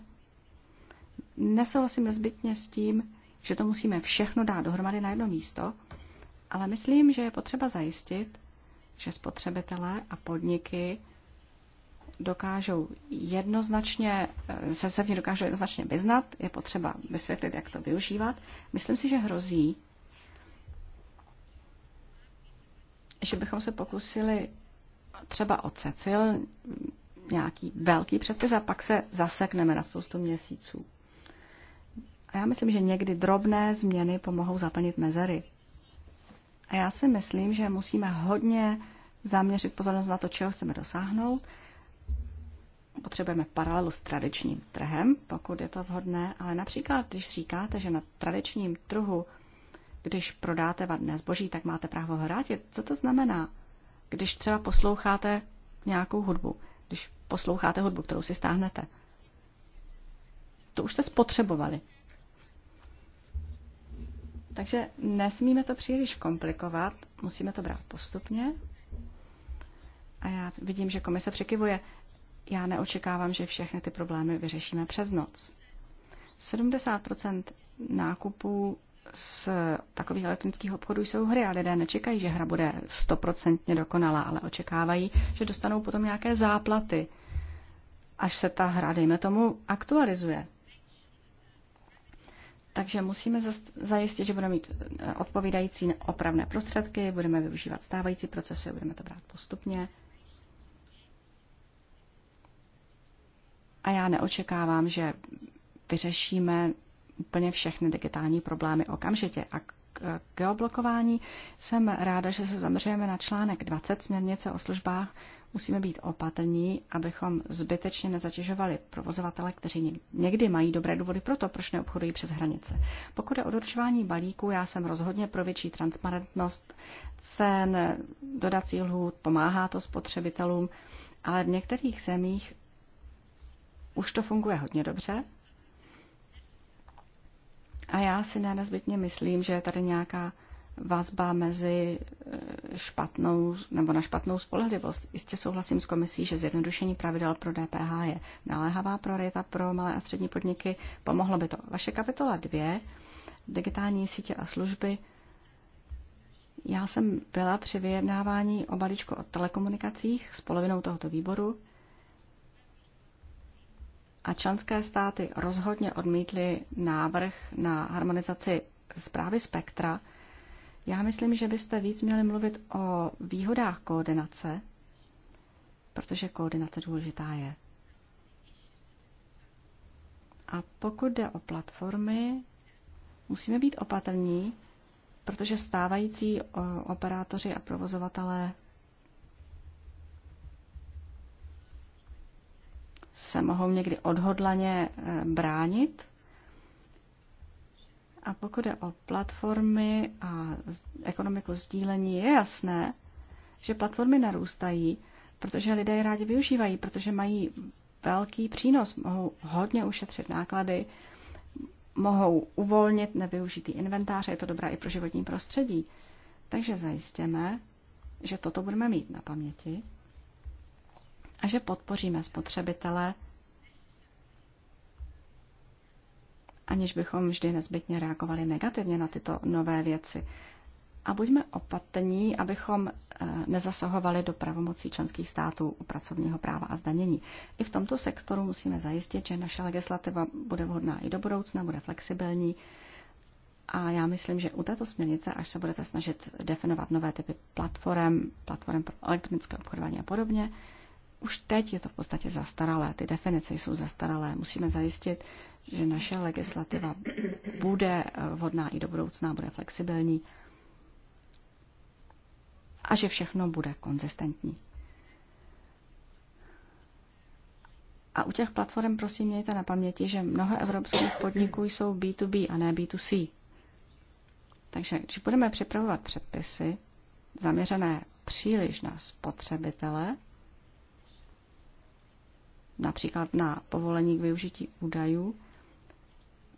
Nesouhlasím nezbytně s tím, že to musíme všechno dát dohromady na jedno místo, ale myslím, že je potřeba zajistit, že spotřebitelé a podniky dokážou jednoznačně, se se v ní dokážou jednoznačně vyznat, je potřeba vysvětlit, jak to využívat. Myslím si, že hrozí, že bychom se pokusili třeba o Cecil nějaký velký předpis a pak se zasekneme na spoustu měsíců. A já myslím, že někdy drobné změny pomohou zaplnit mezery. A já si myslím, že musíme hodně zaměřit pozornost na to, čeho chceme dosáhnout. Potřebujeme paralelu s tradičním trhem, pokud je to vhodné, ale například, když říkáte, že na tradičním trhu když prodáte vadné zboží, tak máte právo ho vrátit. Co to znamená? Když třeba posloucháte nějakou hudbu, když posloucháte hudbu, kterou si stáhnete, to už jste spotřebovali. Takže nesmíme to příliš komplikovat, musíme to brát postupně. A já vidím, že komise překivuje. Já neočekávám, že všechny ty problémy vyřešíme přes noc. 70 nákupů z takových elektronických obchodů jsou hry a lidé nečekají, že hra bude stoprocentně dokonalá, ale očekávají, že dostanou potom nějaké záplaty, až se ta hra, dejme tomu, aktualizuje. Takže musíme zajistit, že budeme mít e, odpovídající opravné prostředky, budeme využívat stávající procesy, budeme to brát postupně. A já neočekávám, že vyřešíme úplně všechny digitální problémy okamžitě. A k geoblokování jsem ráda, že se zaměřujeme na článek 20 směrnice o službách. Musíme být opatrní, abychom zbytečně nezatěžovali provozovatele, kteří někdy mají dobré důvody pro to, proč neobchodují přes hranice. Pokud je o doručování balíků, já jsem rozhodně pro větší transparentnost cen, dodací lhůt, pomáhá to spotřebitelům, ale v některých zemích už to funguje hodně dobře a já si nenazbytně myslím, že je tady nějaká vazba mezi eh, špatnou nebo na špatnou spolehlivost. Jistě souhlasím s komisí, že zjednodušení pravidel pro DPH je naléhavá priorita pro malé a střední podniky. Pomohlo by to. Vaše kapitola 2, digitální sítě a služby. Já jsem byla při vyjednávání o balíčku o telekomunikacích s polovinou tohoto výboru a členské státy rozhodně odmítly návrh na harmonizaci zprávy spektra, já myslím, že byste víc měli mluvit o výhodách koordinace, protože koordinace důležitá je. A pokud jde o platformy, musíme být opatrní, protože stávající operátoři a provozovatelé se mohou někdy odhodlaně eh, bránit. A pokud je o platformy a ekonomiku sdílení, je jasné, že platformy narůstají, protože lidé je rádi využívají, protože mají velký přínos, mohou hodně ušetřit náklady, mohou uvolnit nevyužitý inventář, je to dobré i pro životní prostředí. Takže zajistěme, že toto budeme mít na paměti a že podpoříme spotřebitele, aniž bychom vždy nezbytně reagovali negativně na tyto nové věci. A buďme opatrní, abychom eh, nezasahovali do pravomocí členských států u pracovního práva a zdanění. I v tomto sektoru musíme zajistit, že naše legislativa bude vhodná i do budoucna, bude flexibilní. A já myslím, že u této směrnice, až se budete snažit definovat nové typy platform, platform pro elektronické obchodování a podobně, už teď je to v podstatě zastaralé, ty definice jsou zastaralé. Musíme zajistit, že naše legislativa bude eh, vhodná i do budoucna, bude flexibilní a že všechno bude konzistentní. A u těch platform prosím mějte na paměti, že mnoho evropských podniků jsou B2B a ne B2C. Takže když budeme připravovat předpisy zaměřené příliš na spotřebitele, například na povolení k využití údajů,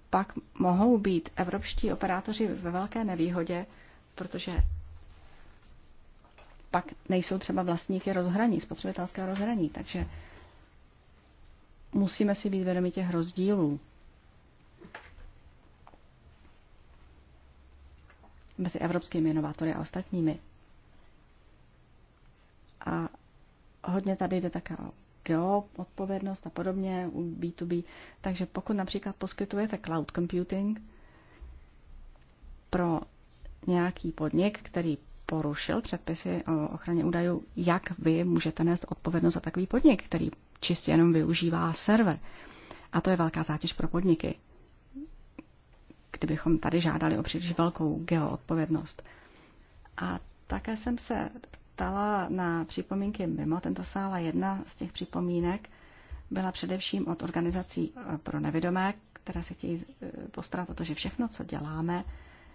pak mohou být evropští operátoři ve velké nevýhodě, protože pak nejsou třeba vlastníky rozhraní, spotřebitelského rozhraní. Takže musíme si být vědomi těch rozdílů mezi evropskými inovátory a ostatními. A hodně tady jde také o Jo, odpovědnost a podobně u B2B. Takže pokud například poskytujete cloud computing pro nějaký podnik, který porušil předpisy o ochraně údajů, jak vy můžete nést odpovědnost za takový podnik, který čistě jenom využívá server. A to je velká zátěž pro podniky, kdybychom tady žádali o příliš velkou geoodpovědnost. A také jsem se ptala na připomínky mimo tento sál a jedna z těch připomínek byla především od organizací eh, pro nevidomé, které se chtějí eh, postarat o to, že všechno, co děláme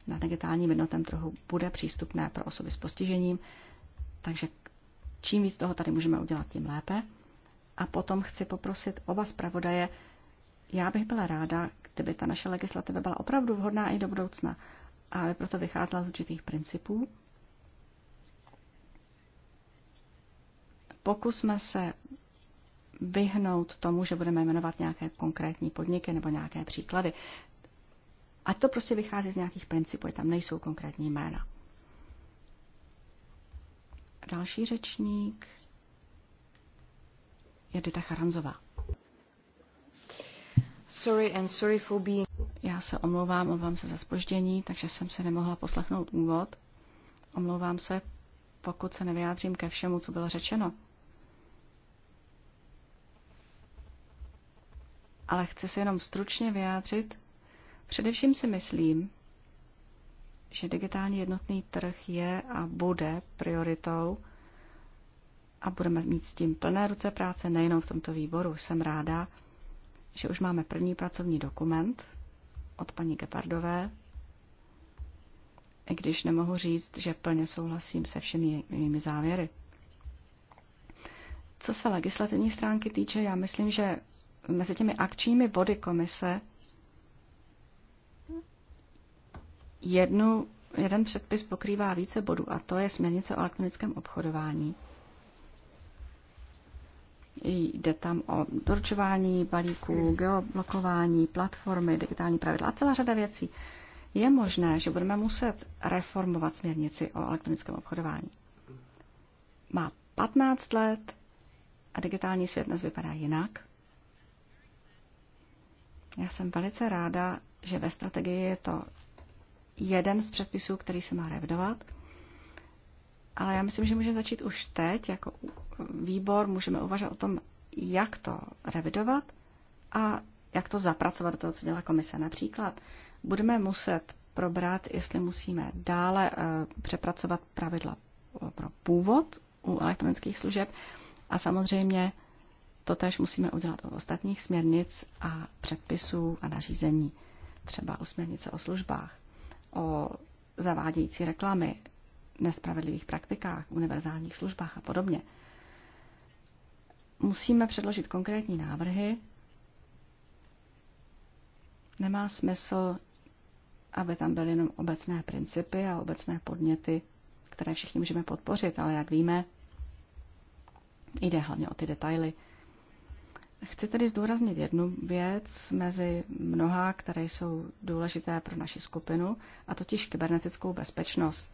na digitálním jednotném trhu, bude přístupné pro osoby s postižením. Takže čím víc toho tady můžeme udělat, tím lépe. A potom chci poprosit oba zpravodaje, já bych byla ráda, kdyby ta naše legislativa byla opravdu vhodná i do budoucna, ale proto vycházela z určitých principů, pokusme se vyhnout tomu, že budeme jmenovat nějaké konkrétní podniky nebo nějaké příklady. A to prostě vychází z nějakých principů, tam nejsou konkrétní jména. Další řečník je Dita Charanzová. Sorry and sorry for being... Já se omlouvám, omlouvám se za spoždění, takže jsem se nemohla poslechnout úvod. Omlouvám se, pokud se nevyjádřím ke všemu, co bylo řečeno. ale chci se jenom stručně vyjádřit. Především si myslím, že digitální jednotný trh je a bude prioritou a budeme mít s tím plné ruce práce nejenom v tomto výboru. Jsem ráda, že už máme první pracovní dokument od paní Gepardové, i když nemohu říct, že plně souhlasím se všemi mými závěry. Co se legislativní stránky týče, já myslím, že mezi těmi akčními body komise jednu, jeden předpis pokrývá více bodů a to je směrnice o elektronickém obchodování. Jde tam o doručování balíků, geoblokování, platformy, digitální pravidla a celá řada věcí. Je možné, že budeme muset reformovat směrnici o elektronickém obchodování. Má 15 let a digitální svět dnes vypadá jinak. Já jsem velice ráda, že ve strategii je to jeden z předpisů, který se má revidovat. Ale já myslím, že může začít už teď, jako výbor můžeme uvažovat o tom, jak to revidovat a jak to zapracovat do toho, co dělá komise. Například budeme muset probrat, jestli musíme dále eh, přepracovat pravidla eh, pro původ u elektronických služeb a samozřejmě to tež musíme udělat u ostatních směrnic a předpisů a nařízení, třeba u směrnice o službách, o zavádějící reklamy, nespravedlivých praktikách, univerzálních službách a podobně. Musíme předložit konkrétní návrhy. Nemá smysl, aby tam byly jenom obecné principy a obecné podněty, které všichni můžeme podpořit, ale jak víme, jde hlavně o ty detaily, Chci tedy zdůraznit jednu věc mezi mnoha, které jsou důležité pro naši skupinu, a totiž kybernetickou bezpečnost.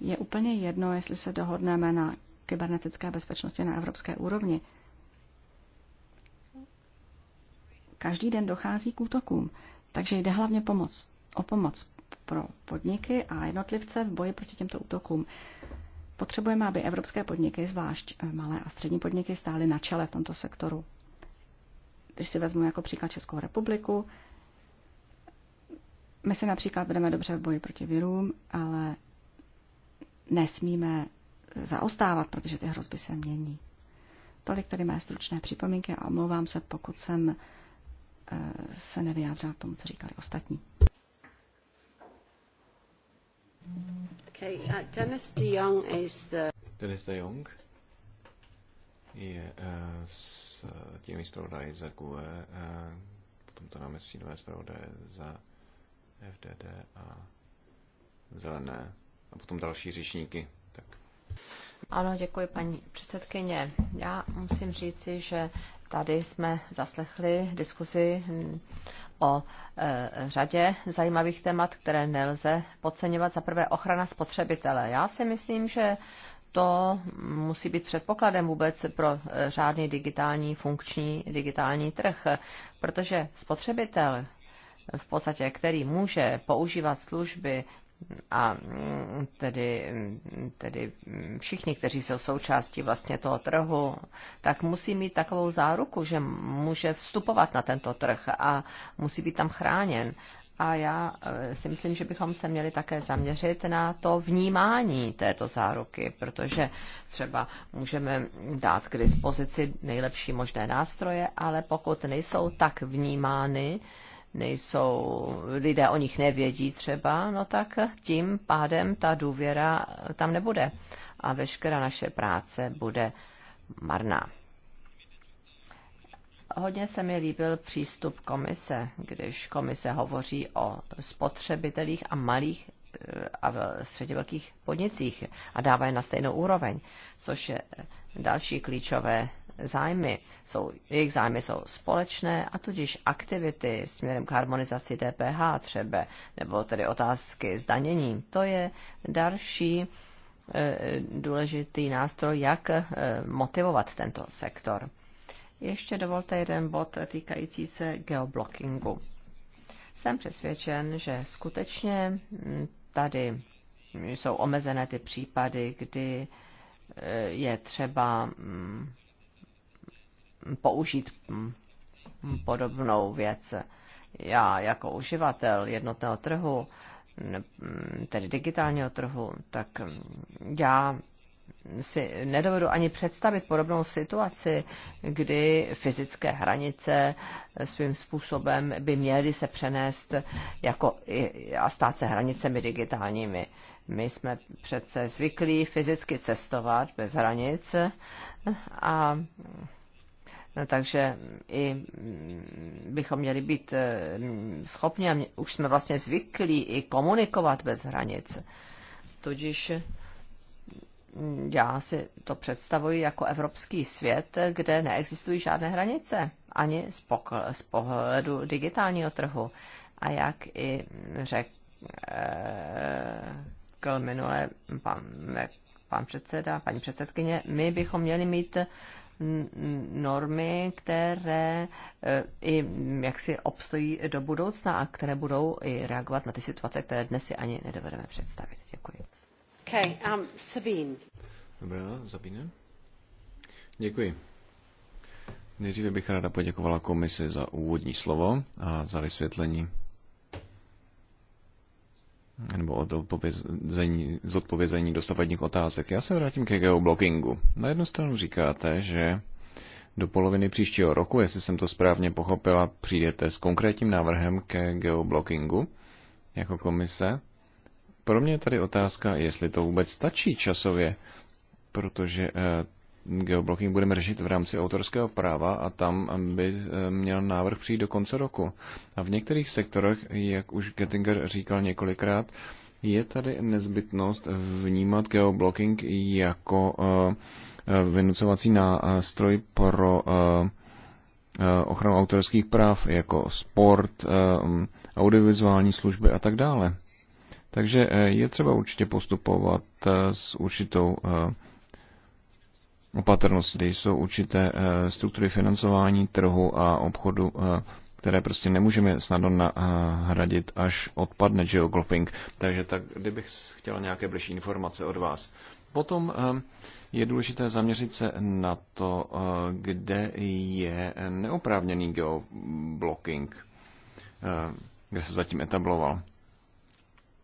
Je úplně jedno, jestli se dohodneme na kybernetické bezpečnosti na evropské úrovni. Každý den dochází k útokům, takže jde hlavně pomoc, o pomoc pro podniky a jednotlivce v boji proti těmto útokům. Potřebujeme, aby evropské podniky, zvlášť malé a střední podniky, stály na čele v tomto sektoru. Když si vezmu jako příklad Českou republiku, my se například vedeme dobře v boji proti virům, ale nesmíme zaostávat, protože ty hrozby se mění. Tolik tady mé stručné připomínky a omlouvám se, pokud jsem eh, se nevyjádřila k tomu, co říkali ostatní. Okay, uh, Dennis de Jong is the... Dennis de Jong je uh, s tím zpravodaji za GUE, eh, potom to máme stínové zpravodaje za FDD a zelené a potom další řečníky. Tak. Ano, děkuji paní předsedkyně. Já musím říci, že tady jsme zaslechli diskuzi o e, řadě zajímavých témat, které nelze podceňovat. Za prvé ochrana spotřebitele. Já si myslím, že to musí být předpokladem vůbec pro eh, řádný digitální funkční digitální trh, protože spotřebitel v podstatě, který může používat služby a mm, tedy, mm, tedy mm, všichni, kteří jsou součástí vlastně toho trhu, tak musí mít takovou záruku, že může vstupovat na tento trh a musí být tam chráněn. A já eh, si myslím, že bychom se měli také zaměřit na to vnímání této záruky, protože třeba můžeme dát k dispozici nejlepší možné nástroje, ale pokud nejsou tak vnímány, nejsou, lidé o nich nevědí třeba, no tak tím pádem ta důvěra tam nebude a veškerá naše práce bude marná. Hodně se mi líbil přístup komise, když komise hovoří o spotřebitelích a malých eh, a středně velkých podnicích a dává je na stejnou úroveň, což je další klíčové zájmy. Jsou, jejich zájmy jsou společné a tudíž aktivity směrem k harmonizaci DPH třeba, nebo tedy otázky zdanění. To je další eh, důležitý nástroj, jak eh, motivovat tento sektor. Ještě dovolte jeden bod týkající se geoblockingu. Jsem přesvědčen, že skutečně mm, tady jsou omezené ty případy, kdy eh, je třeba mm, použít mm, podobnou věc. Já jako uživatel jednotného trhu, tedy digitálního trhu, tak já si nedovedu ani představit podobnou situaci, kdy fyzické hranice svým způsobem by měly se přenést jako a stát se hranicemi digitálními. My jsme přece zvyklí fyzicky cestovat bez hranic a No, takže i bychom měli být eh, schopni, a už jsme vlastně zvyklí i komunikovat bez hranic. Tudíž já si to představuji jako evropský svět, kde neexistují žádné hranice, ani z, pokl- z pohledu digitálního trhu. A jak i eh, řekl minule pan, pan předseda, paní předsedkyně, my bychom měli mít normy, které eh, i jak si obstojí do budoucna a které budou i reagovat na ty situace, které dnes si ani nedovedeme představit. Děkuji. Um, Děkuji. Nejdříve bych ráda poděkovala komisi za úvodní slovo a za vysvětlení nebo od odpovězení, zodpovězení dostavadních otázek. Já se vrátím ke geoblockingu. Na jednu stranu říkáte, že do poloviny příštího roku, jestli jsem to správně pochopila, přijdete s konkrétním návrhem ke geoblockingu jako komise pro mě je tady otázka, jestli to vůbec stačí časově, protože eh, geoblocking budeme řešit v rámci autorského práva a tam by eh, měl návrh přijít do konce roku. A v některých sektorech, jak už Gettinger říkal několikrát, je tady nezbytnost vnímat geoblocking jako eh, vynucovací nástroj pro ochranu autorských práv, jako sport, audiovizuální služby a tak dále. Takže eh, je třeba určitě postupovat eh, s určitou eh, opatrností. Jsou určité struktury financování trhu a obchodu, které prostě nemůžeme snadno nahradit, až odpadne geoglopping. Takže tak, kdybych chtěl nějaké blížší informace od vás. Potom je důležité zaměřit se na to, kde je neoprávněný geoblocking, kde se zatím etabloval.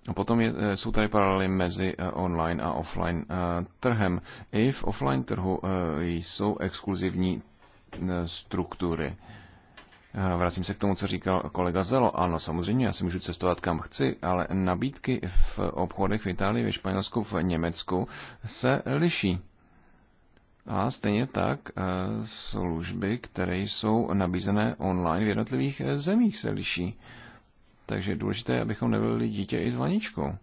A potom je, eh, jsou tady paralely mezi eh, online a offline eh, trhem. I v offline trhu jsou exkluzivní struktury. Vracím se k tomu, co říkal kolega Zelo. Ano, samozřejmě, já si můžu cestovat kam chci, ale nabídky v obchodech v Itálii, ve Španělsku, v Německu se liší. A stejně tak služby, které jsou nabízené online v jednotlivých zemích, se liší. Takže je důležité, abychom nevolili dítě i s vaničkou.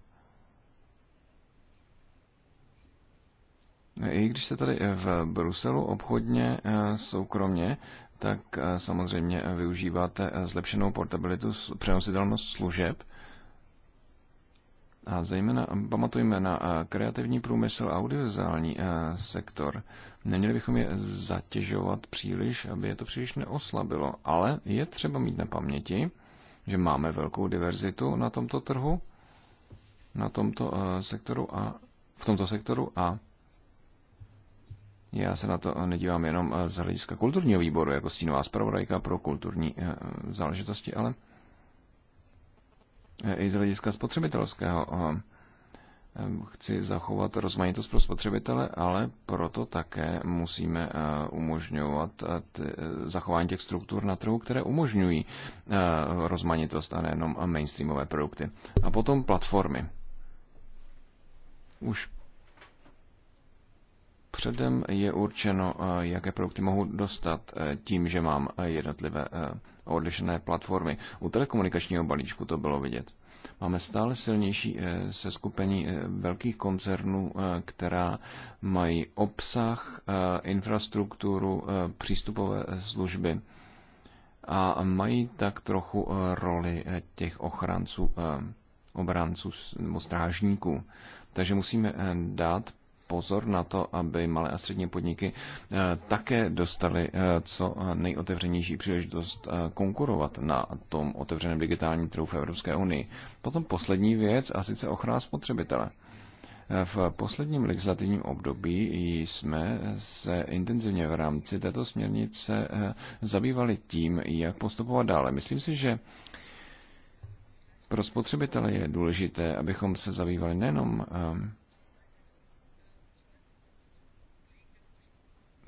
I když se tady v Bruselu obchodně eh, soukromně, tak eh, samozřejmě využíváte eh, zlepšenou portabilitu, přenositelnost služeb. A zejména pamatujme na kreativní průmysl, audiovizuální sektor. Neměli bychom je zatěžovat příliš, aby je to příliš neoslabilo, ale je třeba mít na paměti, že máme velkou diverzitu na tomto trhu, na tomto eh, sektoru a v tomto sektoru a já se na to nedívám jenom eh, z hlediska kulturního výboru, jako stínová zpravodajka pro kulturní eh, záležitosti, ale i z hlediska spotřebitelského Ehm, chci zachovat rozmanitost pro spotřebitele, ale proto také musíme eh, umožňovat eh, eh, zachování těch struktur na trhu, které umožňují rozmanitost a nejenom mainstreamové produkty. A potom platformy. Už předem je určeno, jaké produkty mohu dostat tím, že mám jednotlivé odlišné platformy. U telekomunikačního balíčku to bylo vidět. Máme stále silnější eh, se skupení eh, velkých koncernů, eh, která mají obsah, infrastrukturu, přístupové služby a mají tak trochu roli těch ochránců, obránců nebo strážníků. Takže musíme dát pozor na to, aby malé a střední podniky eh, také dostaly eh, co nejotevřenější příležitost eh, konkurovat na tom otevřeném digitálním trhu v Evropské unii. Potom poslední věc, a sice ochrana spotřebitele. V posledním legislativním období jsme se intenzivně v rámci této směrnice zabývali tím, jak postupovat dále. Myslím si, že pro spotřebitele je důležité, abychom se zabývali nejenom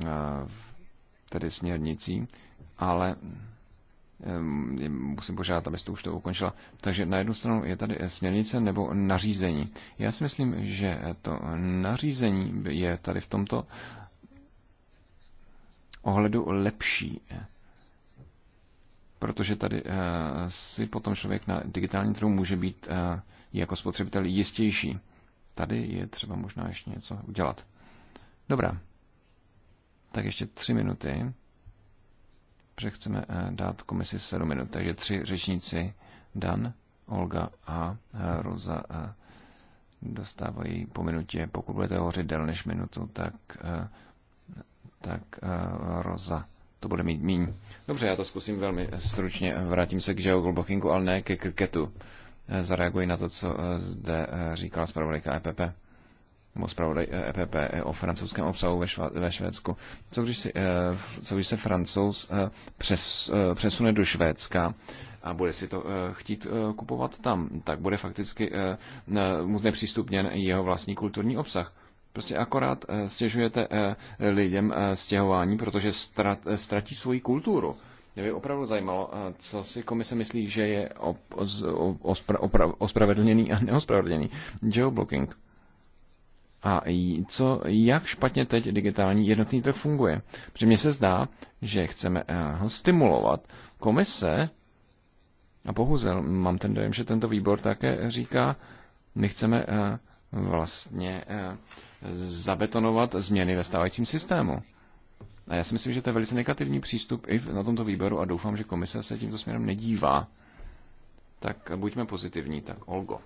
Eh, tedy směrnicí, ale eh, musím požádat, abyste už to ukončila. Takže na jednu stranu je tady směrnice nebo nařízení. Já si myslím, že to nařízení je tady v tomto ohledu lepší, protože tady eh, si potom člověk na digitální trhu může být jako spotřebitel jistější. Tady je třeba možná ještě něco udělat. Dobrá. Tak ještě tři minuty, protože chceme eh, dát komisi sedm minut. Takže tři řečníci, Dan, Olga a eh, Roza, eh, dostávají po minutě. Pokud budete hovořit déle než minutu, tak, tak Roza to bude mít míň. Dobře, já to zkusím velmi stručně. Vrátím se k geoglobockingu, ale ne ke kriketu. Zareaguji na to, co zde říkala zpravodajka EPP nebo zpravodaj EPP eh, e eh, o francouzském obsahu ve, šva, ve Švédsku. Co když, si, eh, co když se francouz přes, přesune do Švédska a bude si to chtít kupovat tam, tak bude fakticky mu nepřístupněn jeho vlastní kulturní obsah. Prostě akorát stěžujete lidem stěhování, protože ztrat, ztratí svoji kulturu. Mě by opravdu zajímalo, co si komise myslí, že je ospravedlněný a neospravedlněný geoblocking. A co, jak špatně teď digitální jednotný trh funguje? Protože mně se zdá, že chceme eh, ho stimulovat. Komise, a bohužel mám ten dojem, že tento výbor také říká, my chceme eh, vlastně eh, zabetonovat změny ve stávajícím systému. A já si myslím, že to je velice negativní přístup i na tomto výboru a doufám, že komise se tímto směrem nedívá. Tak buďme pozitivní, tak Olgo.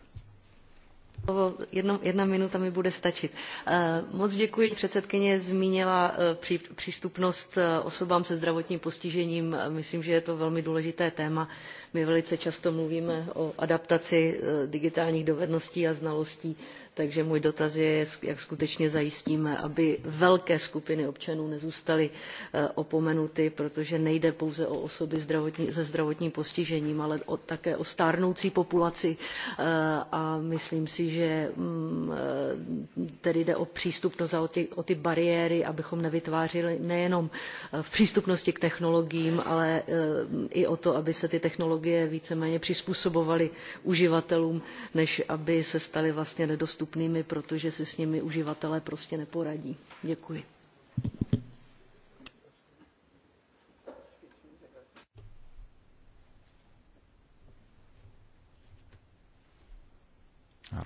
Jedna, minuta mi bude stačit. Eh, moc děkuji. Předsedkyně zmínila eh, přístupnost eh, osobám se zdravotním postižením. Myslím, že je to velmi důležité téma my velice často mluvíme o adaptaci eh, digitálních dovedností a znalostí takže můj dotaz je jak skutečně zajistíme aby velké skupiny občanů nezůstaly eh, opomenuty protože nejde pouze o osoby se zdravotním postižením ale o, také o stárnoucí populaci eh, a myslím si že mm, tedy jde o přístupnost a o ty, o ty bariéry abychom nevytvářeli nejenom v přístupnosti k technologiím ale i o to aby se ty technologie technologie víceméně přizpůsobovaly uživatelům, než aby se staly vlastně nedostupnými, protože si s nimi uživatelé prostě neporadí. Děkuji.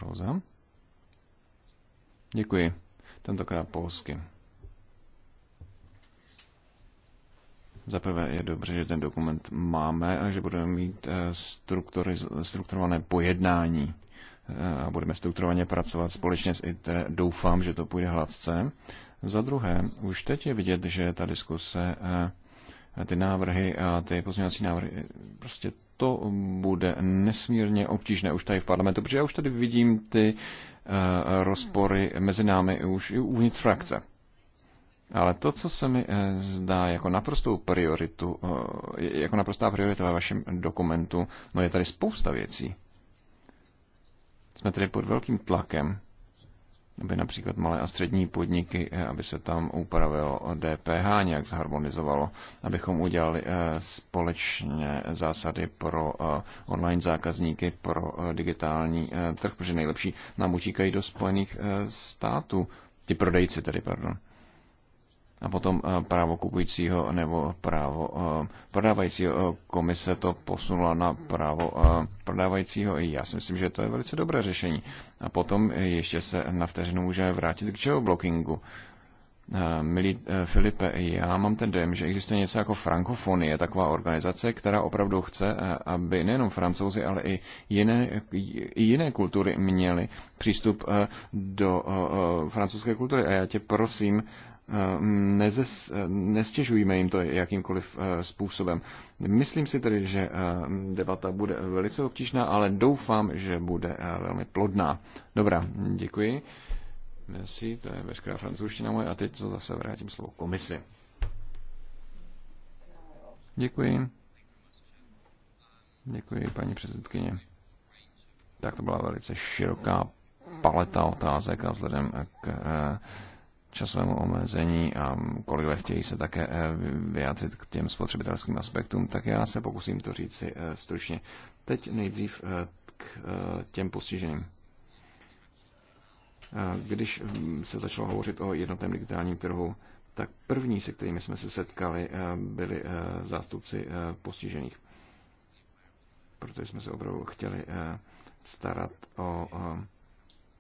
Rosa? Děkuji. Tentokrát polsky. Za prvé je dobře, že ten dokument máme a že budeme mít eh, strukturované pojednání eh, a budeme strukturovaně pracovat společně s IT. Doufám, že to půjde hladce. Za druhé, už teď je vidět, že ta diskuse, eh, ty návrhy a ty pozměňovací návrhy, prostě to bude nesmírně obtížné už tady v parlamentu, protože já už tady vidím ty rozpory mezi námi už i uvnitř frakce. Ale to, co se mi eh, zdá jako naprostou prioritu, eh, jako naprostá priorita ve vašem dokumentu, no je tady spousta věcí. Jsme tedy pod velkým tlakem, aby například malé a střední podniky, eh, aby se tam upravilo DPH, nějak zharmonizovalo, abychom udělali společně zásady pro online zákazníky, pro digitální trh, protože nejlepší nám utíkají do Spojených států, ti prodejci tedy, pardon a potom eh, právo kupujícího nebo právo eh, prodávajícího. Eh, komise to posunula na právo prodávajícího. Já si myslím, že to je velice dobré řešení. A potom ještě se na vteřinu můžeme vrátit k geoblockingu. Milí Filipe, já mám ten dojem, že existuje něco jako Frankofonie, taková organizace, která opravdu chce, aby nejenom francouzi, ale i jiné, i jiné kultury měli přístup do francouzské kultury. A já tě prosím, nezes, nestěžujme jim to jakýmkoliv eh, způsobem. Myslím si tedy, že eh, debata bude velice obtížná, ale doufám, že bude eh, velmi plodná. Dobrá, děkuji. Merci, to je veškerá francouzština moje a teď to zase vrátím slovo komisi. Děkuji. Děkuji, paní předsedkyně. Tak to byla velice široká paleta otázek a vzhledem k časovému omezení a kolegové chtějí se také eh, vyjádřit k těm spotřebitelským aspektům, tak já se pokusím to říct si eh, stručně. Teď nejdřív eh, k těm postiženým. Když hm, se začalo hovořit o jednotném digitálním trhu, tak první, se kterými jsme se setkali, byli zástupci postižených. Protože jsme se opravdu chtěli starat o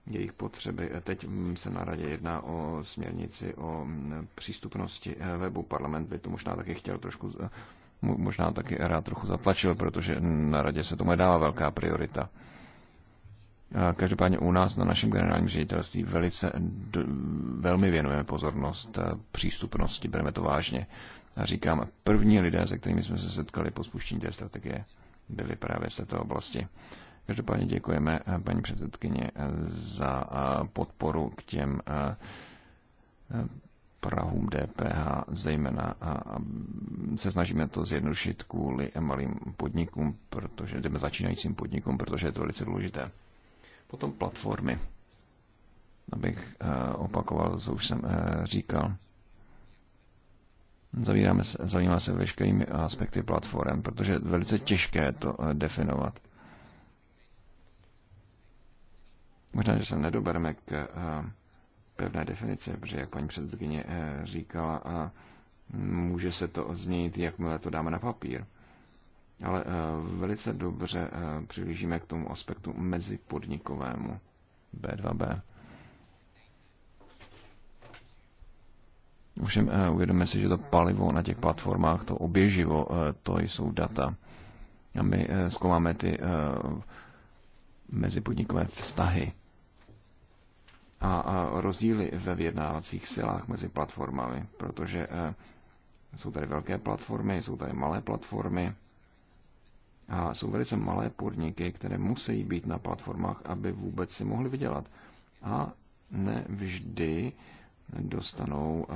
jejich potřeby. Teď se na radě jedná o směrnici o přístupnosti eh, webu. Parlament by to možná taky chtěl trošku, možná taky rád trochu zatlačil, protože na radě se tomu dává velká priorita. Každopádně u nás na našem generálním ředitelství velice, velmi věnujeme pozornost eh, přístupnosti, bereme to vážně. A říkám, první lidé, se kterými jsme se setkali po spuštění té strategie, byli právě z této oblasti. Každopádně děkujeme eh, paní předsedkyně eh, za eh, podporu k těm Prahům DPH, zejména a se snažíme to zjednodušit kvůli malým podnikům, protože jdeme začínajícím podnikům, protože je to velice důležité. Potom platformy. Abych opakoval, co už jsem říkal. Zavíráme se, zavíráme se veškerými aspekty platform, protože je velice těžké to definovat. Možná, že se nedobereme k eh, pevné definici, protože jak paní předsedkyně eh, říkala, a může se to změnit, jakmile to dáme na papír. Ale eh, velice dobře přilížíme k tomu aspektu mezipodnikovému B2B. Ovšem uvědomíme si, že to palivo na těch platformách, to oběživo, to jsou data. A my zkoumáme ty mezipodnikové vztahy a, a rozdíly ve vyjednávacích silách mezi platformami, protože eh, jsou tady velké platformy, jsou tady malé platformy a jsou velice malé podniky, které musí být na platformách, aby vůbec si mohli vydělat. A ne vždy dostanou eh,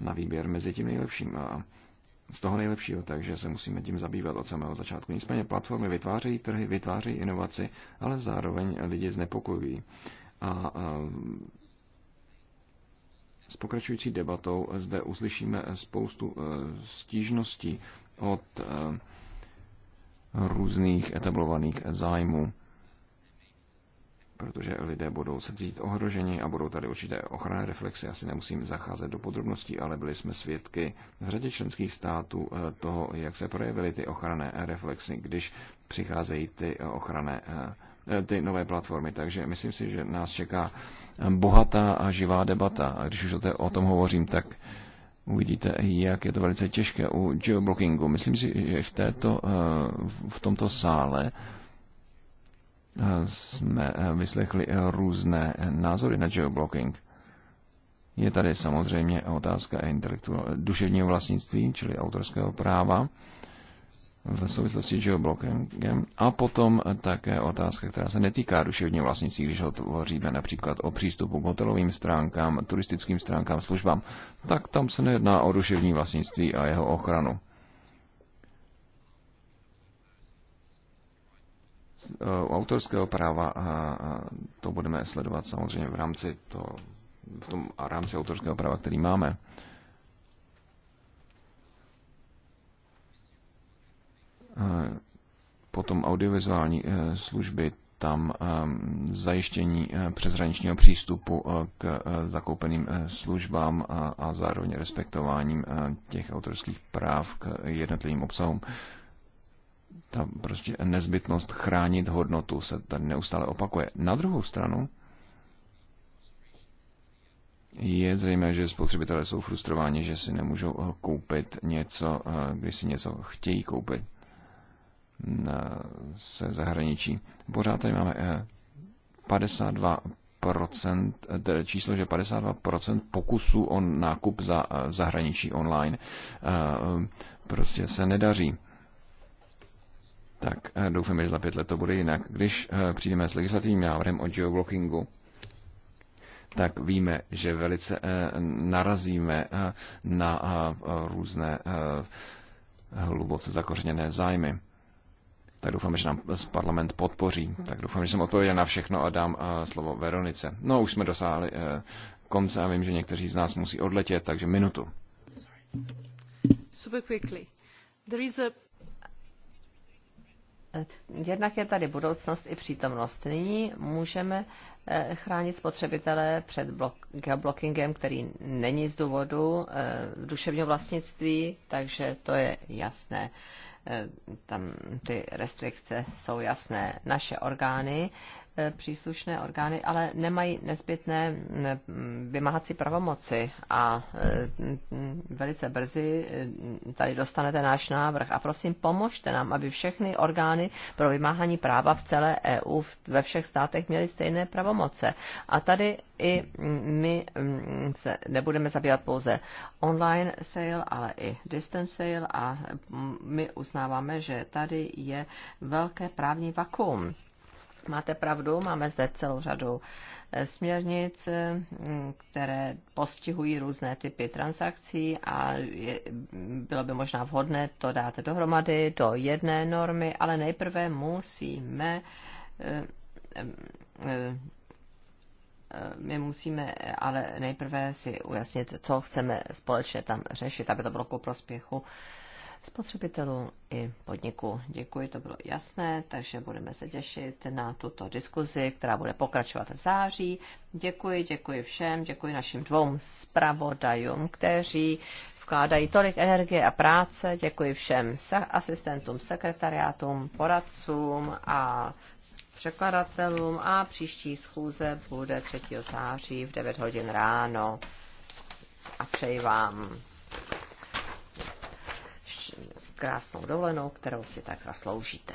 na výběr mezi tím nejlepším a z toho nejlepšího, takže se musíme tím zabývat od samého začátku. Nicméně platformy vytvářejí trhy, vytvářejí inovaci, ale zároveň lidi znepokojují. A s pokračující debatou zde uslyšíme spoustu e, stížností od e, různých etablovaných zájmů, protože lidé budou se cítit ohroženi a budou tady určité ochranné reflexy. Asi nemusím zacházet do podrobností, ale byli jsme svědky v řadě členských států e, toho, jak se projevily ty ochranné reflexy, když přicházejí ty ochranné reflexy Eh, ty nové platformy. Takže myslím si, že nás čeká bohatá a živá debata. A když už o tom hovořím, tak uvidíte, jak je to velice těžké u geoblockingu. Myslím si, že v, této, eh, v tomto sále eh, jsme vyslechli různé názory na geoblocking. Je tady samozřejmě otázka duševního vlastnictví, čili autorského práva v souvislosti s geoblockingem a potom také otázka, která se netýká duševního vlastnictví, když hovoříme například o přístupu k hotelovým stránkám, turistickým stránkám, službám, tak tam se nejedná o duševní vlastnictví a jeho ochranu. U eh, autorského práva eh, to budeme sledovat samozřejmě v rámci to, v tom a rámci autorského práva, který máme. potom audiovizuální eh, služby, tam eh, zajištění eh, přeshraničního přístupu k zakoupeným službám a zároveň respektováním těch autorských práv k jednotlivým obsahům. Ta prostě nezbytnost chránit hodnotu se tady neustále opakuje. Na druhou stranu je zřejmé, že spotřebitelé jsou frustrováni, že si nemůžou koupit něco, když si něco chtějí koupit se zahraničí. Pořád tady máme 52 eh, tedy číslo, že 52% pokusů o nákup za eh, zahraničí online eh, prostě se nedaří. Tak doufám, že za pět let to bude jinak. Když přijdeme s legislativním návrhem o geoblockingu, tak víme, že velice narazíme na různé hluboce zakořeněné zájmy tak doufám, že nám parlament podpoří. Tak doufám, že jsem odpověděl na všechno a dám eh, slovo Veronice. No, už jsme dosáhli eh, konce a vím, že někteří z nás musí odletět, takže minutu. Super quickly. There is a... Jednak je tady budoucnost i přítomnost. Nyní můžeme eh, chránit spotřebitele před geoblockingem, který není z důvodu duševního vlastnictví, takže to je jasné. Eh, tam ty restrikce jsou jasné. Naše orgány E, příslušné orgány, ale nemají nezbytné vymáhací pravomoci a e, velice brzy e, tady dostanete náš návrh. A prosím, pomožte nám, aby všechny orgány pro vymáhání práva v celé EU ve všech státech měly stejné pravomoce. A tady i my se nebudeme zabývat pouze online sale, ale i distance sale a my uznáváme, že tady je velké právní vakuum Máte pravdu, máme zde celou řadu eh, směrnic, eh, které postihují různé typy transakcí a je, bylo by možná vhodné to dát dohromady do jedné normy, ale nejprve musíme eh, my musíme ale nejprve si ujasnit, co chceme společně tam řešit, aby to bylo ku prospěchu spotřebitelů i podniků. Děkuji, to bylo jasné, takže budeme se těšit na tuto diskuzi, která bude pokračovat v září. Děkuji, děkuji všem, děkuji našim dvou zpravodajům, kteří vkládají tolik energie a práce. Děkuji všem asistentům, sekretariátům, poradcům a překladatelům a příští schůze bude 3. září v 9 hodin ráno. A přeji vám krásnou dovolenou, kterou si tak zasloužíte.